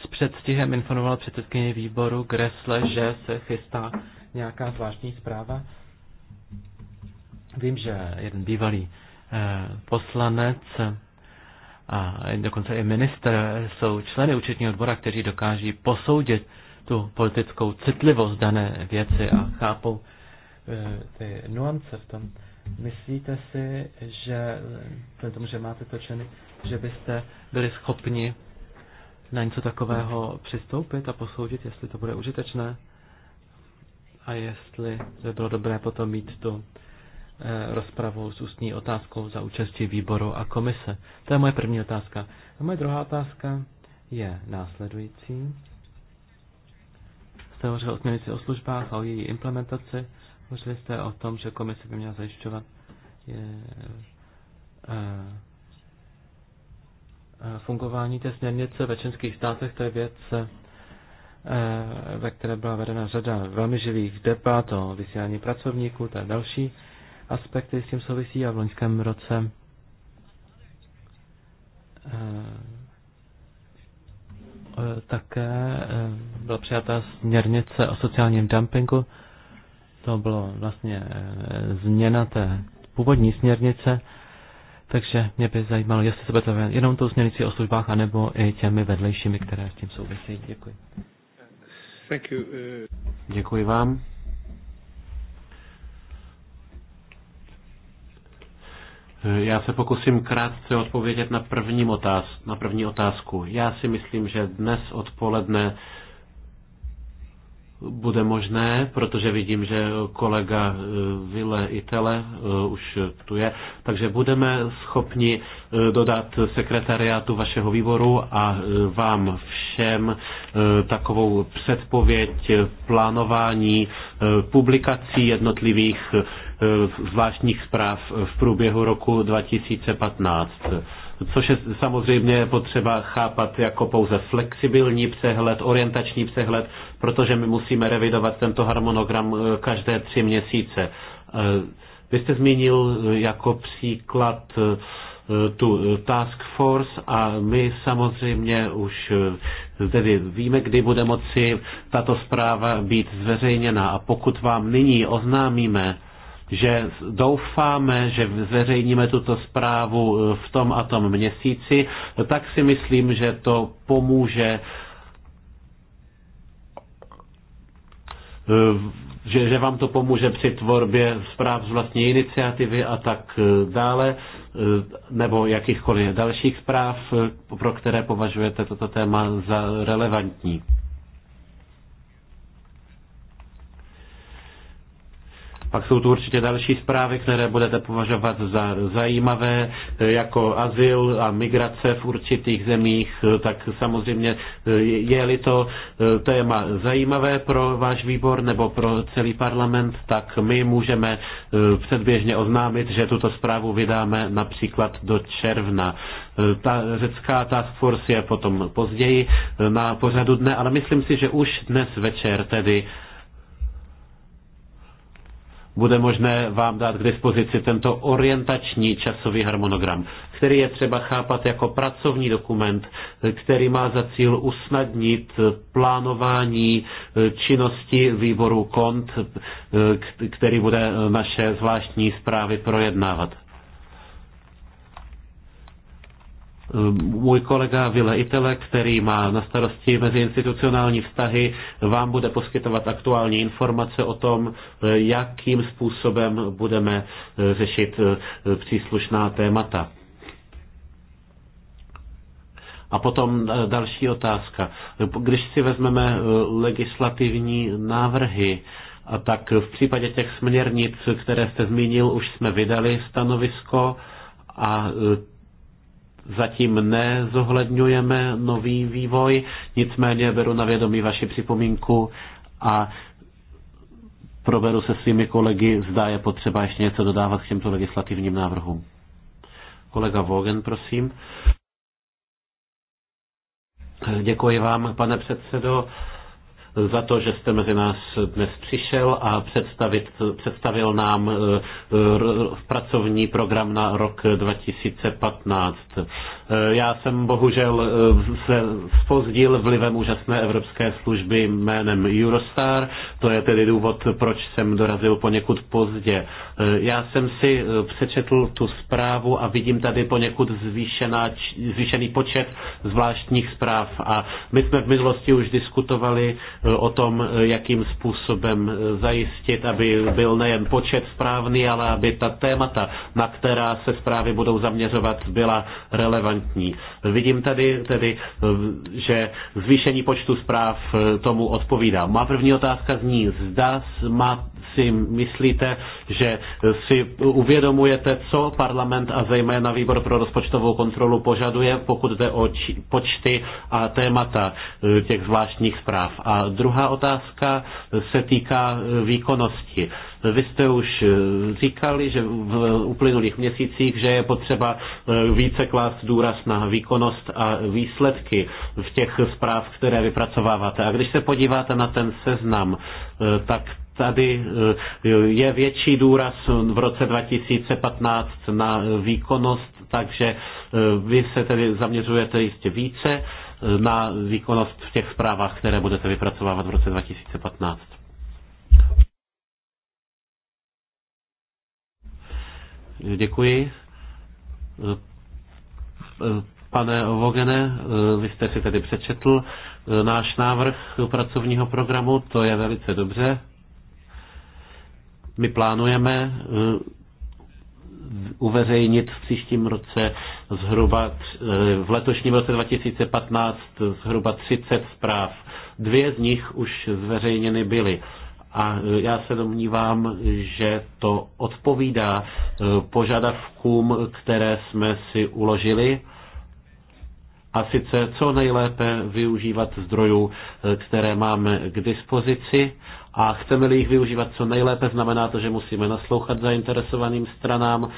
s předstihem informoval předsedkyně výboru Gresle, že se chystá nějaká zvláštní zpráva? Vím, že jeden bývalý eh, poslanec a dokonce i minister jsou členy účetního dvora, kteří dokáží posoudit tu politickou citlivost dané věci a chápou ty nuance v tom. Myslíte si, že vzhledem tomu, že máte to členy, že byste byli schopni na něco takového přistoupit a posoudit, jestli to bude užitečné a jestli by bylo dobré potom mít tu eh, rozpravu s ústní otázkou za účastí výboru a komise. To je moje první otázka. A moje druhá otázka je následující. Jste hovořil o směrnici o službách a o její implementaci. Hovořili jste o tom, že komise by měla zajišťovat je, e, fungování té směrnice ve členských státech, to je věc, eh, ve které byla vedena řada velmi živých debat o vysílání pracovníků, to je další aspekt, který s tím souvisí a v loňském roce také byla přijata směrnice o sociálním dumpingu, to bylo vlastně eh, změna té původní směrnice, takže mě by zajímalo, jestli se to jenom tou směrnicí o službách, anebo i těmi vedlejšími, které s tím souvisí. Děkuji. Thank you. Eh. Děkuji vám. Eh, já se pokusím krátce odpovědět na první, otáz, na první otázku. Já si myslím, že dnes odpoledne bude možné, protože vidím, že kolega Vile eh, Itele eh, už tu je, takže budeme schopni eh, dodat sekretariátu vašeho výboru a vám všem takovou předpověď plánování publikací jednotlivých zvláštních zpráv v průběhu roku 2015 což je samozřejmě potřeba chápat jako pouze flexibilní přehled, orientační přehled, protože my musíme revidovat tento harmonogram eh, každé tři měsíce. Eh, vy jste zmínil eh, jako příklad tu task force a my samozřejmě už tedy víme, kdy bude moci tato zpráva být zveřejněna a pokud vám nyní oznámíme, že doufáme, že zveřejníme tuto zprávu eh, v tom a tom měsíci, tak si myslím, že to pomůže eh, že, že vám to pomůže při tvorbě zpráv z vlastní iniciativy a tak eh, dále, nebo jakýchkoliv dalších zpráv, pro které považujete toto téma za relevantní. Pak jsou tu určitě další zprávy, které budete považovat za zajímavé, e, jako azyl a migrace v určitých zemích, e, tak samozřejmě e, je-li to téma zajímavé pro váš výbor nebo pro celý parlament, tak my můžeme předběžně oznámit, že tuto zprávu vydáme například do června. Ta řecká task force je potom později na pořadu dne, ale myslím si, že už dnes večer tedy bude možné vám dát k dispozici tento orientační časový harmonogram, který je třeba chápat jako pracovní dokument, který má za cíl usnadnit plánování eh, činnosti výboru KONT, eh, který bude naše zvláštní zprávy projednávat. Můj kolega Vile Itele, který má na starosti meziinstitucionální vztahy, vám bude poskytovat aktuální informace o tom, jakým způsobem budeme e, řešit e, příslušná témata. A potom e, další otázka. Když si vezmeme legislativní návrhy, a tak v případě těch směrnic, které jste zmínil, už jsme vydali stanovisko a zatím nezohledňujeme nový vývoj, nicméně beru na vědomí vaši připomínku a proberu se svými kolegy, zda je potřeba ještě něco dodávat k těmto legislativním návrhům. Kolega Vogen, prosím. Děkuji vám, pane předsedo za to, že jste mezi nás dnes přišel a představit, představil nám eh, eh, pracovní program na rok 2015. Eh, já jsem bohužel eh, se spozdil vlivem úžasné evropské služby jménem Eurostar. To je tedy důvod, proč jsem dorazil poněkud pozdě. Eh, já jsem si přečetl tu zprávu a vidím tady poněkud zvýšená, zvýšený počet zvláštních zpráv. A my jsme v minulosti už diskutovali o tom, jakým způsobem zajistit, aby byl nejen počet správný, ale aby ta témata, na která se zprávy budou zaměřovat, byla relevantní relevantní. Vidím tady, tedy, eh, že zvýšení počtu zpráv eh, tomu odpovídá. Má první otázka zní, zda má, si myslíte, že eh, si uvědomujete, co parlament a zejména výbor pro rozpočtovou kontrolu požaduje, pokud jde o či, počty a témata těch zvláštních zpráv. A druhá otázka se týká výkonnosti. Vy jste už eh, říkali, že v uplynulých měsících, že je potřeba eh, více klást důraz na výkonnost a výsledky v těch zpráv, které vypracováváte. A když se podíváte na ten seznam, eh, tak tady je větší důraz v roce 2015 na výkonnost, takže vy se tedy zaměřujete jistě více na výkonnost v těch zprávách, které budete vypracovávat v roce 2015. Děkuji. Pane Vogene, vy jste si tedy přečetl eh, náš návrh pracovního programu, to je velice dobře. My plánujeme eh, uveřejnit v příštím roce zhruba, eh, v letošním roce 2015 zhruba 30 zpráv. Dvě z nich už zveřejněny byly a e, já se domnívám, že to odpovídá e, požadavkům, které jsme si uložili a sice co nejlépe využívat zdrojů, e, které máme k dispozici a chceme-li jich využívat co nejlépe, znamená to, že musíme naslouchat zainteresovaným stranám,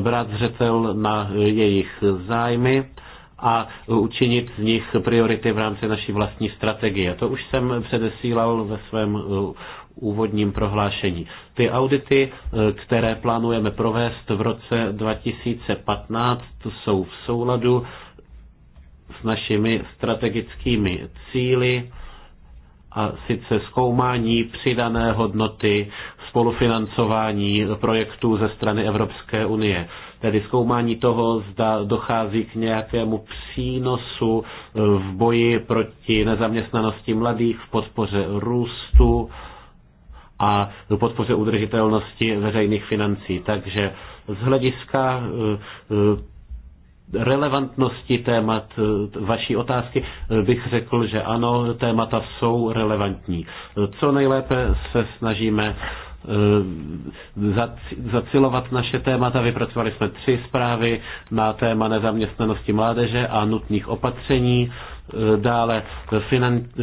brát zřetel na jejich zájmy a učinit z nich priority v rámci naší vlastní strategie. To už jsem předesílal ve svém úvodním prohlášení. Ty audity, e, které plánujeme provést v roce 2015, jsou v souladu s našimi strategickými cíly a sice zkoumání přidané hodnoty spolufinancování projektů ze strany Evropské unie. Tedy zkoumání toho, zda dochází k nějakému přínosu e, v boji proti nezaměstnanosti mladých, v podpoře růstu, a podpoře udržitelnosti veřejných financí. Takže z hlediska eh, eh, relevantnosti témat eh, vaší otázky bych řekl, že ano, témata jsou relevantní. Co nejlépe se snažíme zacilovat naše témata. Vypracovali jsme tři zprávy na téma nezaměstnanosti mládeže a nutných opatření. Eh, dále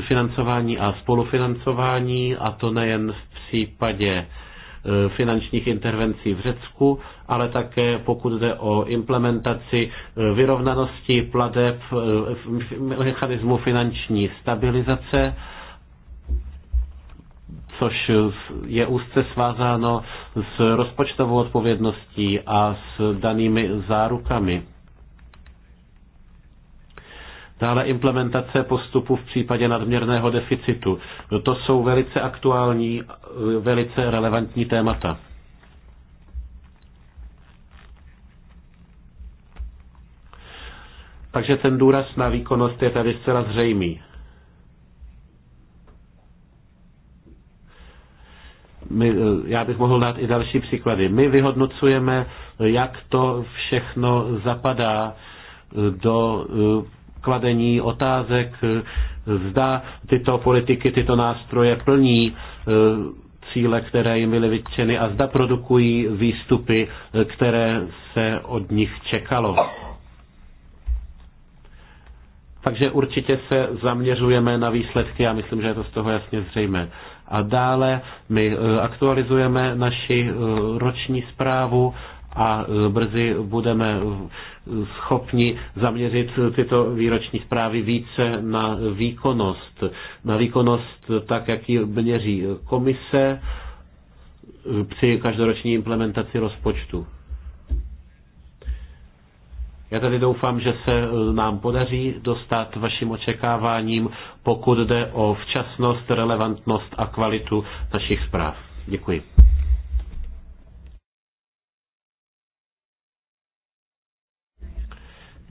financování a spolufinancování, a to nejen v případě eh, finančních intervencí v Řecku, ale také pokud jde o implementaci eh, vyrovnanosti pladeb, mechanismu finanční stabilizace, což je úzce svázáno s rozpočtovou odpovědností a s danými zárukami. Dále implementace postupu v případě nadměrného deficitu. To jsou velice aktuální, velice relevantní témata. Takže ten důraz na výkonnost je tady zcela zřejmý. My, eh, já bych mohl dát i další příklady. My vyhodnocujeme, jak to všechno zapadá eh, do eh, kladení otázek, eh, zda tyto politiky, tyto nástroje plní eh, cíle, které jim byly vytčeny a zda produkují výstupy, eh, které se od nich čekalo. Takže určitě se zaměřujeme na výsledky a myslím, že je to z toho jasně zřejmé. A dále my aktualizujeme naši roční zprávu a e, brzy budeme schopni zaměřit tyto výroční zprávy více na výkonnost. Na výkonnost tak, jak ji měří komise při každoroční implementaci rozpočtu. Já tady doufám, že se e, nám podaří dostat vašim očekáváním, pokud jde o včasnost, relevantnost a kvalitu našich zpráv. Děkuji.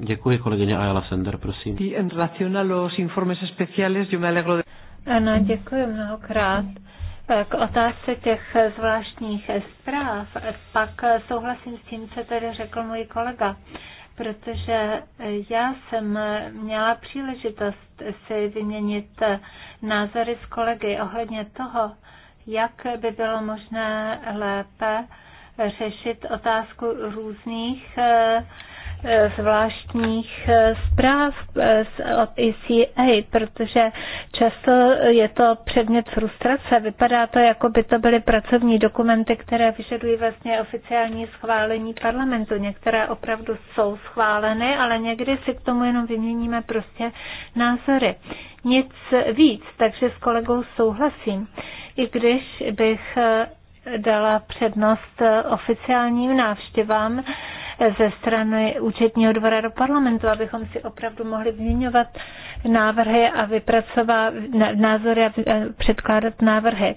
Děkuji kolegyně Ayala Sender, prosím. En relación a los informes especiales, yo me alegro de... Ano, děkuji mnohokrát. Eh, k otázce těch zvláštních zpráv eh, pak eh, souhlasím s tím, co tady řekl můj kolega, protože já jsem měla příležitost si vyměnit názory s kolegy ohledně toho, jak by bylo možné lépe řešit otázku různých Eh, zvláštních eh, zpráv eh, od ECA, protože často je to předmět frustrace. Vypadá to, jako by to byly pracovní dokumenty, které vyžadují vlastně oficiální schválení parlamentu. Některé opravdu jsou schváleny, ale někdy si k tomu jenom vyměníme prostě názory. Nic víc, takže s kolegou souhlasím. I když bych dala přednost oficiálním návštěvám, ze strany účetního dvora do parlamentu, abychom si opravdu mohli vyměňovat návrhy a vypracovat názory a předkládat návrhy.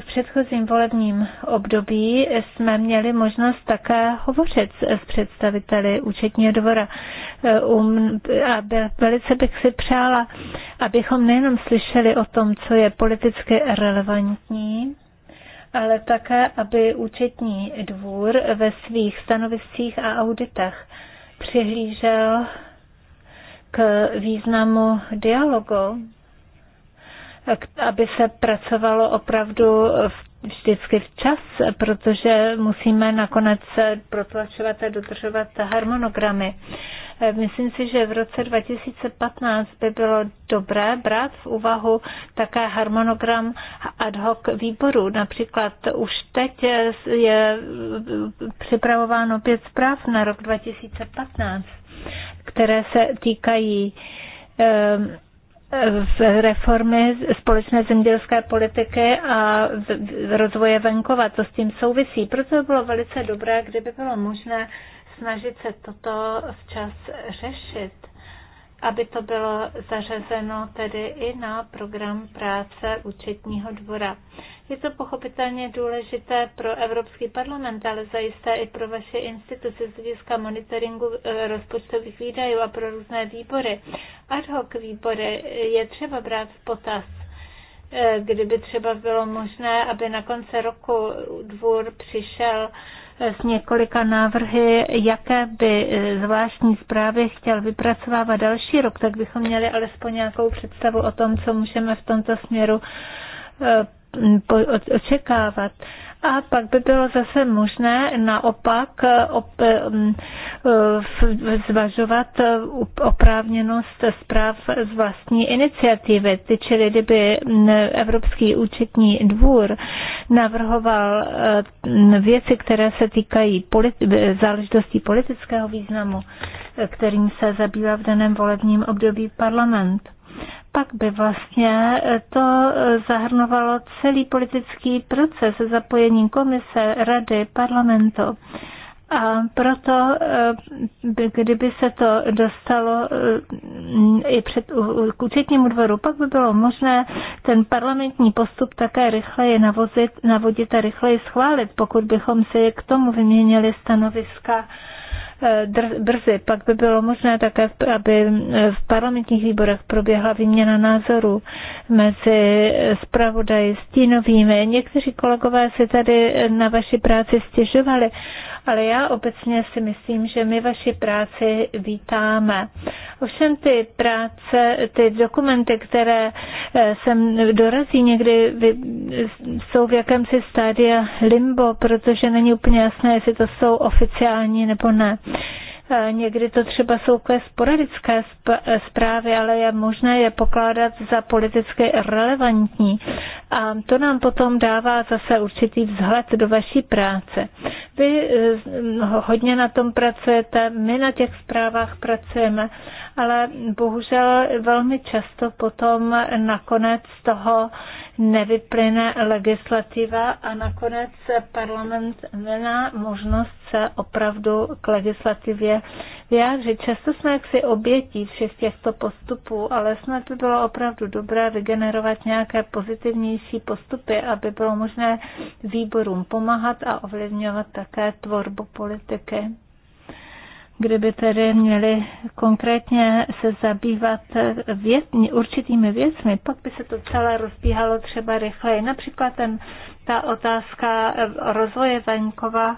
V předchozím volebním období jsme měli možnost také hovořit s představiteli účetního dvora e, um, a velice bych si přála, abychom nejenom slyšeli o tom, co je politicky relevantní, ale také, aby účetní dvůr ve svých stanoviscích a auditech přihlížel k významu dialogu, aby se pracovalo opravdu vždycky včas, protože musíme nakonec protlačovat a dodržovat harmonogramy. Eh, myslím si, že v roce 2015 by bylo dobré brát v úvahu také harmonogram ad hoc výboru. Například už teď eh, je připravováno pět zpráv na rok 2015, které se týkají eh, v reformy společné zemědělské politiky a rozvoje venkova, co s tím souvisí. Proto by bylo velice dobré, kdyby bylo možné snažit se toto včas řešit, aby to bylo zařazeno tedy i na program práce účetního dvora. Je to pochopitelně důležité pro Evropský parlament, ale zajisté i pro vaše instituce z hlediska monitoringu eh, rozpočtových výdajů a pro různé výbory. Ad hoc výbory je třeba brát v potaz eh, kdyby třeba bylo možné, aby na konci roku dvůr přišel s několika návrhy, jaké by e, zvláštní zprávy chtěl vypracovávat další rok, tak bychom měli alespoň nějakou představu o tom, co můžeme v tomto směru e, očekávat. Po- a pak by bylo zase možné naopak eh, op, eh, mm, eh, zvažovat oprávněnost zpráv z vlastní iniciativy. čili kdyby mm, Evropský účetní dvůr navrhoval mm, věci, které se týkají politi- záležitostí politického významu, kterým se zabývá v daném volebním období parlament pak by vlastně to zahrnovalo celý politický proces zapojení komise, rady, parlamentu. A proto, eh, kdyby se to dostalo eh, i před, k účetnímu dvoru, pak by bylo možné ten parlamentní postup také rychleji navozit, navodit a rychleji schválit, pokud bychom si k tomu vyměnili stanoviska brzy. Pak by bylo možné také, aby v parlamentních výborech proběhla výměna názorů mezi zpravodaji, stínovými. Někteří kolegové si tady na vaši práci stěžovali, ale já obecně si myslím, že my vaši práci vítáme. Ovšem ty práce, ty dokumenty, které eh, sem dorazí někdy, eh, jsou v jakémsi stádia limbo, protože není úplně jasné, jestli to jsou oficiální nebo ne. Eh, někdy to třeba jsou takové sporadické zprávy, ale je možné je pokládat za politicky relevantní. A to nám potom dává zase určitý vzhled do vaší práce. Vy eh, hodně na tom pracujete, my na těch zprávách pracujeme, ale bohužel velmi často potom nakonec toho nevyplyne legislativa a nakonec parlament nemá možnost se opravdu k legislativě vyjádřit. Často jsme jaksi obětí všech těchto postupů, ale snad by bylo opravdu dobré vygenerovat nějaké pozitivnější postupy, aby bylo možné výborům pomáhat a ovlivňovat také tvorbu politiky kdyby tedy měli konkrétně se zabývat věc, určitými věcmi, pak by se to celé rozbíhalo třeba rychleji. Například ten, ta otázka rozvoje venkova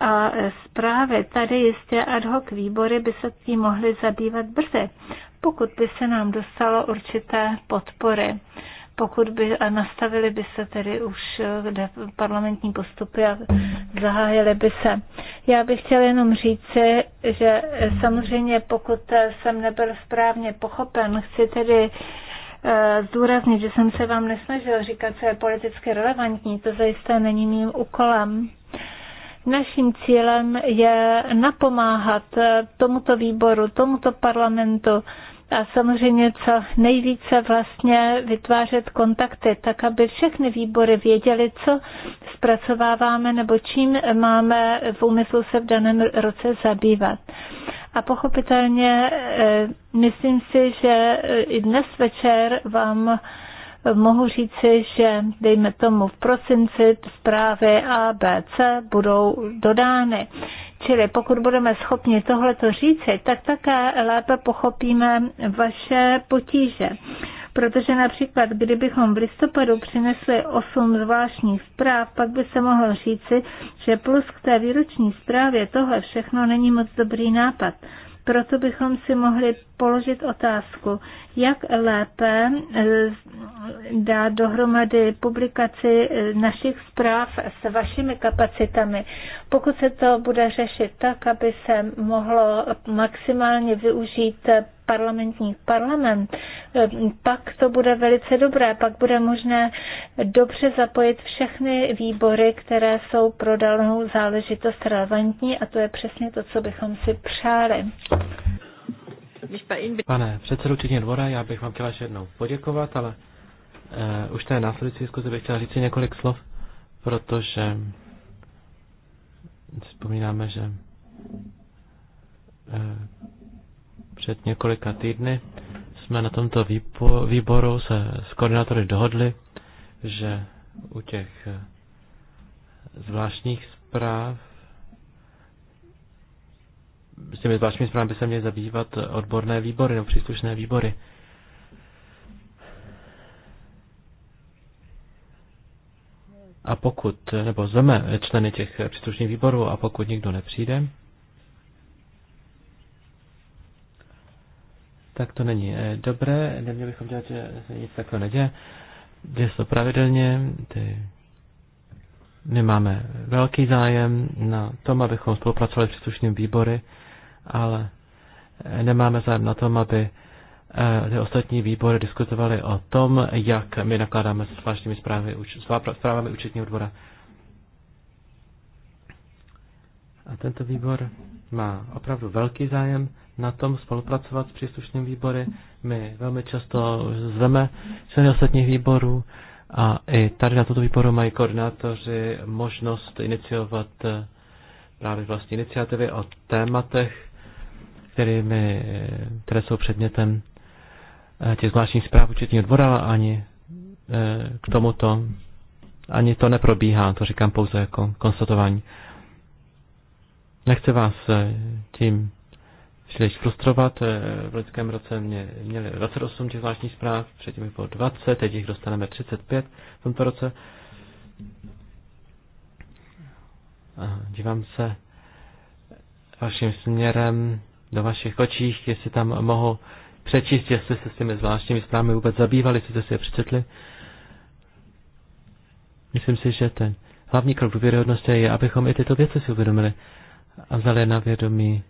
a zprávy. Tady jistě ad hoc výbory by se tím mohly zabývat brzy, pokud by se nám dostalo určité podpory pokud by a nastavili by se tedy už eh, parlamentní postupy a zahájili by se. Já bych chtěla jenom říci, že samozřejmě pokud eh, jsem nebyl správně pochopen, chci tedy eh, zdůraznit, že jsem se vám nesnažil říkat, co je politicky relevantní, to zajisté není mým úkolem. Naším cílem je napomáhat tomuto výboru, tomuto parlamentu, a samozřejmě co nejvíce vlastně vytvářet kontakty, tak aby všechny výbory věděly, co zpracováváme nebo čím máme v úmyslu se v daném roce zabývat. A pochopitelně e, myslím si, že e, i dnes večer vám e, mohu říci, že dejme tomu v prosinci zprávy A, B, C budou dodány. Čili pokud budeme schopni tohleto říci, tak také lépe pochopíme vaše potíže. Protože například, kdybychom v listopadu přinesli osm zvláštních zpráv, pak by se mohlo říci, že plus k té výroční zprávě tohle všechno není moc dobrý nápad. Proto bychom si mohli položit otázku, jak lépe eh, dát dohromady publikaci eh, našich zpráv s vašimi kapacitami, pokud se to bude řešit tak, aby se mohlo maximálně využít parlamentní parlament, eh, pak to bude velice dobré, pak bude možné dobře zapojit všechny výbory, které jsou pro danou záležitost relevantní a to je přesně to, co bychom si přáli. Pane předsedu Čitně dvora, já bych vám chtěla ještě jednou poděkovat, ale eh, už té následující diskuzi bych chtěla říct několik slov, protože vzpomínáme, že eh, před několika týdny jsme na tomto výboru se s koordinátory dohodli, že u těch eh, zvláštních zpráv s těmi zvláštními zprávami by se měly zabývat odborné výbory nebo příslušné výbory. A pokud, nebo zveme členy těch příslušných výborů a pokud nikdo nepřijde, tak to není eh, dobré. Neměli bychom dělat, že se nic takového neděje. Děje se to pravidelně. Ty... My máme velký zájem na tom, abychom spolupracovali s příslušnými výbory, ale eh, nemáme zájem na tom, aby eh, ty ostatní výbory diskutovaly o tom, jak my nakládáme s zvláštními zprávy, zprávami účetního dvora. A tento výbor má opravdu velký zájem na tom spolupracovat s příslušným výbory. My velmi často zveme členy ostatních výborů a i tady na toto výboru mají koordinátoři možnost iniciovat eh, právě vlastní iniciativy o tématech, kterými, eh, které jsou předmětem eh, těch zvláštních zpráv účetního dvora, ani k tomuto ani to neprobíhá, to říkám pouze jako konstatování. Nechci vás tím šli frustrovat. Eh, v loňském roce mě, měli 28 těch zvláštních zpráv, předtím bylo 20, teď jich dostaneme 35 v tomto roce. dívám se vaším směrem do vašich očích, jestli tam mohu přečíst, jestli se s těmi zvláštními zprávami vůbec zabývali, jestli jste si je přečetli. Myslím si, že ten hlavní krok důvěryhodnosti je, abychom i tyto věci si uvědomili a vzali na vědomí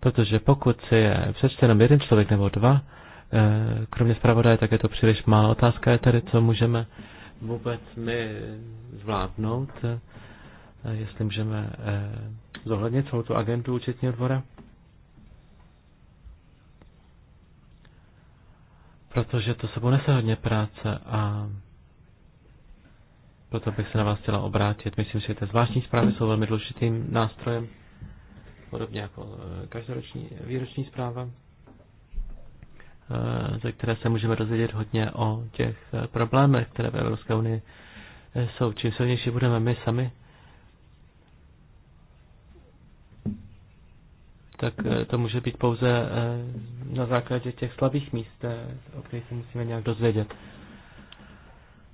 Protože pokud si je přečte jenom jeden člověk nebo dva, eh, kromě zpravodaje, tak je to příliš málo. Otázka je tedy, co můžeme vůbec my zvládnout, eh, jestli můžeme eh, zohlednit celou tu agendu účetního dvora. Protože to sebou nese hodně práce a proto bych se na vás chtěla obrátit. Myslím, že ty zvláštní zprávy jsou velmi důležitým nástrojem podobně jako eh, každoroční výroční zpráva, eh, ze které se můžeme dozvědět hodně o těch eh, problémech, které v Evropské unii jsou. Čím silnější budeme my sami, tak to může být pouze na základě těch slabých míst, o kterých se musíme nějak dozvědět.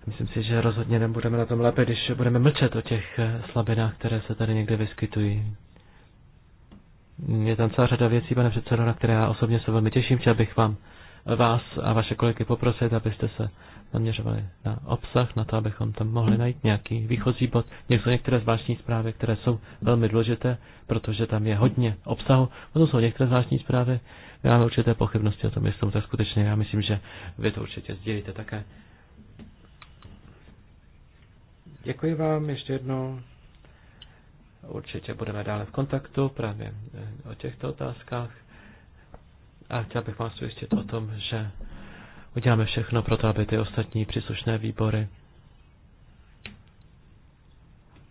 Myslím si, že rozhodně nebudeme na tom lépe, když budeme mlčet o těch slabinách, které se tady někde vyskytují. Je tam celá řada věcí, pane předsedo, na které já osobně se velmi těším. Chtěl bych vám, vás a vaše kolegy poprosit, abyste se zaměřovali na obsah, na to, abychom tam mohli najít nějaký výchozí bod. Jsou některé zvláštní zprávy, které jsou velmi důležité, protože tam je hodně obsahu. Potom jsou některé zvláštní zprávy, my máme určité pochybnosti o tom, jestli to skutečně. Já myslím, že vy to určitě sdělíte také. Děkuji vám ještě jednou Určitě budeme dále v kontaktu právě eh, o těchto otázkách. A chtěl bych vás ujistit o tom, že uděláme všechno pro to, aby ty ostatní příslušné výbory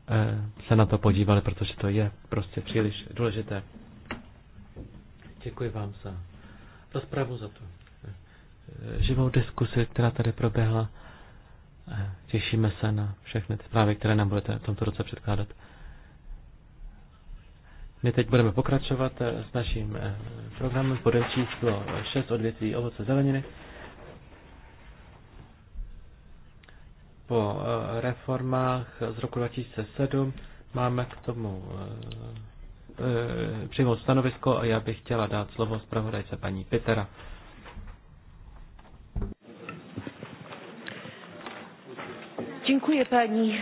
eh, se na to podívali, protože to je prostě příliš důležité. Děkuji vám za rozpravu, za tu eh, živou diskusi, která tady proběhla. Těšíme se na všechny ty zprávy, které nám budete v tomto roce předkládat. My teď budeme pokračovat eh, s naším eh, programem pod číslo 6 odvětví ovoce zeleniny. Po eh, reformách z roku 2007 máme k tomu přímo stanovisko a já bych chtěla dát slovo zpravodajce paní Petera. Děkuji, paní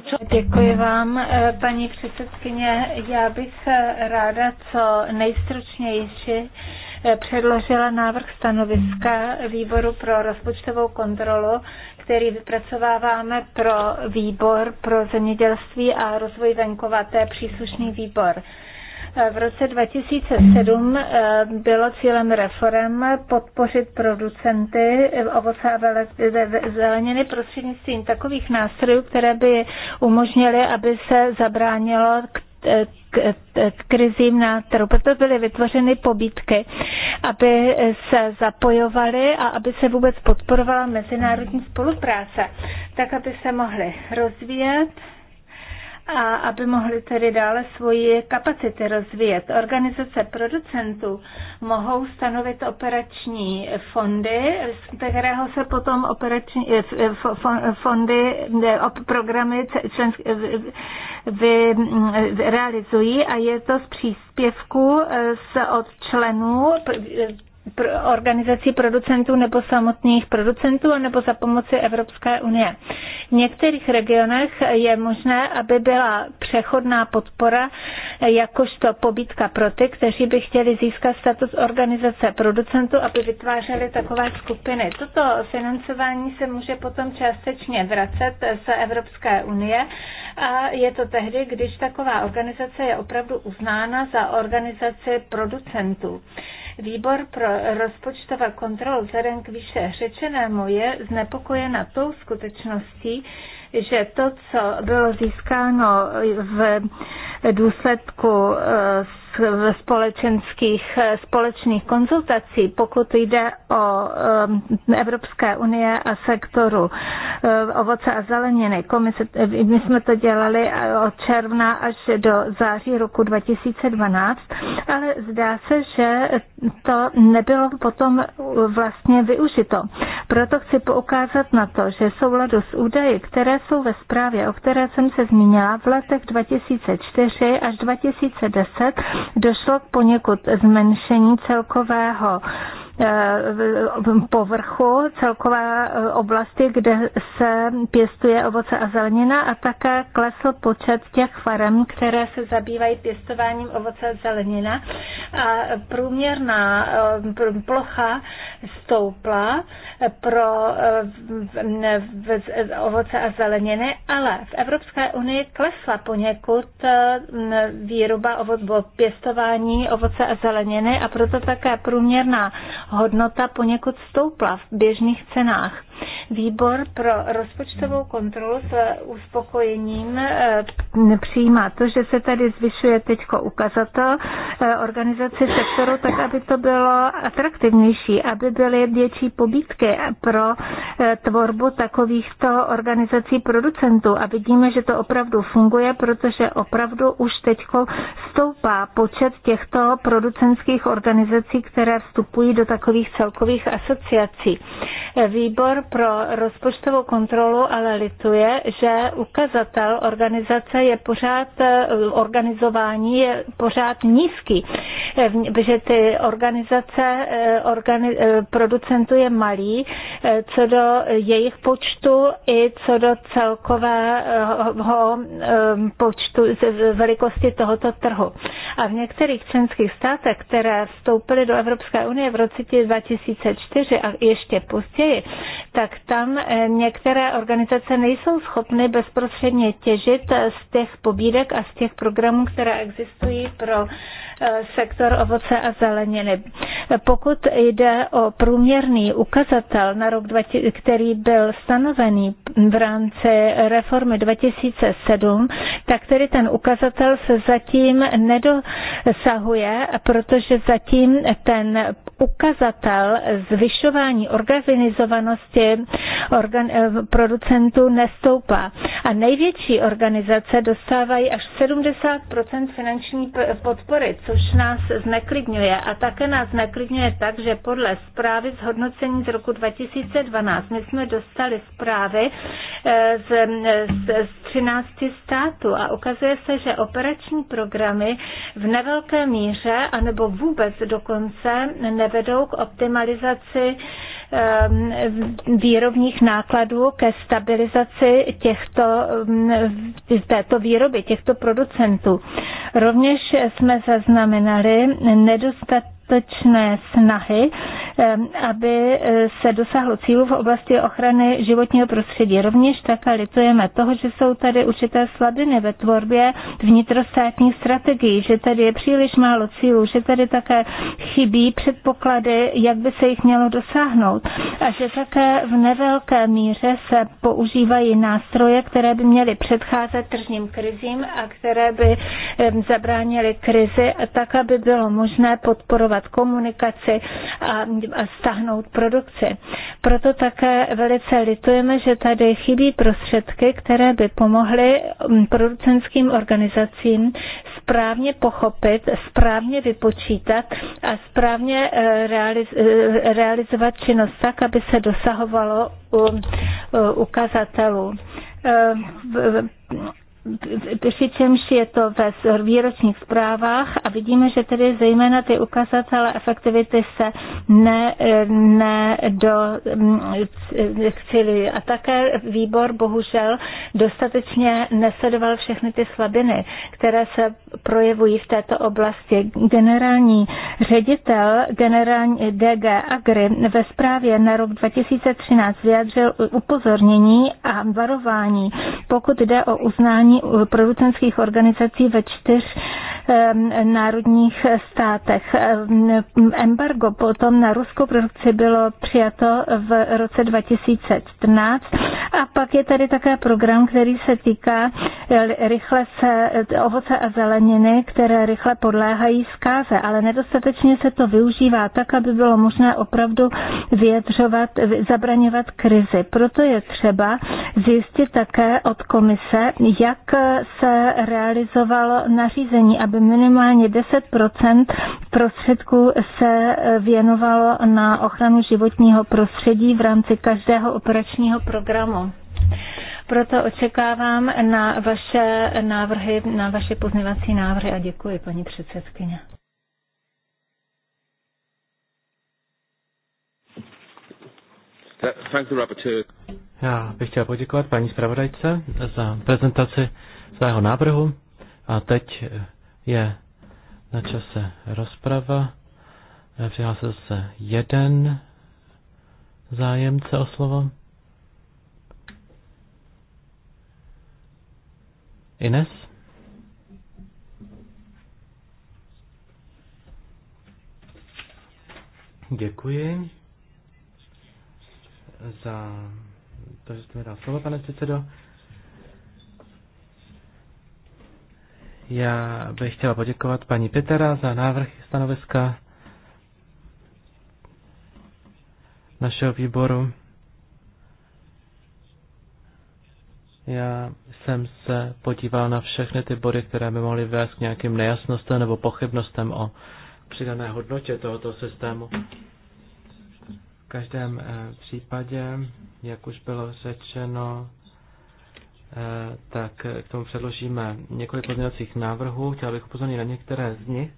předsedkyně. Děkuji vám, eh, paní předsedkyně. Já bych eh, ráda co nejstručnější eh, předložila návrh stanoviska výboru pro rozpočtovou kontrolu, který vypracováváme pro výbor pro zemědělství a rozvoj venkova, to je příslušný výbor. V roce 2007 eh, bylo cílem reform podpořit producenty ovoce a zeleniny prostřednictvím takových nástrojů, které by umožnily, aby se zabránilo k, eh, eh, k krizím na trhu. Proto byly vytvořeny pobídky, aby se zapojovaly a aby se vůbec podporovala mezinárodní spolupráce, tak aby se mohly rozvíjet a aby mohli tedy dále svoji kapacity rozvíjet. Organizace producentů mohou stanovit operační fondy, z kterého se potom operační fondy, programy vy, realizují a je to z příspěvku eh, od členů eh, organizací producentů nebo samotných producentů nebo za pomoci Evropské unie. V některých regionech je možné, aby byla přechodná podpora jakožto pobídka pro ty, kteří by chtěli získat status organizace producentů, aby vytvářeli takové skupiny. Toto financování se může potom částečně vracet z Evropské unie a je to tehdy, když taková organizace je opravdu uznána za organizaci producentů. Výbor pro rozpočtovou kontrolu vzhledem k výše řečenému je znepokojena tou skutečností, že to, co bylo získáno v důsledku eh, v společenských eh, společných konzultací, pokud jde o eh, Evropské unie a sektoru eh, ovoce a zeleniny. Komise, my jsme to dělali od června až do září roku 2012, ale zdá se, že to nebylo potom vlastně využito. Proto chci poukázat na to, že souladu s údaji, které jsou ve zprávě, o které jsem se zmínila, v letech 2004 až 2010 došlo k poněkud zmenšení celkového eh, povrchu celková eh, oblasti, kde se pěstuje ovoce a zelenina a také klesl počet těch farem, které se zabývají pěstováním ovoce a zelenina a průměrná eh, plocha stoupla pro ovoce a zeleniny, ale v Evropské unii klesla poněkud výroba ovoce, pěstování ovoce a zeleniny a proto také průměrná hodnota poněkud stoupla v běžných cenách. Výbor pro rozpočtovou kontrolu s eh, uspokojením eh, přijímá to, že se tady zvyšuje teď ukazatel eh, organizace sektoru, tak aby to bylo atraktivnější, aby byly větší pobídky pro tvorbu takovýchto organizací producentů. A vidíme, že to opravdu funguje, protože opravdu už teď stoupá počet těchto producentských organizací, které vstupují do takových celkových asociací. Výbor pro rozpočtovou kontrolu ale lituje, že ukazatel organizace je pořád, eh, organizování je pořád nízký, eh, že ty organizace eh, organi, producentů je malý, co do jejich počtu i co do celkového počtu, velikosti tohoto trhu. A v některých členských státech, které vstoupily do Evropské unie v roce 2004 a ještě později, tak tam eh, některé organizace nejsou schopny bezprostředně těžit z těch pobídek a z těch programů, které existují pro eh, sektor ovoce a zeleniny. Pokud jde o průměrný ukazatel na rok, který byl stanovený v rámci reformy 2007, tak tedy ten ukazatel se zatím nedosahuje, protože zatím ten ukazatel zvyšování organizovanosti organ, eh, producentů nestoupá. A největší organizace dostávají až 70 finanční podpory, což nás zneklidňuje. A také nás zneklidňuje tak, že podle zprávy zhodnocení z roku 2012 my jsme dostali zprávy eh, z, z, z 13 států a ukazuje se, že operační programy v nevelké míře anebo vůbec dokonce ne nevedou k optimalizaci ehm, výrobních nákladů ke stabilizaci těchto, ehm, této výroby, těchto producentů. Rovněž jsme zaznamenali nedostatečné snahy Ehm, aby e, se dosáhlo cílů v oblasti ochrany životního prostředí. Rovněž také litujeme toho, že jsou tady určité slabiny ve tvorbě vnitrostátních strategií, že tady je příliš málo cílů, že tady také chybí předpoklady, jak by se jich mělo dosáhnout a že také v nevelké míře se používají nástroje, které by měly předcházet tržním krizím a které by ehm, zabránily krizi tak, aby bylo možné podporovat komunikaci a a stahnout produkci. Proto také velice litujeme, že tady chybí prostředky, které by pomohly mm, producentským organizacím správně pochopit, správně vypočítat a správně eh, eh, realizovat činnost tak, aby se dosahovalo eh, ukazatelů přičemž je to ve výročních zprávách a vidíme, že tedy zejména ty ukazatele efektivity se ne, ne do cílí. A také výbor bohužel dostatečně nesledoval všechny ty slabiny, které se projevují v této oblasti. Generální ředitel generální DG Agri ve zprávě na rok 2013 vyjádřil upozornění a varování, pokud jde o uznání zastoupení producentských organizací ve čtyř národních státech. Embargo potom na ruskou produkci bylo přijato v roce 2014 a pak je tady také program, který se týká e, rychle se e, ovoce a zeleniny, které rychle podléhají zkáze, ale nedostatečně se to využívá tak, aby bylo možné opravdu vyjadřovat, zabraňovat krizi. Proto je třeba zjistit také od komise, jak se realizovalo nařízení, aby minimálně 10 prostředků se věnovalo na ochranu životního prostředí v rámci každého operačního programu. Proto očekávám na vaše návrhy, na vaše pozměvací návrhy a děkuji, paní předsedkyně. Thank the rapporteur. Já bych chtěl poděkovat paní zpravodajce za prezentaci svého návrhu a teď je na čase rozprava. Přihlásil se jeden zájemce o slovo. Ines? Děkuji za to, že jste mi dal slovo, pane předsedo. Já bych chtěla poděkovat paní Petera za návrh stanoviska našeho výboru. Já jsem se podíval na všechny ty body, které by mohly vést k nějakým nejasnostem nebo pochybnostem o přidané hodnotě tohoto systému každém eh, případě, jak už bylo řečeno, eh, tak k tomu předložíme několik pozměňovacích návrhů. Chtěl bych upozornit na některé z nich.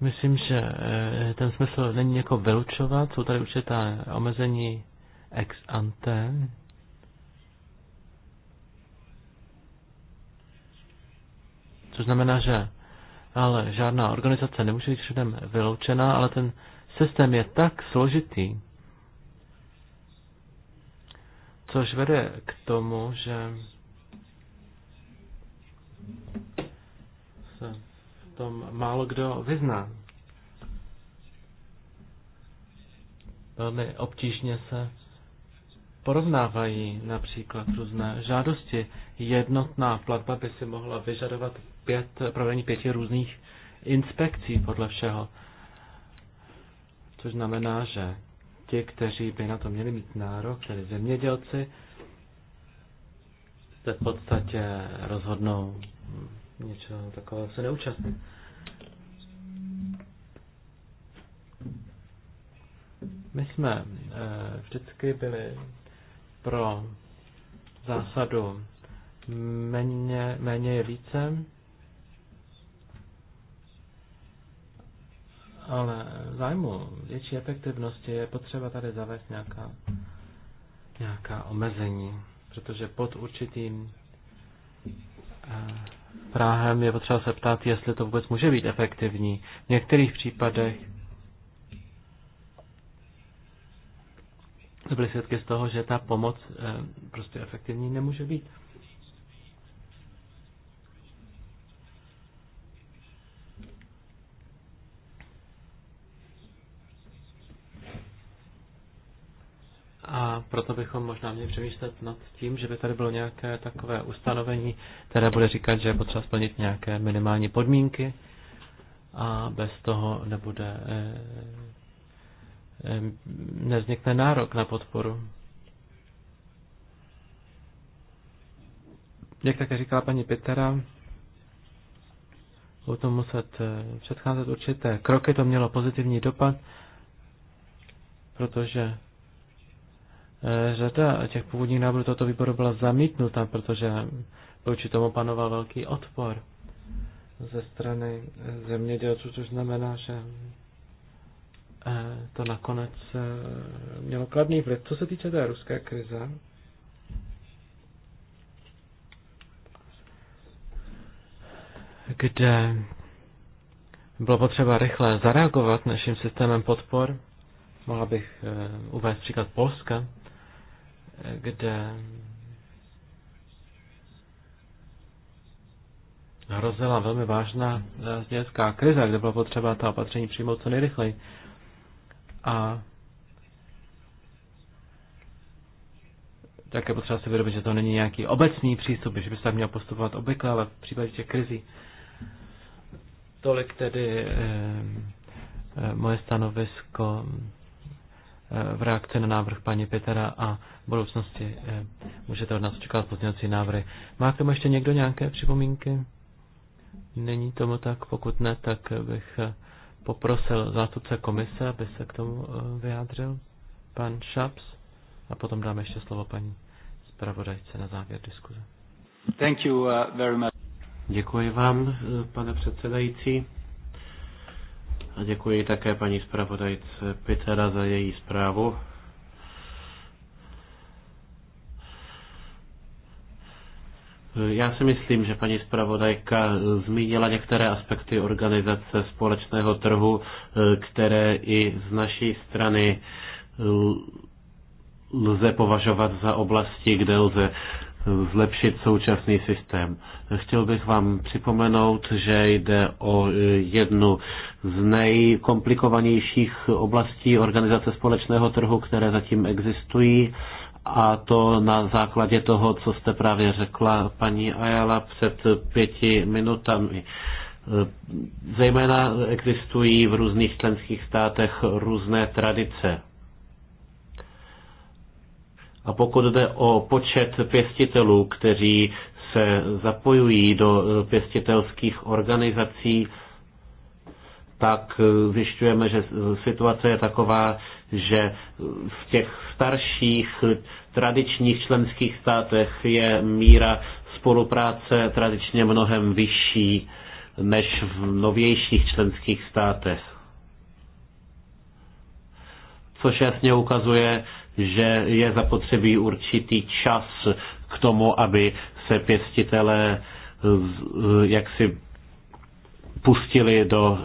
Myslím, že eh, ten smysl není jako vylučovat, jsou tady určitá omezení ex ante, což znamená, že ale žádná organizace nemůže být předem vyloučená, ale ten systém je tak složitý, což vede k tomu, že se v tom málo kdo vyzná. Velmi obtížně se porovnávají například různé žádosti. Jednotná platba by si mohla vyžadovat pět, provedení pěti různých inspekcí podle všeho. Což znamená, že ti, kteří by na to měli mít nárok, tedy zemědělci, se v podstatě rozhodnou něčeho takového se neúčastnit. My jsme eh, vždycky byli pro zásadu méně, méně je více, ale v zájmu větší efektivnosti je potřeba tady zavést nějaká, nějaká omezení, protože pod určitým eh, Prahem je potřeba se ptát, jestli to vůbec může být efektivní. V některých případech byly svědky z toho, že ta pomoc eh, prostě efektivní nemůže být. A proto bychom možná měli přemýšlet nad tím, že by tady bylo nějaké takové ustanovení, které bude říkat, že je potřeba splnit nějaké minimální podmínky a bez toho nebude, eh, eh, nevznikne nárok na podporu. Jak také říkala paní Pitera, budou tomu muset eh, předcházet určité kroky, to mělo pozitivní dopad, protože řada eh, těch původních návrhů tohoto výboru byla zamítnuta, protože proti tomu panoval velký odpor ze strany zemědělců, což znamená, že eh, to nakonec eh, mělo kladný vliv. Co se týče té ruské krize, kde bylo potřeba rychle zareagovat naším systémem podpor, mohla bych uvést příklad Polska, kde hrozila velmi vážná dětská eh, krize, kde bylo potřeba ta opatření přijmout co nejrychleji. A tak je potřeba si vyrobit, že to není nějaký obecný přístup, že by se tak měl postupovat obvykle, ale v případě těch krizí. Tolik tedy e, e, moje stanovisko v reakci na návrh paní Petera a v budoucnosti eh, můžete od nás očekávat pozměňovací návrhy. Má k tomu ještě někdo nějaké připomínky? Není tomu tak, pokud ne, tak bych eh, poprosil zástupce komise, aby se k tomu eh, vyjádřil, pan Šaps, a potom dáme ještě slovo paní zpravodajce na závěr diskuze. Thank you uh, very much. Děkuji vám, pane předsedající. A děkuji také paní zpravodajce Pitera za její zprávu. Já si myslím, že paní zpravodajka zmínila některé aspekty organizace společného trhu, které i z naší strany lze považovat za oblasti, kde lze zlepšit současný systém. Chtěl bych vám připomenout, že jde o e, jednu z nejkomplikovanějších oblastí organizace společného trhu, které zatím existují a to na základě toho, co jste právě řekla paní Ayala před pěti minutami. E, zejména existují v různých členských státech různé tradice a pokud jde o počet pěstitelů, kteří se zapojují do e, pěstitelských organizací, tak e, zjišťujeme, že e, situace je taková, že v těch starších tradičních členských státech je míra spolupráce tradičně mnohem vyšší než v novějších členských státech. Což jasně ukazuje, že je zapotřebí určitý čas k tomu, aby se pěstitelé eh, jaksi pustili do eh,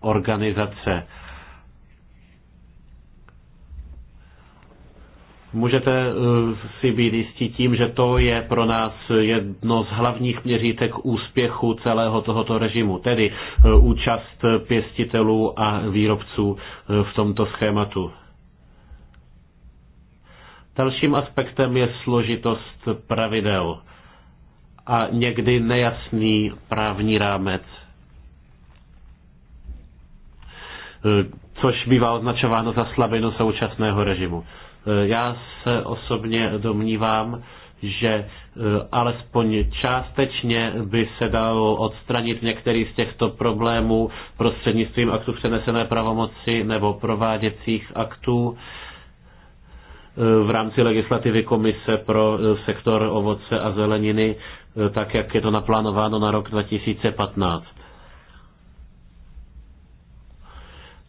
organizace. Můžete eh, si být jistí tím, že to je pro nás jedno z hlavních měřítek úspěchu celého tohoto režimu, tedy účast pěstitelů a výrobců v tomto schématu. Dalším aspektem je složitost pravidel a někdy nejasný právní rámec, což bývá označováno za slabinu současného režimu. Já se osobně domnívám, že eh, alespoň částečně by se dalo odstranit některý z těchto problémů prostřednictvím aktů přenesené pravomoci nebo prováděcích aktů v rámci legislativy komise pro e, sektor ovoce a zeleniny, e, tak jak je to naplánováno na rok 2015.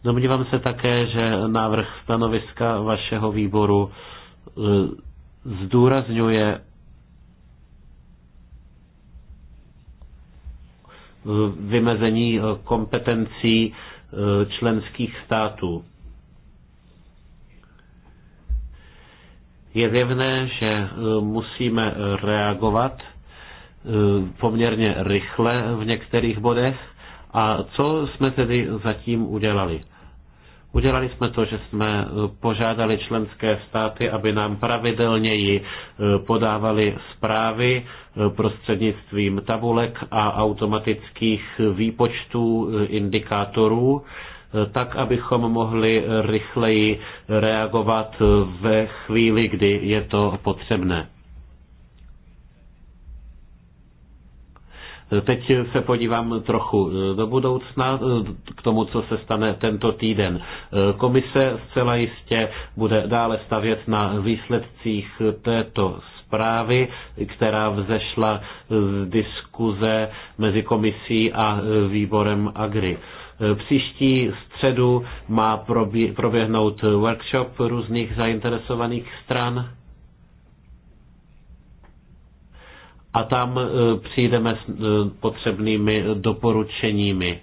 Domnívám se také, že návrh stanoviska vašeho výboru e, zdůrazňuje vymezení kompetencí členských států. Je zjevné, že e, musíme reagovat e, poměrně rychle v některých bodech. A co jsme tedy zatím udělali? Udělali jsme to, že jsme e, požádali členské státy, aby nám pravidelněji podávali zprávy prostřednictvím tabulek a automatických výpočtů indikátorů tak abychom mohli rychleji reagovat ve chvíli, kdy je to potřebné. Teď se podívám trochu eh, do budoucna eh, k tomu, co se stane tento týden. Eh, komise zcela jistě bude dále stavět na výsledcích této zprávy, která vzešla z diskuze mezi komisí a výborem Agri. E, příští středu má proběhnout workshop různých zainteresovaných stran. A tam e, přijdeme s e, potřebnými doporučeními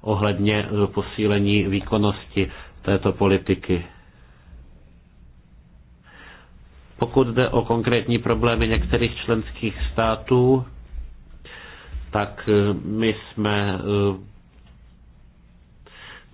ohledně posílení výkonnosti této politiky. Pokud jde o konkrétní problémy některých členských států, tak my jsme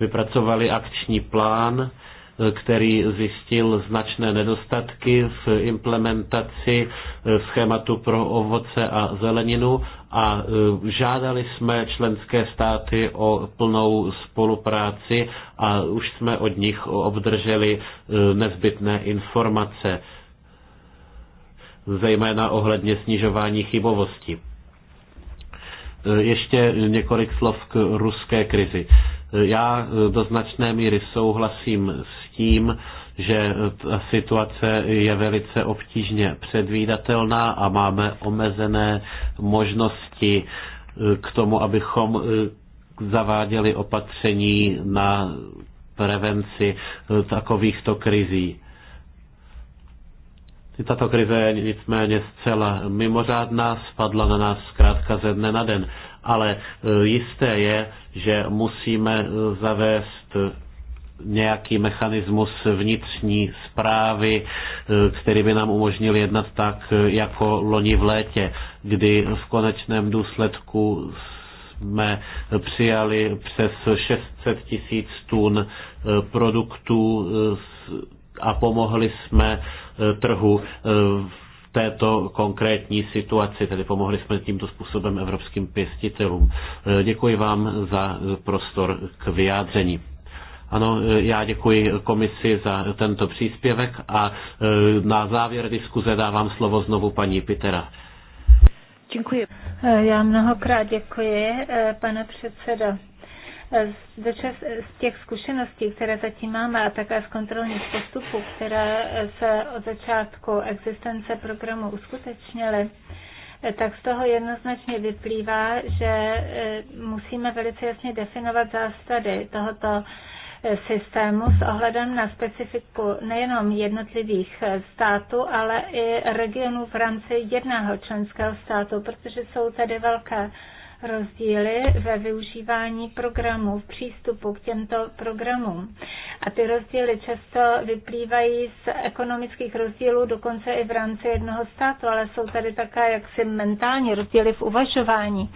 vypracovali akční plán, eh, který zjistil značné nedostatky v implementaci eh, schématu pro ovoce a zeleninu a eh, žádali jsme členské státy o plnou spolupráci a už jsme od nich obdrželi nezbytné informace, zejména ohledně snižování chybovosti. Ještě několik slov k ruské krizi. Já do značné míry souhlasím s tím, že ta situace je velice obtížně předvídatelná a máme omezené možnosti eh, k tomu, abychom eh, zaváděli opatření na prevenci eh, takovýchto krizí. Tato krize je nicméně zcela mimořádná, spadla na nás zkrátka ze dne na den ale e, jisté je, že musíme e, zavést e, nějaký mechanismus vnitřní zprávy, který by nám umožnil jednat tak, jako loni v létě, kdy v konečném důsledku jsme přijali přes 600 tisíc tun produktů a pomohli jsme trhu této konkrétní situaci, tedy pomohli jsme tímto způsobem evropským pěstitelům. E, děkuji vám za prostor k vyjádření. Ano, e, já děkuji komisi za tento příspěvek a e, na závěr diskuze dávám slovo znovu paní Pitera. Děkuji. Já mnohokrát děkuji, pane předsedo z těch zkušeností, které zatím máme a také z kontrolních postupů, které se od začátku existence programu uskutečnily, tak z toho jednoznačně vyplývá, že e, musíme velice jasně definovat zásady tohoto e, systému s ohledem na specifiku nejenom jednotlivých e, států, ale i regionů v rámci jedného členského státu, protože jsou tady velké rozdíly ve využívání programů, v přístupu k těmto programům. A ty rozdíly často vyplývají z ekonomických rozdílů, dokonce i v rámci jednoho státu, ale jsou tady také jaksi mentální rozdíly v uvažování.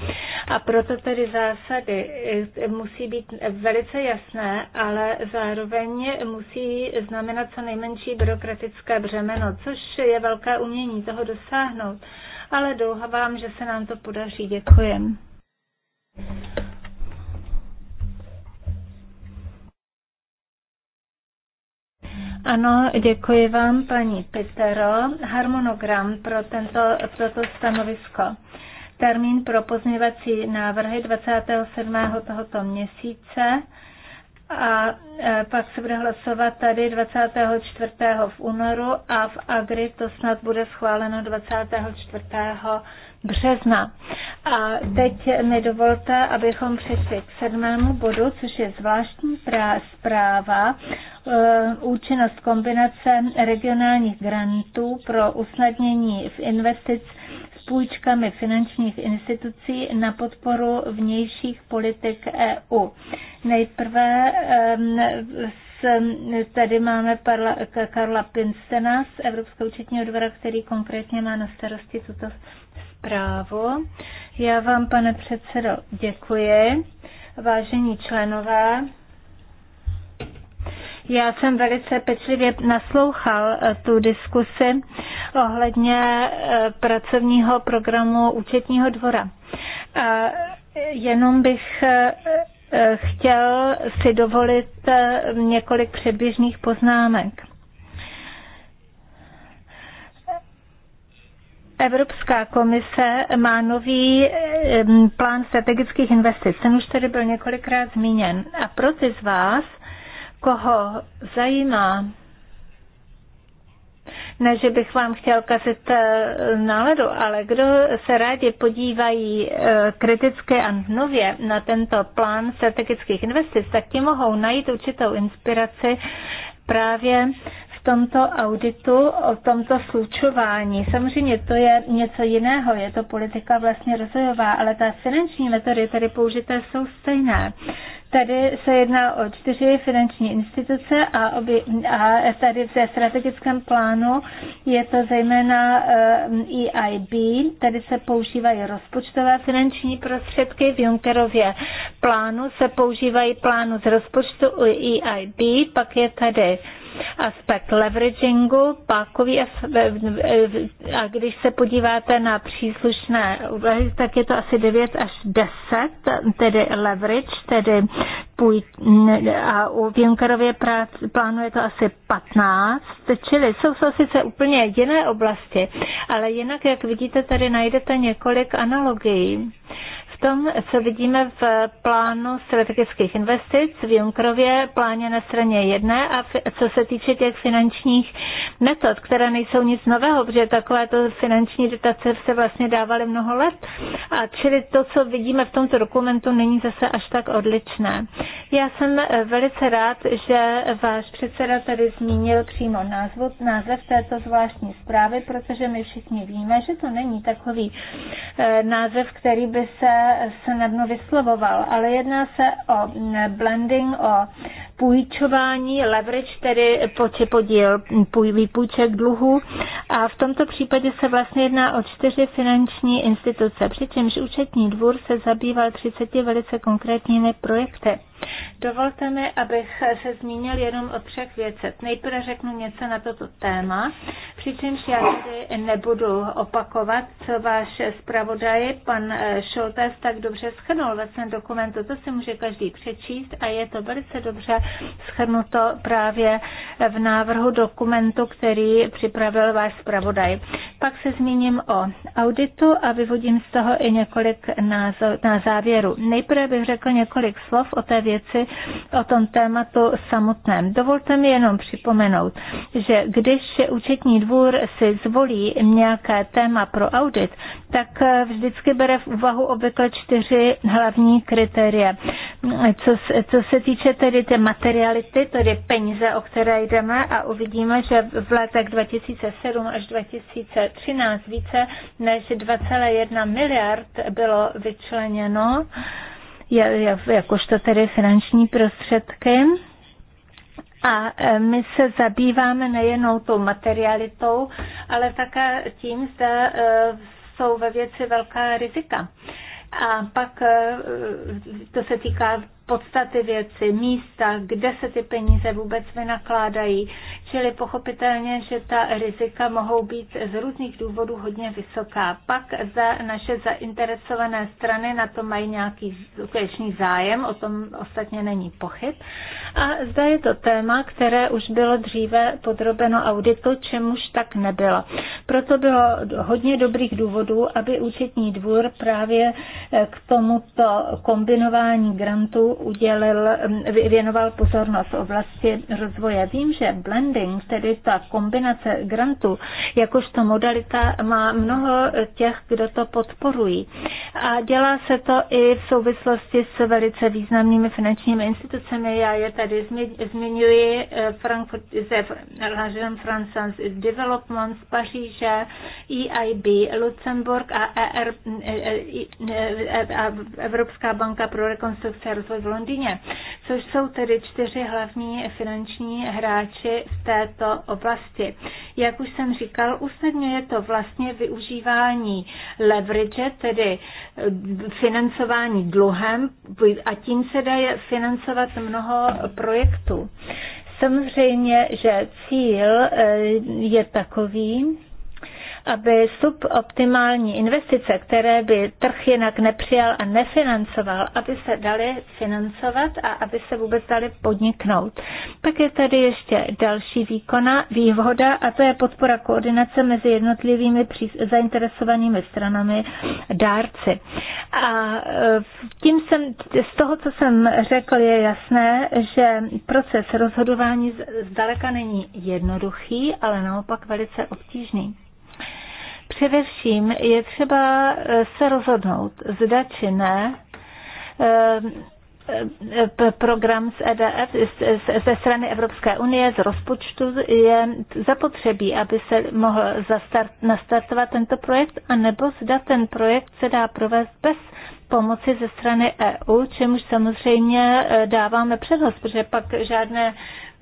A proto tedy zásady eh, musí být velice jasné, ale zároveň musí znamenat co nejmenší byrokratické břemeno, což je velké umění toho dosáhnout. Ale doufám, že se nám to podaří. Děkujem. Ano, děkuji vám, paní Petero. Harmonogram pro tento, to stanovisko. Termín pro pozměvací návrhy 27. tohoto měsíce a e, pak se bude hlasovat tady 24. v únoru a v Agri to snad bude schváleno 24 března. A teď mi dovolte, abychom přešli k sedmému bodu, což je zvláštní zpráva eh, účinnost kombinace regionálních grantů pro usnadnění v investic s půjčkami finančních institucí na podporu vnějších politik EU. Nejprve tady máme parla, Karla Pinstena z Evropského účetního dvora, který konkrétně má na starosti tuto právo. Já vám, pane předsedo, děkuji. Vážení členové, já jsem velice pečlivě naslouchal eh, tu diskusi ohledně eh, pracovního programu účetního dvora. A jenom bych eh, chtěl si dovolit několik předběžných poznámek. Evropská komise má nový plán strategických investic. Ten už tady byl několikrát zmíněn. A pro ty z vás, koho zajímá, ne, že bych vám chtěl kazit eh, náladu, ale kdo se rádi podívají eh, kriticky a nově na tento plán strategických investic, tak ti mohou najít určitou inspiraci právě tomto auditu, o tomto slučování. Samozřejmě to je něco jiného, je to politika vlastně rozvojová, ale ta finanční metody tady použité jsou stejné. Tady se jedná o čtyři finanční instituce a, obě, a tady té strategickém plánu je to zejména EIB. Eh, e tady se používají rozpočtové finanční prostředky. V Junckerově plánu se používají plánu z rozpočtu EIB. Pak je tady aspekt leveragingu, pákový a když se podíváte na příslušné úvahy, tak je to asi 9 až 10, tedy leverage, tedy půj, a u Junckerově prác, plánuje to asi 15, čili jsou to sice úplně jiné oblasti, ale jinak, jak vidíte, tady najdete několik analogií v tom, co vidíme v plánu strategických investic v Junkrově, pláně na straně jedné a co se týče těch finančních metod, které nejsou nic nového, protože takovéto finanční dotace se vlastně dávaly mnoho let. A čili to, co vidíme v tomto dokumentu, není zase až tak odličné. Já jsem velice rád, že váš předseda tady zmínil přímo názvu, název této zvláštní zprávy, protože my všichni víme, že to není takový eh, název, který by se snadno vyslovoval, ale jedná se o blending, o půjčování, leverage, tedy počet podíl výpůjček dluhu. A v tomto případě se vlastně jedná o čtyři finanční instituce, přičemž účetní dvůr se zabýval 30 velice konkrétními projekty. Dovolte mi, abych se zmínil jenom o třech věcech. Nejprve řeknu něco na toto téma, přičemž já tady nebudu opakovat, co váš zpravodaj, pan eh, Šoltes, tak dobře schrnul ve svém dokumentu. To si může každý přečíst a je to velice dobře schrnuto právě v návrhu dokumentu, který připravil váš zpravodaj. Pak se zmíním o auditu a vyvodím z toho i několik na závěru. Nejprve bych řekl několik slov o té věci, o tom tématu samotném. Dovolte mi jenom připomenout, že když účetní dvůr si zvolí nějaké téma pro audit, tak eh, vždycky bere v úvahu obvykle čtyři hlavní kritéria. Co, co se týče tedy té materiality, tedy peníze, o které jdeme a uvidíme, že v letech 2007 až 2000 13, více než 2,1 miliard bylo vyčleněno jakožto tedy finanční prostředky. A e, my se zabýváme nejenom tou materialitou, ale také tím, zda e, jsou ve věci velká rizika. A pak e, to se týká podstaty věci, místa, kde se ty peníze vůbec vynakládají. Čili pochopitelně, že ta rizika mohou být z různých důvodů hodně vysoká. Pak za naše zainteresované strany na to mají nějaký skutečný zájem, o tom ostatně není pochyb. A zde je to téma, které už bylo dříve podrobeno auditu, čemuž tak nebylo. Proto bylo hodně dobrých důvodů, aby účetní dvůr právě k tomuto kombinování grantů udělil, věnoval pozornost v oblasti rozvoje. Vím, že blending, tedy ta kombinace grantů, jakožto modalita, má mnoho těch, kdo to podporují. A dělá se to i v souvislosti s velice významnými finančními institucemi. Já je tady zmiňuji eh, Frankfurt, ze Agence France Development z Paříže, EIB, Lucemburg a ER, Evropská banka pro rekonstrukci a rozvoj v Londýně, což jsou tedy čtyři hlavní finanční hráči v této oblasti. Jak už jsem říkal, usnadňuje to vlastně využívání leverage, tedy eh, financování dluhem a tím se dá financovat mnoho projektů. Samozřejmě, že cíl eh, je takový, aby suboptimální investice, které by trh jinak nepřijal a nefinancoval, aby se daly financovat a aby se vůbec daly podniknout. Pak je tady ještě další výkona, výhoda a to je podpora koordinace mezi jednotlivými zainteresovanými stranami dárci. A e, tím jsem, z toho, co jsem řekl, je jasné, že proces rozhodování zdaleka není jednoduchý, ale naopak velice obtížný. Především je třeba eh, se rozhodnout, zda či ne eh, eh, program z EDF, ze strany Evropské unie, z rozpočtu je zapotřebí, aby se mohl zastart, nastartovat tento projekt, anebo zda ten projekt se dá provést bez pomoci ze strany EU, čemuž samozřejmě dáváme přednost, protože pak žádné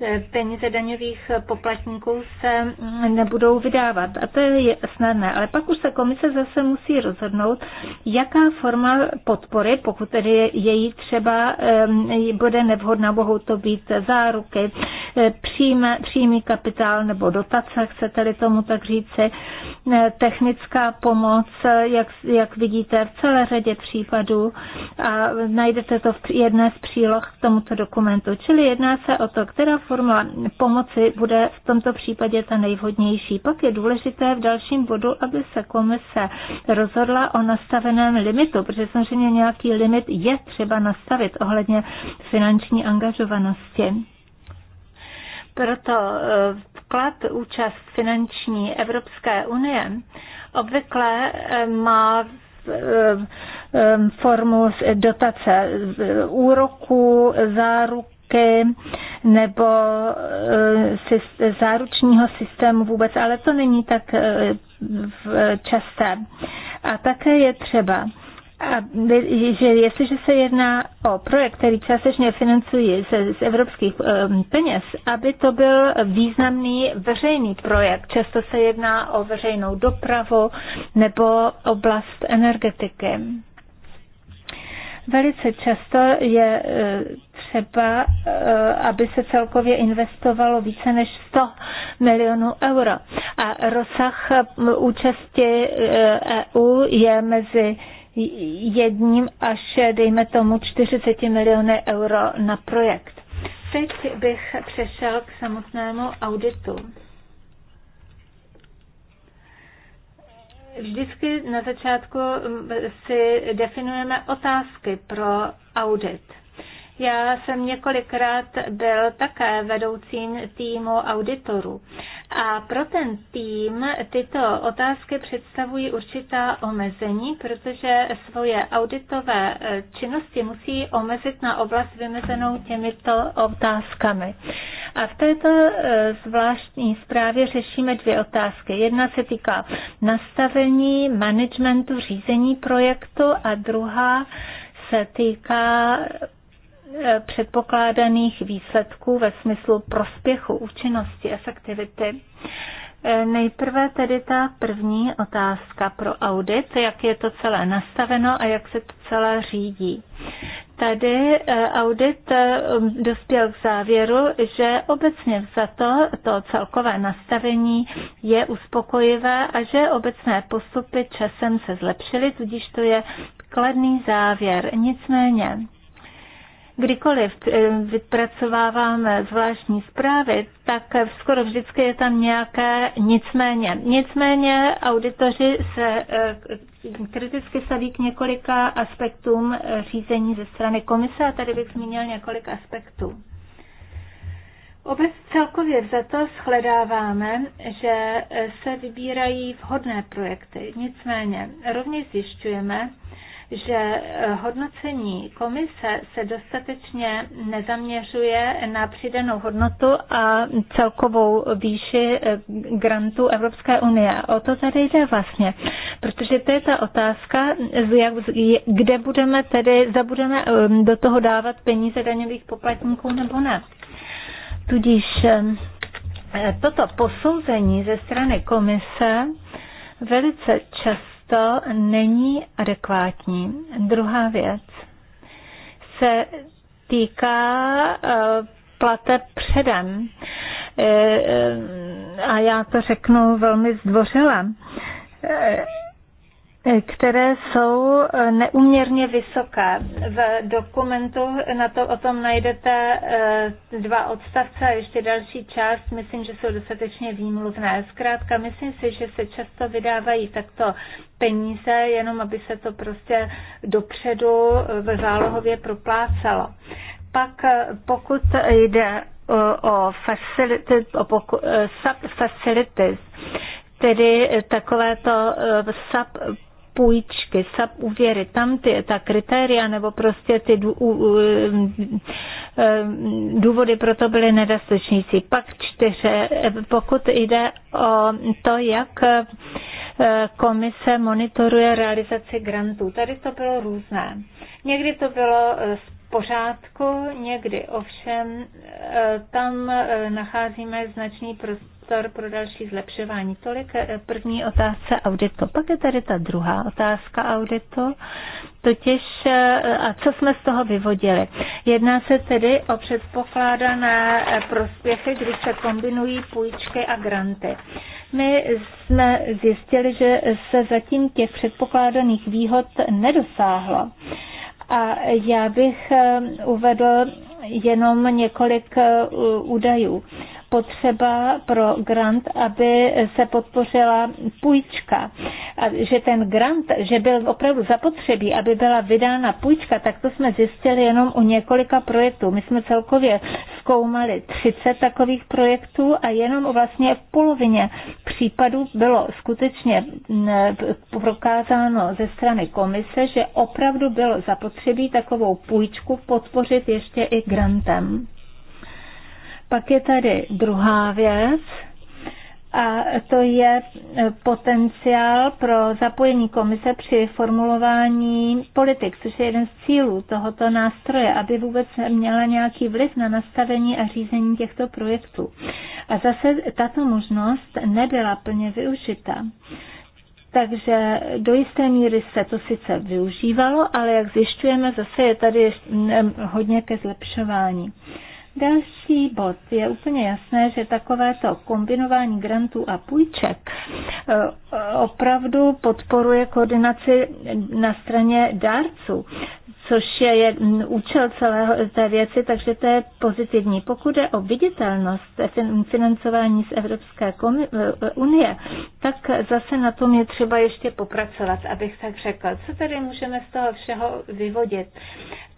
E, peníze daňových poplatníků se mm, nebudou vydávat. A to je snadné. Ale pak už se komise zase musí rozhodnout, jaká forma podpory, pokud tedy její třeba e, bude nevhodná, mohou to být záruky, e, příjme, přímý kapitál nebo dotace, chcete-li tomu tak říci, technická pomoc, jak, jak vidíte v celé řadě případů a najdete to v jedné z příloh k tomuto dokumentu. Čili jedná se o to, která forma forma pomoci bude v tomto případě ta nejvhodnější. Pak je důležité v dalším bodu, aby se komise rozhodla o nastaveném limitu, protože samozřejmě nějaký limit je třeba nastavit ohledně finanční angažovanosti. Proto eh, vklad účast finanční Evropské unie obvykle eh, má eh, formu dotace úroku, záruk, záruky nebo eh, záručního systému vůbec, ale to není tak eh, časté. A také je třeba, že jestliže se jedná o projekt, který částečně financují z, z evropských eh, peněz, aby to byl významný veřejný projekt. Často se jedná o veřejnou dopravu nebo oblast energetiky. Velice často je třeba, eh, aby se celkově investovalo více než 100 milionů euro. A rozsah eh, účasti EU eh, e je mezi jedním až, dejme tomu, 40 miliony euro na projekt. Teď bych přešel k samotnému auditu. Vždycky na začátku mm, si definujeme otázky pro audit. Já jsem několikrát byl také vedoucím týmu auditorů. A pro ten tým tyto otázky představují určitá omezení, protože svoje auditové eh, činnosti musí omezit na oblast vymezenou těmito otázkami. A v této eh, zvláštní zprávě řešíme dvě otázky. Jedna se týká nastavení, managementu, řízení projektu a druhá se týká předpokládaných výsledků ve smyslu prospěchu, účinnosti, efektivity. E, nejprve tedy ta první otázka pro audit, jak je to celé nastaveno a jak se to celé řídí. Tady e, audit e, dospěl k závěru, že obecně za to, to celkové nastavení je uspokojivé a že obecné postupy časem se zlepšily, tudíž to je kladný závěr. Nicméně Kdykoliv eh, vypracovávám zvláštní zprávy, tak skoro vždycky je tam nějaké nicméně. Nicméně auditoři se eh, kriticky staví k několika aspektům eh, řízení ze strany komise a tady bych zmínil několik aspektů. Obec celkově za to shledáváme, že se vybírají vhodné projekty. Nicméně rovněž zjišťujeme, že eh, hodnocení komise se dostatečně nezaměřuje na přidanou hodnotu a celkovou výši eh, grantu Evropské unie. O to tady jde vlastně, protože to je ta otázka, kde budeme tedy, zabudeme ehm, do toho dávat peníze daňových poplatníků nebo ne. Tudíž ehm, eh, toto posouzení ze strany komise velice často to není adekvátní. Druhá věc se týká eh, plate předem. Eh, eh, a já to řeknu velmi zdvořile které jsou eh, neuměrně vysoké. V dokumentu na to, o tom najdete eh, dva odstavce a ještě další část, myslím, že jsou dostatečně výmluvné. Zkrátka, myslím si, že se často vydávají takto peníze, jenom aby se to prostě dopředu eh, ve zálohově proplácelo. Pak pokud jde o, o, facility, o poku, sub facilities, tedy takovéto sub půjčky, sub úvěry, tam ty, ta kritéria nebo prostě ty um, um, důvody pro to byly nedostatečnící. Pak čtyře, eh, pokud jde o to, jak eh, komise monitoruje realizaci grantů. Tady to bylo různé. Někdy to bylo eh, pořádku, někdy ovšem tam nacházíme značný prostor pro další zlepšování. Tolik eh, první otázce audito, Pak je tady ta druhá otázka audito. totiž eh, a co jsme z toho vyvodili. Jedná se tedy o předpokládané eh, prospěchy, když se kombinují půjčky a granty. My jsme zjistili, že se zatím těch předpokládaných výhod nedosáhlo. A já bych uvedl jenom několik údajů potřeba pro grant, aby se podpořila půjčka. A že ten grant, že byl opravdu zapotřebí, aby byla vydána půjčka, tak to jsme zjistili jenom u několika projektů. My jsme celkově zkoumali 30 takových projektů a jenom vlastně v polovině případů bylo skutečně prokázáno ze strany komise, že opravdu bylo zapotřebí takovou půjčku podpořit ještě i grantem. Pak je tady druhá věc, a to je e, potenciál pro zapojení komise při formulování politik, což je jeden z cílů tohoto nástroje, aby vůbec měla nějaký vliv na nastavení a řízení těchto projektů. A zase tato možnost nebyla plně využita. Takže do jisté míry se to sice využívalo, ale jak zjišťujeme, zase je tady hodně ke zlepšování. Další bod. Je úplně jasné, že takovéto kombinování grantů a půjček eh, opravdu podporuje koordinaci na straně dárců což je, je účel celé té věci, takže to je pozitivní. Pokud je o viditelnost financování z Evropské eh, eh, unie, tak zase na tom je třeba ještě popracovat, abych tak řekl. Co tady můžeme z toho všeho vyvodit?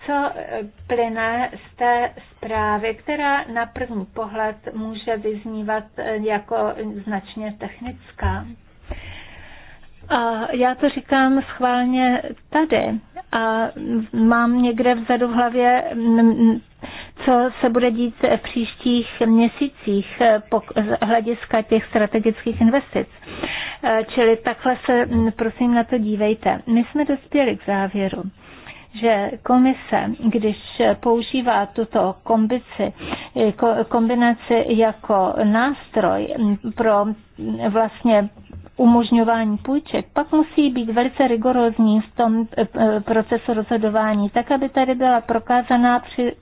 co eh, plyne z té zprávy, která na první pohled může vyznívat eh, jako značně technická. A já to říkám schválně tady a mám někde vzadu v hlavě, mm, mm, co se bude dít v příštích měsících eh, z hlediska těch strategických investic. Čili takhle se mm, prosím na to dívejte. My jsme dospěli k závěru, že komise, když používá tuto kombici, kombinaci jako nástroj pro vlastně umožňování půjček, pak musí být velice rigorózní v tom eh, eh, procesu rozhodování, tak aby tady byla prokázaná při,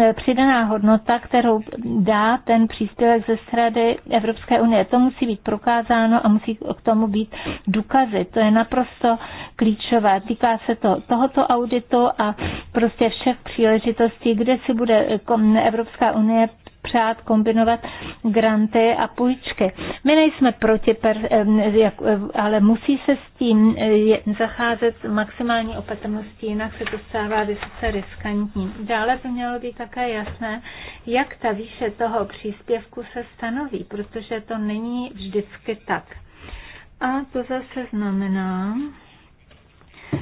eh, přidaná hodnota, kterou dá ten příspěvek ze strany Evropské unie. To musí být prokázáno a musí k tomu být důkazy. To je naprosto klíčové. Týká se to tohoto auditu a prostě všech příležitostí, kde si bude Evropská unie přát kombinovat granty a půjčky. My nejsme proti, ale musí se s tím eh, zacházet maximální opatrností, jinak se to stává vysoce riskantní. Dále by mělo být také jasné, jak ta výše toho příspěvku se stanoví, protože to není vždycky tak. A to zase znamená,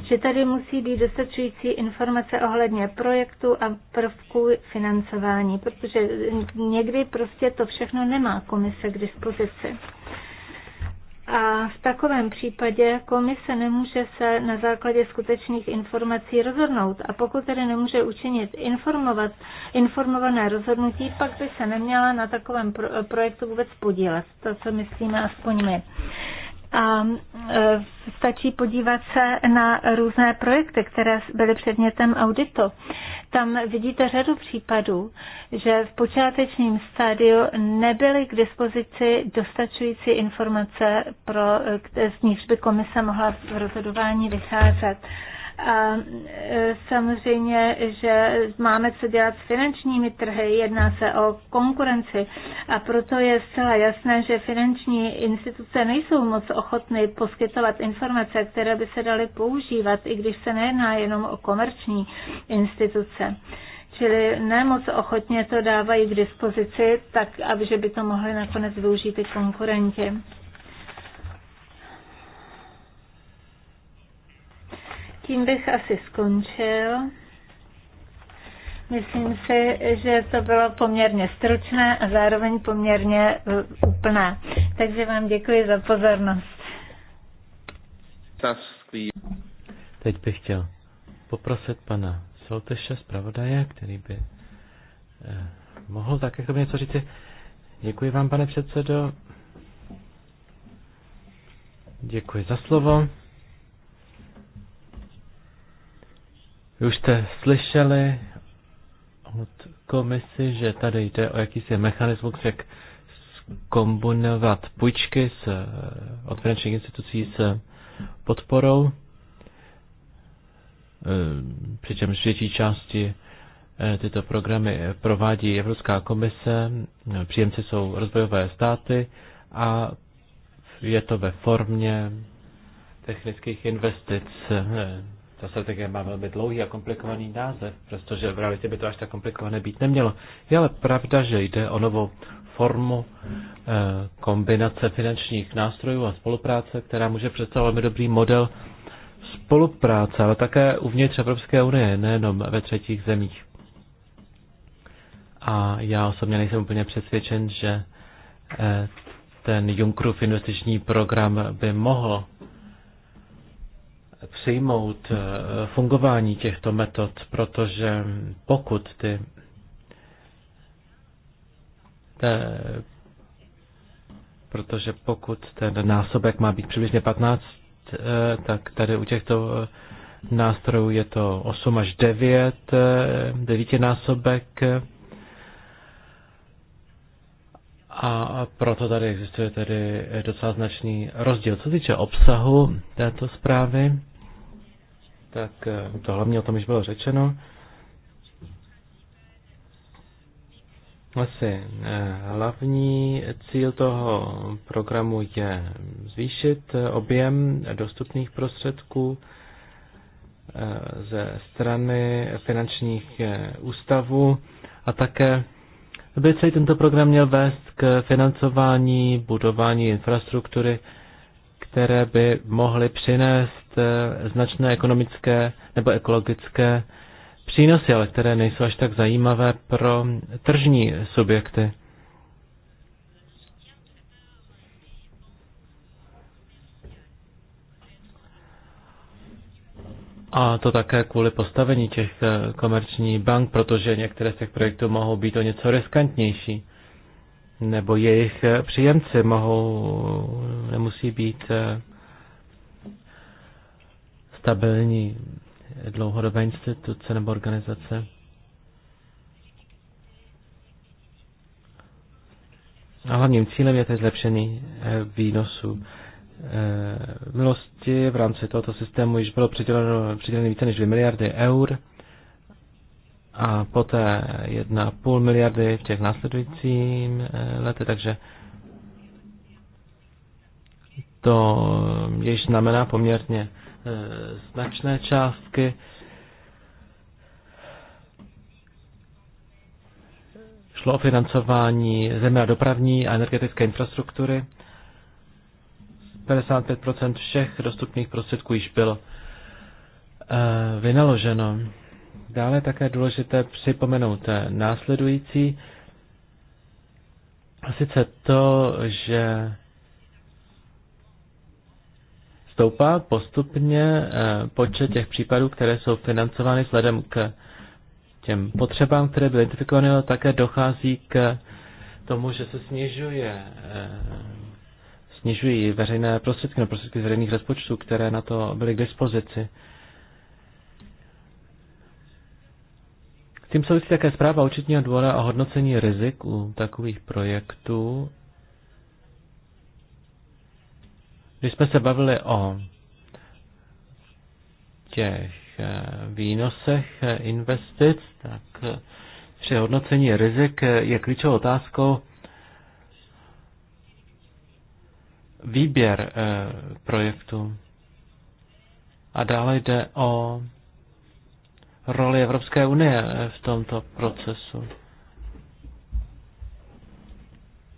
že tady musí být dostačující informace ohledně projektu a prvků financování, protože někdy prostě to všechno nemá komise k dispozici. A v takovém případě komise nemůže se na základě skutečných informací rozhodnout. A pokud tedy nemůže učinit informovat, informované rozhodnutí, pak by se neměla na takovém projektu vůbec podílet. To, co myslíme aspoň my. A e, stačí podívat se na různé projekty, které byly předmětem auditu. Tam vidíte řadu případů, že v počátečním stádiu nebyly k dispozici dostačující informace, pro, e, z nichž by komise mohla v rozhodování vycházet. A e, samozřejmě, že máme co dělat s finančními trhy, jedná se o konkurenci a proto je zcela jasné, že finanční instituce nejsou moc ochotny poskytovat informace, které by se daly používat, i když se nejedná jenom o komerční instituce čili nemoc ochotně to dávají k dispozici, tak aby že by to mohli nakonec využít i konkurenti. Tím bych asi skončil. Myslím si, že to bylo poměrně stručné a zároveň poměrně eh, úplné. Takže vám děkuji za pozornost. Teď bych chtěl poprosit pana Solteše zpravodaje, který by eh, mohl také k tomu něco říct. Děkuji vám, pane předsedo. Děkuji za slovo. Už jste slyšeli od komisy, že tady jde o jakýsi mechanismus, jak kombinovat půjčky s, eh, od finančních institucí s podporou, eh, přičemž větší části eh, tyto programy provádí Evropská komise, příjemci jsou rozvojové státy a je to ve formě technických investic ta je má velmi dlouhý a komplikovaný název, protože v realitě by to až tak komplikované být nemělo. Je ale pravda, že jde o novou formu eh, kombinace finančních nástrojů a spolupráce, která může představovat velmi dobrý model spolupráce, ale také uvnitř Evropské unie, nejenom ve třetích zemích. A já osobně nejsem úplně přesvědčen, že eh, ten Junckerův investiční program by mohl přijmout eh, fungování těchto metod, protože pokud ty te, eh, protože pokud ten násobek má být přibližně 15, eh, tak tady u těchto nástrojů je to 8 až 9, 9 násobek. A proto tady existuje tedy docela značný rozdíl. Co týče obsahu této zprávy, tak eh, to hlavně o tom již bylo řečeno. Asi eh, hlavní cíl toho programu je zvýšit eh, objem dostupných prostředků ze strany finančních ústavů a také aby celý tento program měl vést k financování budování infrastruktury které by mohly přinést eh, značné ekonomické nebo ekologické přínosy, ale které nejsou až tak zajímavé pro tržní subjekty. A to také kvůli postavení těch eh, komerčních bank, protože některé z těch projektů mohou být o něco riskantnější nebo jejich eh, příjemci mohou, nemusí být eh, stabilní dlouhodobé instituce nebo organizace. A hlavním cílem je tedy zlepšení eh, výnosu. Milosti v rámci tohoto systému již bylo přiděleno, přiděleno více než 2 miliardy eur a poté 1,5 miliardy v těch následujících eh, letech, takže to již znamená poměrně eh, značné částky. Šlo o financování země dopravní a energetické infrastruktury. 55% všech dostupných prostředků již bylo eh, vynaloženo. Dále také důležité připomenout následující, a sice to, že stoupá postupně eh, počet těch případů, které jsou financovány vzhledem k těm potřebám, které byly identifikovány, ale také dochází k tomu, že se snižuje, eh, snižují veřejné prostředky, prostředky z veřejných rozpočtů, které na to byly k dispozici. tím souvisí také zpráva účetního dvora a hodnocení rizik u takových projektů. Když jsme se bavili o těch eh, výnosech eh, investic, tak eh, při hodnocení rizik je klíčovou otázkou výběr projektu. A dále jde o roli Evropské unie v tomto procesu.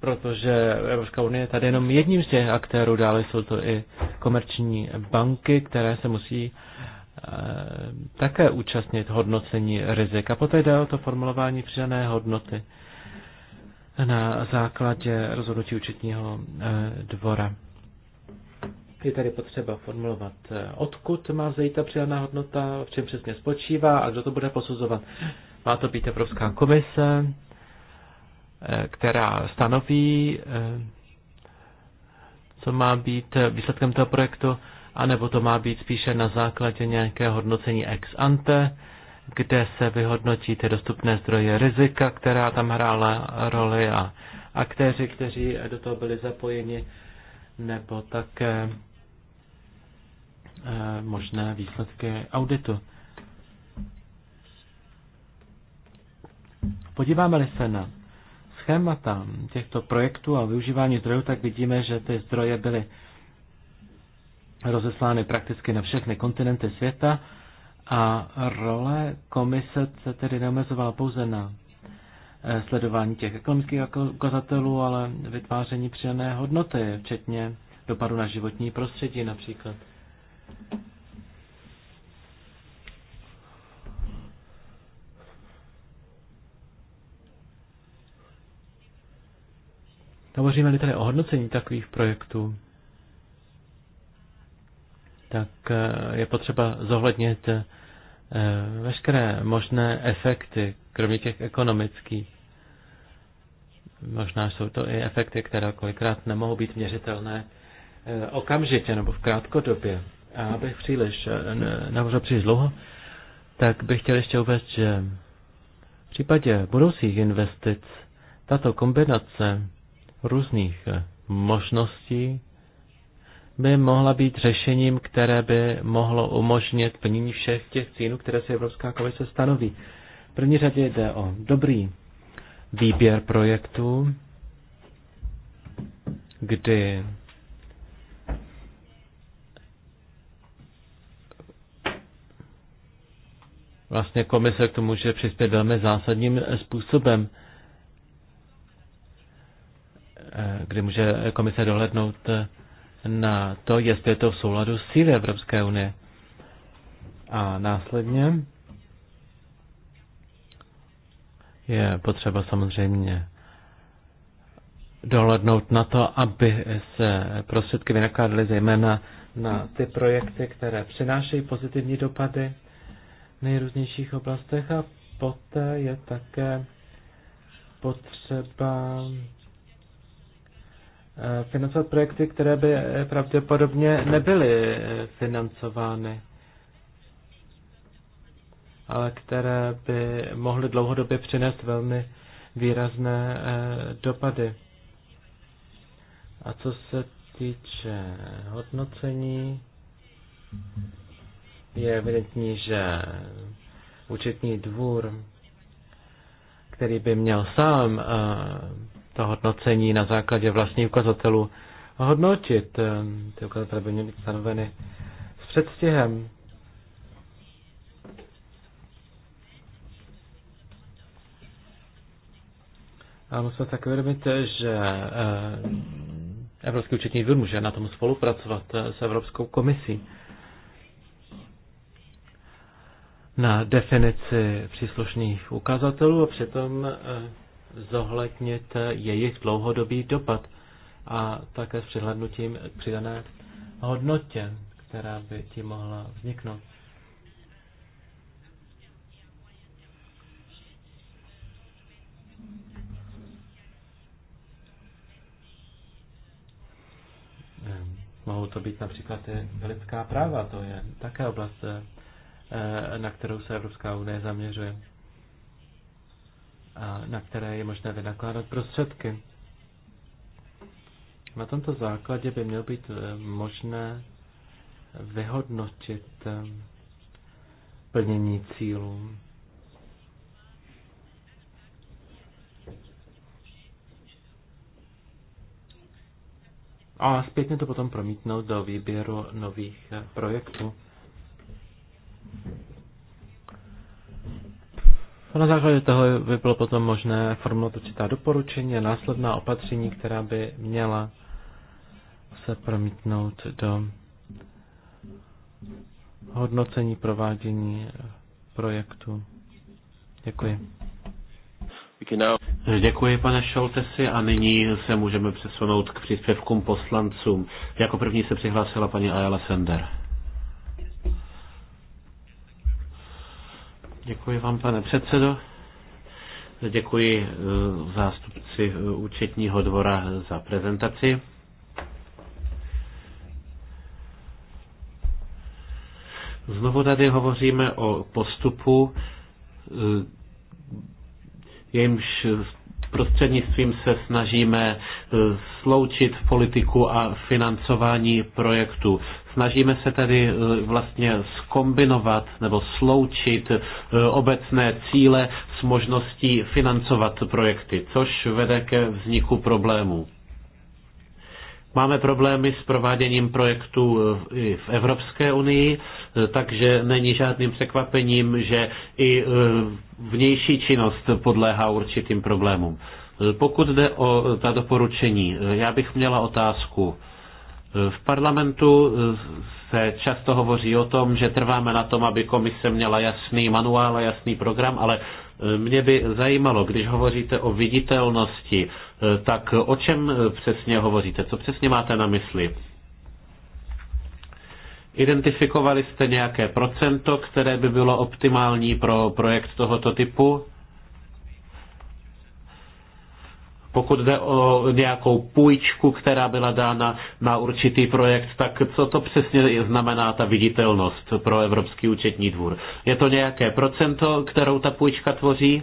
Protože Evropská unie je tady jenom jedním z těch aktérů, dále jsou to i komerční banky, které se musí eh, také účastnit hodnocení rizika. poté jde o to formulování přidané hodnoty na základě rozhodnutí účetního eh, dvora. Je tady potřeba formulovat, eh, odkud má vzejít ta přidaná hodnota, v čem přesně spočívá a kdo to bude posuzovat. Má to být Evropská komise, eh, která stanoví, eh, co má být výsledkem toho projektu, anebo to má být spíše na základě nějaké hodnocení ex ante, kde se vyhodnotí ty dostupné zdroje rizika, která tam hrála roli a aktéři, kteří do toho byli zapojeni, nebo také Eh, možné výsledky auditu. Podíváme-li se na schémata těchto projektů a využívání zdrojů, tak vidíme, že ty zdroje byly rozeslány prakticky na všechny kontinenty světa a role komise se tedy neomezovala pouze na eh, sledování těch ekonomických ukazatelů, ale vytváření přidané hodnoty, včetně dopadu na životní prostředí například. Hovoříme-li tady o hodnocení takových projektů, tak eh, je potřeba zohlednit eh, veškeré možné efekty, kromě těch ekonomických. Možná jsou to i efekty, které kolikrát nemohou být měřitelné eh, okamžitě nebo v krátkodobě abych příliš eh, nehovořil příliš dlouho, tak bych chtěl ještě uvést, že v případě budoucích investic tato kombinace různých eh, možností by mohla být řešením, které by mohlo umožnit plnění všech těch cílů, které si Evropská komise stanoví. V první řadě jde o dobrý výběr projektů, kdy vlastně komise k tomu může přispět velmi zásadním způsobem, eh, kdy může komise dohlednout eh, na to, jestli je to v souladu s cíly Evropské unie. A následně je potřeba samozřejmě dohlednout na to, aby se prostředky vynakládaly zejména na ty projekty, které přinášejí pozitivní dopady nejrůznějších oblastech a poté je také potřeba eh, financovat projekty, které by eh, pravděpodobně nebyly eh, financovány, ale které by mohly dlouhodobě přinést velmi výrazné dopady. A co se týče hodnocení, je evidentní, že účetní dvůr, který by měl sám eh, to hodnocení na základě vlastních ukazatelů hodnotit, eh, ty ukazatele by měly být stanoveny s předstihem. A musíme tak uvědomit, že eh, Evropský účetní dvůr může na tom spolupracovat s Evropskou komisí. na definici příslušných ukazatelů a přitom eh, zohlednit jejich dlouhodobý dopad a také s přihlednutím k přidané hodnotě, která by tím mohla vzniknout. Eh, mohou to být například i lidská práva, to je také oblast eh, Eh, na kterou se Evropská unie zaměřuje a na které je možné vynakládat prostředky. Na tomto základě by mělo být eh, možné vyhodnotit eh, plnění cílů. A zpětně to potom promítnout do výběru nových projektů na základě toho by bylo potom možné formulovat určitá doporučení a následná opatření, která by měla se promítnout do hodnocení provádění projektu. Děkuji. Děkuji, pane Šoltesi, a nyní se můžeme přesunout k příspěvkům poslancům. Jako první se přihlásila paní Ayala Sender. Děkuji vám, pane předsedo. Děkuji eh, zástupci eh, účetního dvora za prezentaci. Znovu tady hovoříme o postupu, eh, jejímž prostřednictvím se snažíme e, sloučit politiku a financování projektu. Snažíme se tedy e, vlastně skombinovat nebo sloučit e, obecné cíle s možností financovat projekty, což vede ke vzniku problémů. Máme problémy s prováděním projektů eh, i v Evropské unii, eh, takže není žádným překvapením, že i eh, vnější činnost podléhá určitým problémům. Pokud jde o ta doporučení, já bych měla otázku. V parlamentu eh, se často hovoří o tom, že trváme na tom, aby komise měla jasný manuál a jasný program, ale eh, mě by zajímalo, když hovoříte o viditelnosti, eh, tak o čem přesně hovoříte? Co přesně máte na mysli? Identifikovali jste nějaké procento, které by bylo optimální pro projekt tohoto typu? Pokud jde o nějakou půjčku, která byla dána na určitý projekt, tak co to přesně znamená ta viditelnost pro Evropský účetní dvůr? Je to nějaké procento, kterou ta půjčka tvoří?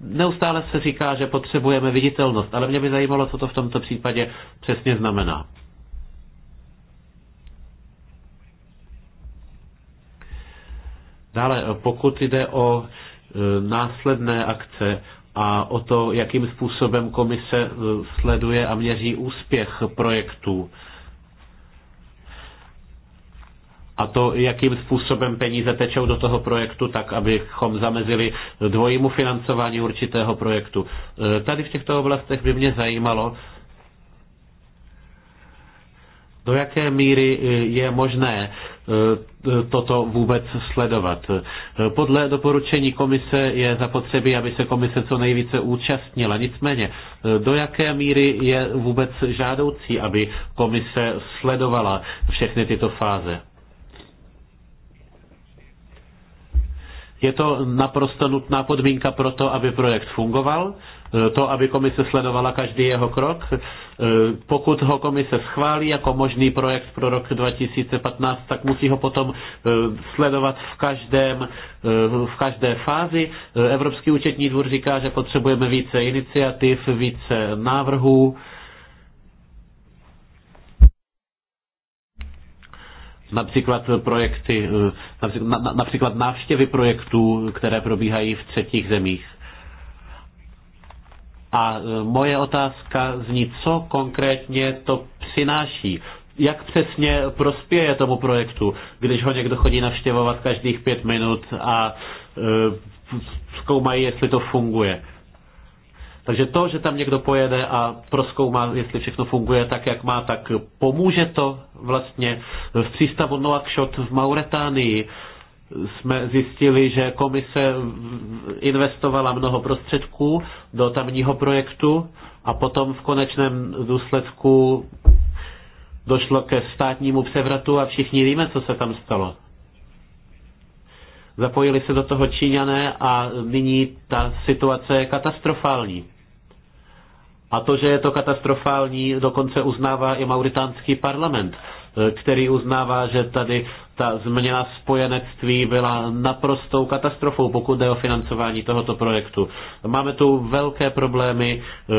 Neustále se říká, že potřebujeme viditelnost, ale mě by zajímalo, co to v tomto případě přesně znamená. Dále, pokud jde o e, následné akce, a o to, jakým způsobem komise e, sleduje a měří úspěch projektů. A to, jakým způsobem peníze tečou do toho projektu, tak abychom zamezili dvojímu financování určitého projektu. E, tady v těchto oblastech by mě zajímalo, do jaké míry eh, je možné eh, toto vůbec sledovat. Eh, podle doporučení komise je zapotřebí, aby se komise co nejvíce účastnila. Nicméně, do jaké míry je vůbec žádoucí, aby komise sledovala všechny tyto fáze? Je to naprosto nutná podmínka pro to, aby projekt fungoval to, aby komise sledovala každý jeho krok. E, pokud ho komise schválí jako možný projekt pro rok 2015, tak musí ho potom e, sledovat v, každém, e, v každé fázi. Evropský účetní dvůr říká, že potřebujeme více iniciativ, více návrhů. například projekty, například návštěvy projektů, které probíhají v třetích zemích. A e, moje otázka zní, co konkrétně to přináší. Jak přesně prospěje tomu projektu, když ho někdo chodí navštěvovat každých pět minut a e, zkoumají, jestli to funguje. Takže to, že tam někdo pojede a proskoumá, jestli všechno funguje tak, jak má, tak pomůže to vlastně v přístavu Noakšot v Mauretánii jsme zjistili, že komise investovala mnoho prostředků do tamního projektu a potom v konečném důsledku došlo ke státnímu převratu a všichni víme, co se tam stalo. Zapojili se do toho Číňané a nyní ta situace je katastrofální. A to, že je to katastrofální, dokonce uznává i mauritánský parlament který uznává, že tady ta změna spojenectví byla naprostou katastrofou, pokud jde o financování tohoto projektu. Máme tu velké problémy eh,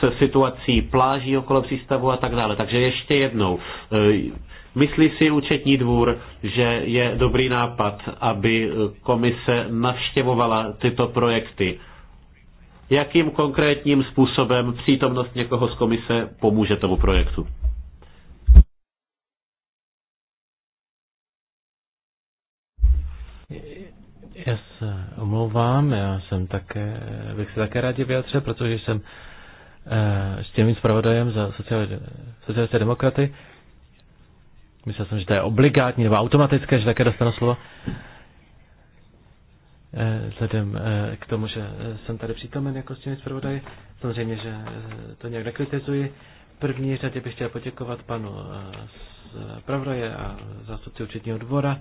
se situací pláží okolo přístavu a tak dále. Takže ještě jednou, eh, Myslí si účetní dvůr, že je dobrý nápad, aby eh, komise navštěvovala tyto projekty? Jakým konkrétním způsobem přítomnost někoho z komise pomůže tomu projektu? Já se omlouvám, já jsem také, bych se také rádi vyjadřil, protože jsem eh, s tím zpravodajem za sociální demokraty. Myslel jsem, že to je obligátní nebo automatické, že také dostanu slovo. Eh, vzhledem eh, k tomu, že jsem tady přítomen jako s tím zpravodaj, samozřejmě, že to nějak nekritizuji. V první řadě bych chtěl poděkovat panu zpravodaje a zástupci účetního dvora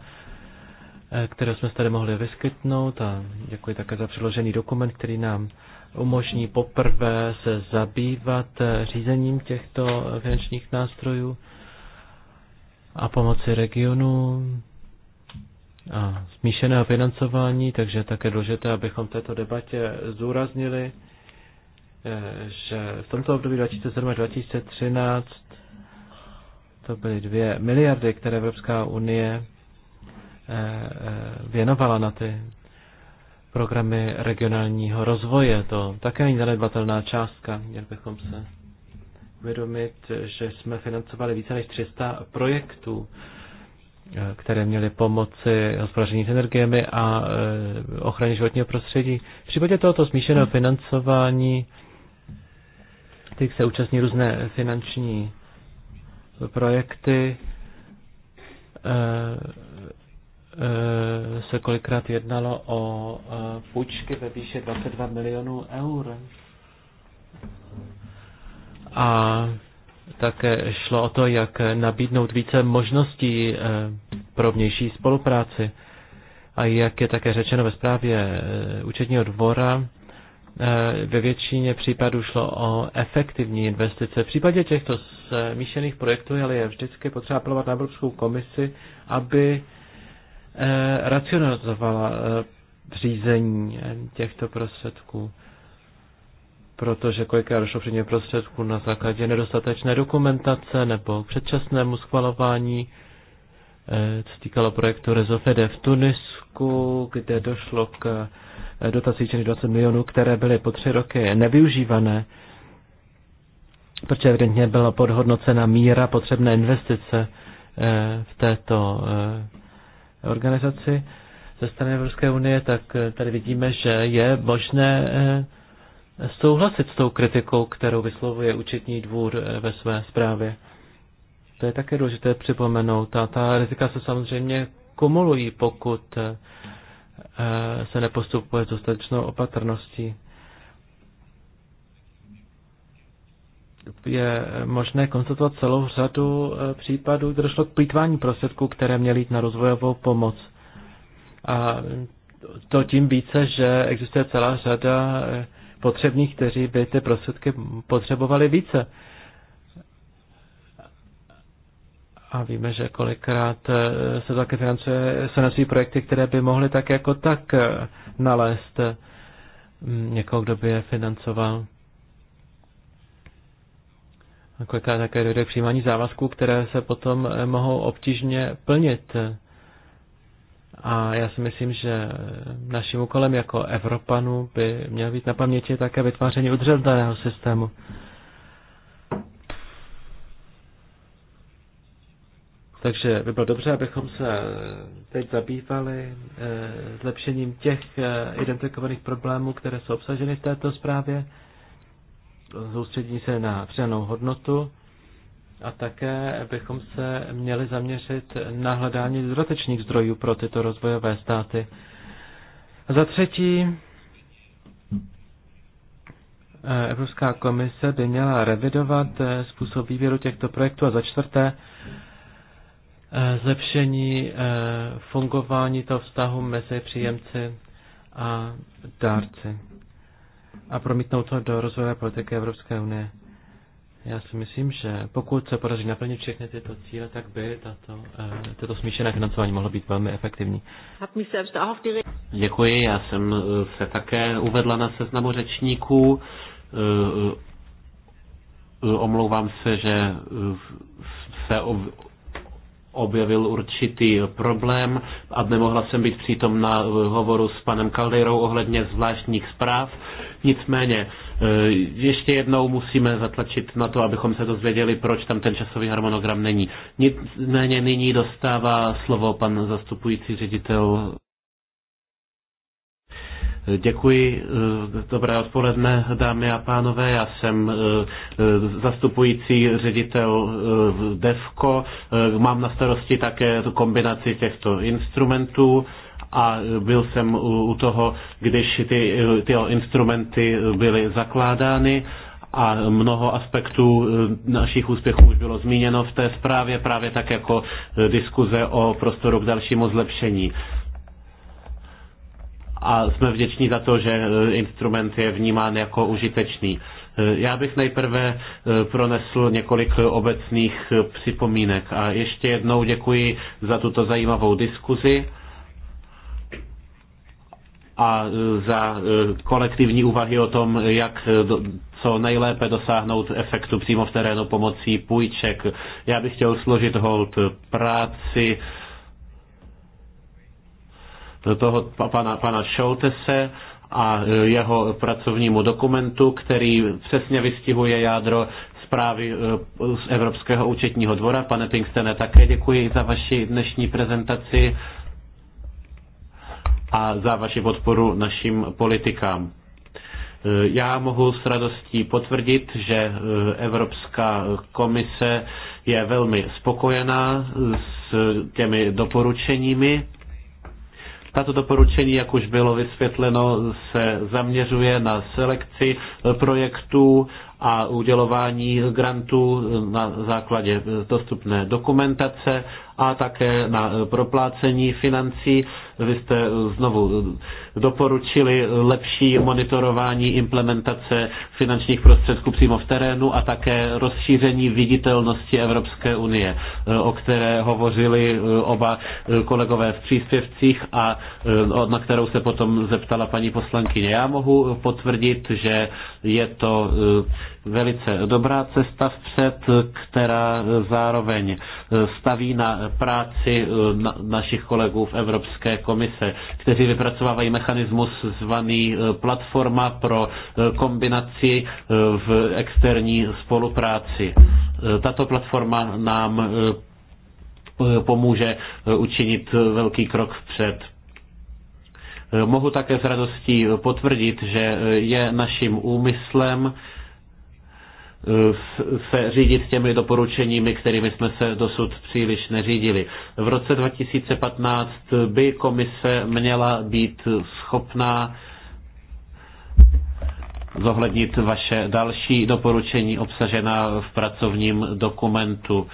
Eh, které jsme tady mohli vyskytnout a děkuji také za přiložený dokument, který nám umožní poprvé se zabývat eh, řízením těchto eh, finančních nástrojů a pomoci regionu a smíšeného financování, takže také důležité, abychom v této debatě zúraznili, že v tomto období 2007 2013 to byly dvě miliardy, které Evropská unie Eh, eh, věnovala na ty programy regionálního rozvoje. To také není zanedbatelná částka, měli bychom se uvědomit, že jsme financovali více než 300 projektů, eh, které měly pomoci hospodaření s energiemi a ochraně životního prostředí. V případě tohoto smíšeného financování těch se účastní různé finanční projekty, Eh, se kolikrát jednalo o eh, půjčky ve výši 22 milionů eur. A také šlo o to, jak nabídnout více možností eh, pro vnější spolupráci. A jak je také řečeno ve zprávě účetního dvora, ve většině případů šlo o efektivní investice. V případě těchto smíšených projektů ale je vždycky potřeba apelovat na Evropskou komisi, aby Eh, racionalizovala eh, řízení eh, těchto prostředků, protože kolikrát došlo předně prostředků na základě nedostatečné dokumentace nebo k předčasnému schvalování, co týkalo projektu Rezofede v Tunisku, kde došlo k dotací 20 milionů, které byly po tři roky nevyužívané, protože evidentně byla podhodnocena míra potřebné investice v této organizaci ze strany Evropské unie, tak eh, tady vidíme, že je možné eh, souhlasit s tou kritikou, kterou vyslovuje účetní dvůr eh, ve své zprávě. To je také důležité připomenout. A ta rizika se samozřejmě kumulují, pokud se nepostupuje s dostatečnou opatrností. je možné konstatovat celou řadu eh, případů, kde došlo k plýtvání prostředků, které měly jít na rozvojovou pomoc. A to tím více, že existuje celá řada eh, potřebných, kteří by ty prostředky potřebovali více. A víme, že kolikrát eh, se také financuje, se financují projekty, které by mohly tak jako tak nalézt někoho, kdo by je financoval kolikrát jako také dojde k přijímání závazků, které se potom eh, mohou obtížně plnit. A já si myslím, že naším úkolem jako Evropanů by měl být na paměti také vytváření udržitelného systému. Takže by bylo dobře, abychom se teď zabývali eh, zlepšením těch eh, identifikovaných problémů, které jsou obsaženy v této zprávě soustředí se na přidanou hodnotu a také bychom se měli zaměřit na hledání dodatečných zdrojů pro tyto rozvojové státy. A za třetí, Evropská komise by měla revidovat způsob výběru těchto projektů a za čtvrté zlepšení eh, fungování toho vztahu mezi příjemci a dárci a promítnout to do rozvoje politiky Evropské unie. Já si myslím, že pokud se podaří naplnit všechny tyto cíle, tak by tato, eh, tyto smíšené financování mohlo být velmi efektivní. Děkuji, já jsem eh, se také uvedla na seznamu řečníků. Eh, omlouvám se, že se objevil určitý problém a nemohla jsem být přítom na hovoru s panem Kaldejrou ohledně zvláštních zpráv. Nicméně e, ještě jednou musíme zatlačit na to, abychom se dozvěděli, proč tam ten časový harmonogram není. Nicméně nyní dostává slovo pan zastupující ředitel Děkuji. Eh, dobré odpoledne, dámy a pánové. Já jsem eh, eh, zastupující ředitel DEVKO. Mám na starosti také kombinaci těchto instrumentů a byl jsem u toho, když ty, ty instrumenty byly zakládány a mnoho aspektů našich úspěchů už bylo zmíněno v té zprávě, právě tak jako diskuze o prostoru k dalšímu zlepšení a jsme vděční za to, že eh, instrument je vnímán jako užitečný. Eh, já bych nejprve eh, pronesl několik obecných připomínek a ještě jednou děkuji za tuto zajímavou diskuzi a za kolektivní úvahy o tom, jak co nejlépe dosáhnout efektu přímo v terénu pomocí půjček. Já bych chtěl složit hold práci toho pana, pana Šoltese a e, jeho pracovnímu dokumentu, který přesně vystihuje jádro zprávy e, z Evropského účetního dvora. Pane Pinkstene, také děkuji za vaši dnešní prezentaci a za vaši podporu našim politikám. E, já mohu s radostí potvrdit, že Evropská komise je velmi spokojená s těmi doporučeními tato doporučení, jak už bylo vysvětleno, se zaměřuje na selekci projektů a udělování grantů na základě dostupné dokumentace a také na proplácení financí. Vy jste znovu doporučili lepší monitorování implementace finančních prostředků přímo v terénu a také rozšíření viditelnosti Evropské unie, o které hovořili oba kolegové v příspěvcích a na kterou se potom zeptala paní poslankyně. Já mohu potvrdit, že je to velice dobrá cesta vpřed, která zároveň staví na práci eh, našich kolegů v Evropské komise, kteří vypracovávají mechanismus zvaný eh, Platforma pro eh, kombinaci v externí spolupráci. Tato platforma nám pomůže učinit velký krok vpřed Mohu také s radostí potvrdit, že je naším úmyslem se řídit těmi doporučeními, kterými jsme se dosud příliš neřídili. V roce 2015 by komise měla být schopná zohlednit vaše další doporučení obsažená v pracovním dokumentu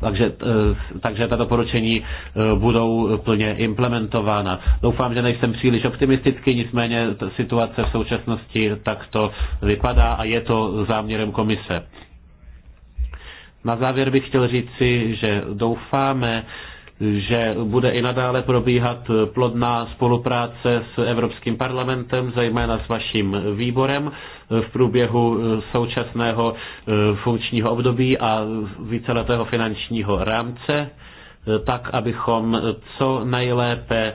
takže, eh, takže tato doporučení eh, budou plně implementována. Doufám, že nejsem příliš optimistický, nicméně situace v současnosti takto vypadá a je to záměrem komise. Na závěr bych chtěl říci, že doufáme, že bude i nadále probíhat plodná spolupráce s Evropským parlamentem, zejména s vaším výborem v průběhu současného eh, funkčního období a víceletého finančního rámce, eh, tak abychom co nejlépe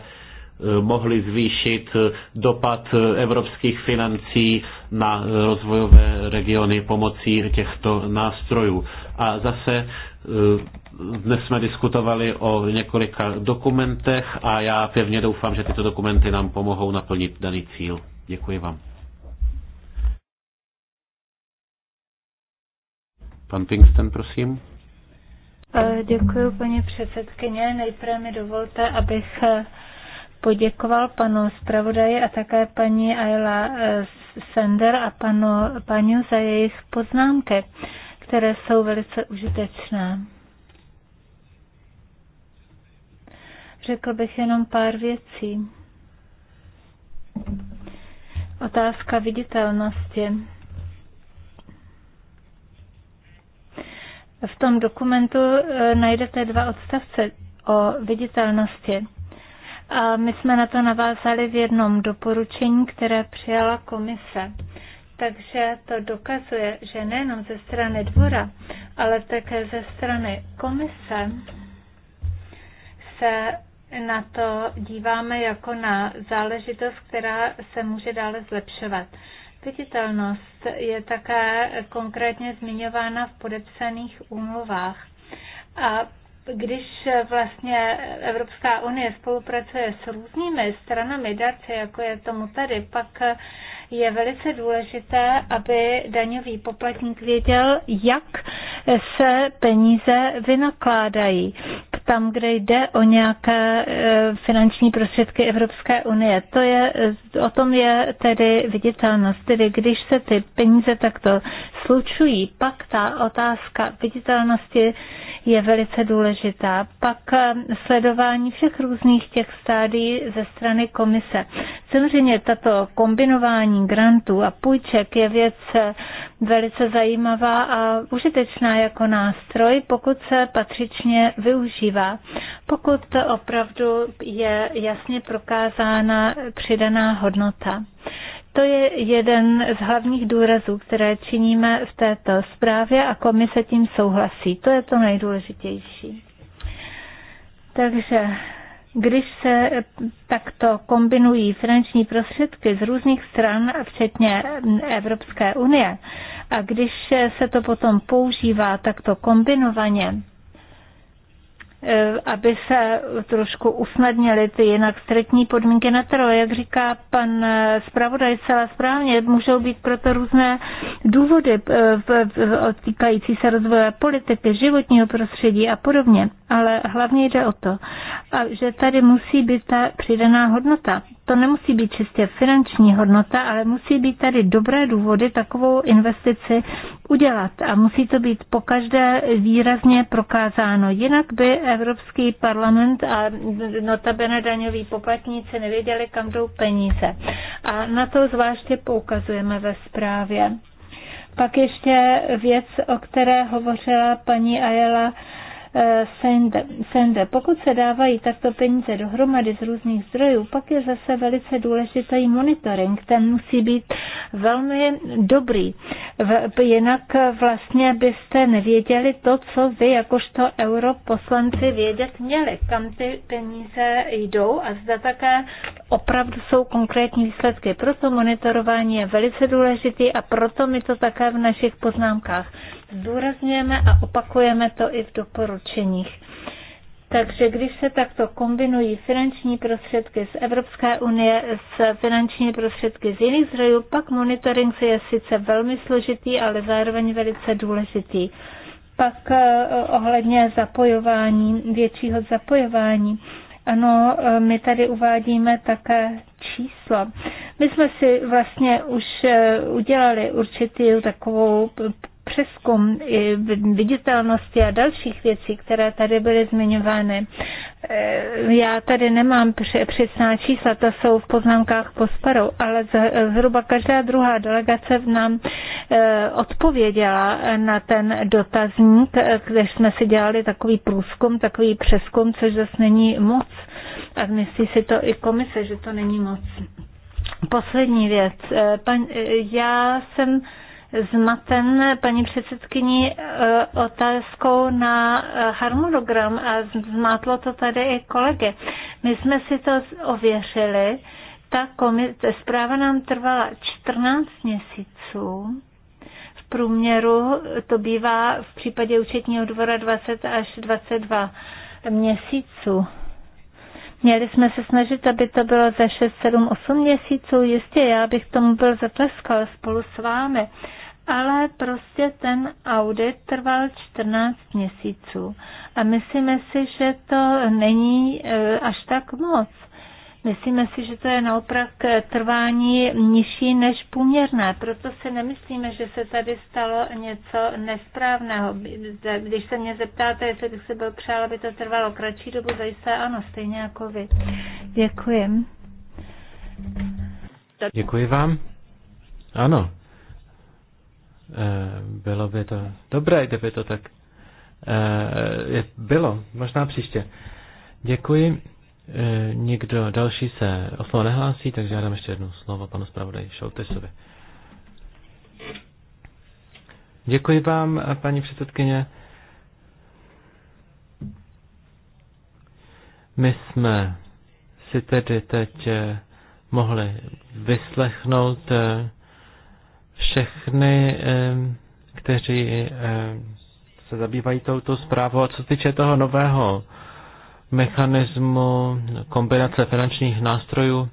mohli zvýšit dopad evropských financí na rozvojové regiony pomocí těchto nástrojů. A zase eh, dnes jsme diskutovali o několika dokumentech a já pevně doufám, že tyto dokumenty nám pomohou naplnit daný cíl. Děkuji vám. Pan Pinkston, prosím. Eh, děkuji, paní předsedkyně. Nejprve mi dovolte, abych eh, poděkoval panu zpravodaji a také paní Ayla eh, Sender a panu panu za jejich poznámky, které jsou velice užitečné. Řekl bych jenom pár věcí. Otázka viditelnosti. V tom dokumentu eh, najdete dva odstavce o viditelnosti. A my jsme na to navázali v jednom doporučení, které přijala komise. Takže to dokazuje, že nejenom ze strany dvora, ale také ze strany komise se na to díváme jako na záležitost, která se může dále zlepšovat. Viditelnost je také konkrétně zmiňována v podepsaných úmluvách. A když vlastně Evropská unie spolupracuje s různými stranami darce, jako je tomu tady, pak je velice důležité, aby daňový poplatník věděl, jak se peníze vynakládají tam, kde jde o nějaké e, finanční prostředky Evropské unie. To je, o tom je tedy viditelnost. Tedy když se ty peníze takto slučují, pak ta otázka viditelnosti je velice důležitá. Pak eh, sledování všech různých těch stádií ze strany komise. Samozřejmě tato kombinování grantů a půjček je věc eh, velice zajímavá a užitečná jako nástroj, pokud se patřičně využívá. Pokud opravdu je jasně prokázána přidaná hodnota. To je jeden z hlavních důrazů, které činíme v této zprávě a komise tím souhlasí. To je to nejdůležitější. Takže když se takto kombinují finanční prostředky z různých stran, včetně Evropské unie, a když se to potom používá takto kombinovaně, Eh, aby se trošku usnadnily ty jinak striktní podmínky na trhu. Jak říká pan eh, zpravodaj celá správně, můžou být proto různé důvody eh, týkající se rozvoje politiky, životního prostředí a podobně. Ale hlavně jde o to, že tady musí být ta přidaná hodnota, to nemusí být čistě finanční hodnota, ale musí být tady dobré důvody takovou investici udělat a musí to být pokaždé výrazně prokázáno. Jinak by Evropský parlament a notabene daňoví poplatníci nevěděli, kam jdou peníze. A na to zvláště poukazujeme ve zprávě. Pak ještě věc, o které hovořila paní Ayala sende. sende. Pokud se dávají takto peníze dohromady z různých zdrojů, pak je zase velice důležitý monitoring. Ten musí být velmi dobrý. Jinak vlastně byste nevěděli to, co vy jakožto europoslanci vědět měli, kam ty peníze jdou a zda také opravdu jsou konkrétní výsledky. Proto monitorování je velice důležitý a proto mi to také v našich poznámkách zdůrazňujeme a opakujeme to i v doporučeních. Takže když se takto kombinují finanční prostředky z Evropské unie s finanční prostředky z jiných zdrojů, pak monitoring se je sice velmi složitý, ale zároveň velice důležitý. Pak eh, ohledně zapojování, většího zapojování. Ano, eh, my tady uvádíme také číslo. My jsme si vlastně už eh, udělali určitý takovou přeskum viditelnosti a dalších věcí, které tady byly zmiňovány. Eh, já tady nemám přesná čísla, to jsou v poznámkách posparu, ale zhruba každá druhá delegace v nám eh, odpověděla na ten dotazník, eh, když jsme si dělali takový průzkum, takový přeskum, což zase není moc. A myslí si to i komise, že to není moc. Poslední věc. Pan, já jsem zmaten paní předsedkyni e, otázkou na e, harmonogram a zmátlo to tady i kolegy. My jsme si to ověřili. Ta komise, zpráva nám trvala 14 měsíců V průměru to bývá v případě účetního dvora 20 až 22 měsíců. Měli jsme se snažit, aby to bylo za 6, 7, 8 měsíců. Jistě já bych tomu byl zatleskal spolu s vámi ale prostě ten audit trval 14 měsíců a myslíme si, že to není e, až tak moc. Myslíme si, že to je naopak trvání nižší než průměrné, proto si nemyslíme, že se tady stalo něco nesprávného. Když se mě zeptáte, jestli bych se byl přál, aby to trvalo kratší dobu, zajisté ano, stejně jako vy. Děkuji. Děkuji vám. Ano, Eh, bylo by to dobré, kdyby to tak eh, bylo. Možná příště. Děkuji. Eh, Někdo další se o slovo nehlásí, takže já dám ještě jedno slovo panu zpravodaji Šoutesovi. Děkuji vám, paní předsedkyně. My jsme si tedy teď mohli vyslechnout všechny, kteří se zabývají touto zprávou. A co týče toho nového mechanismu kombinace finančních nástrojů,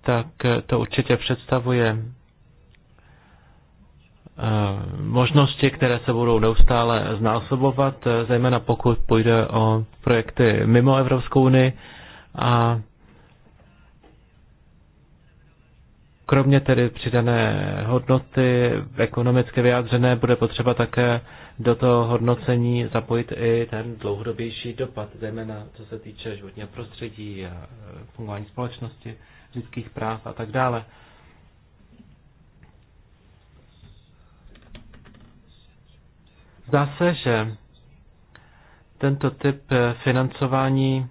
tak to určitě představuje možnosti, které se budou neustále znásobovat, zejména pokud půjde o projekty mimo Evropskou unii a Kromě tedy přidané hodnoty ekonomicky vyjádřené bude potřeba také do toho hodnocení zapojit i ten dlouhodobější dopad, zejména co se týče životního prostředí, a e, fungování společnosti, lidských práv a tak dále. Zdá se, že tento typ e, financování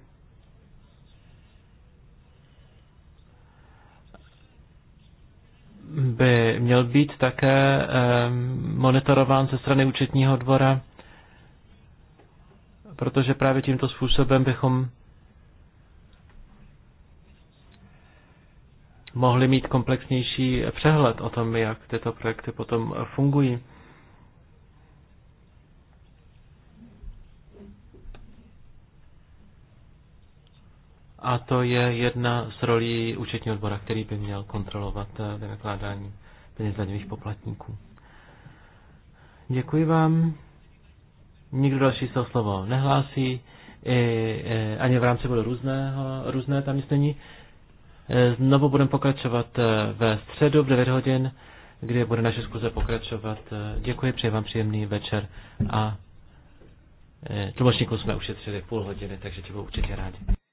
by měl být také monitorován ze strany účetního dvora, protože právě tímto způsobem bychom mohli mít komplexnější přehled o tom, jak tyto projekty potom fungují. A to je jedna z rolí účetního odbora, který by měl kontrolovat eh, vynakládání peněz daňových poplatníků. Děkuji vám. Nikdo další se o slovo nehlásí, i, i, eh, ani v rámci bodu různého, různé tam nic není. Eh, znovu budeme pokračovat ve středu v 9 hodin, kdy bude naše zkuze pokračovat. Děkuji, přeji vám příjemný večer a tlumočníků jsme ušetřili půl hodiny, takže tě budu určitě rádi.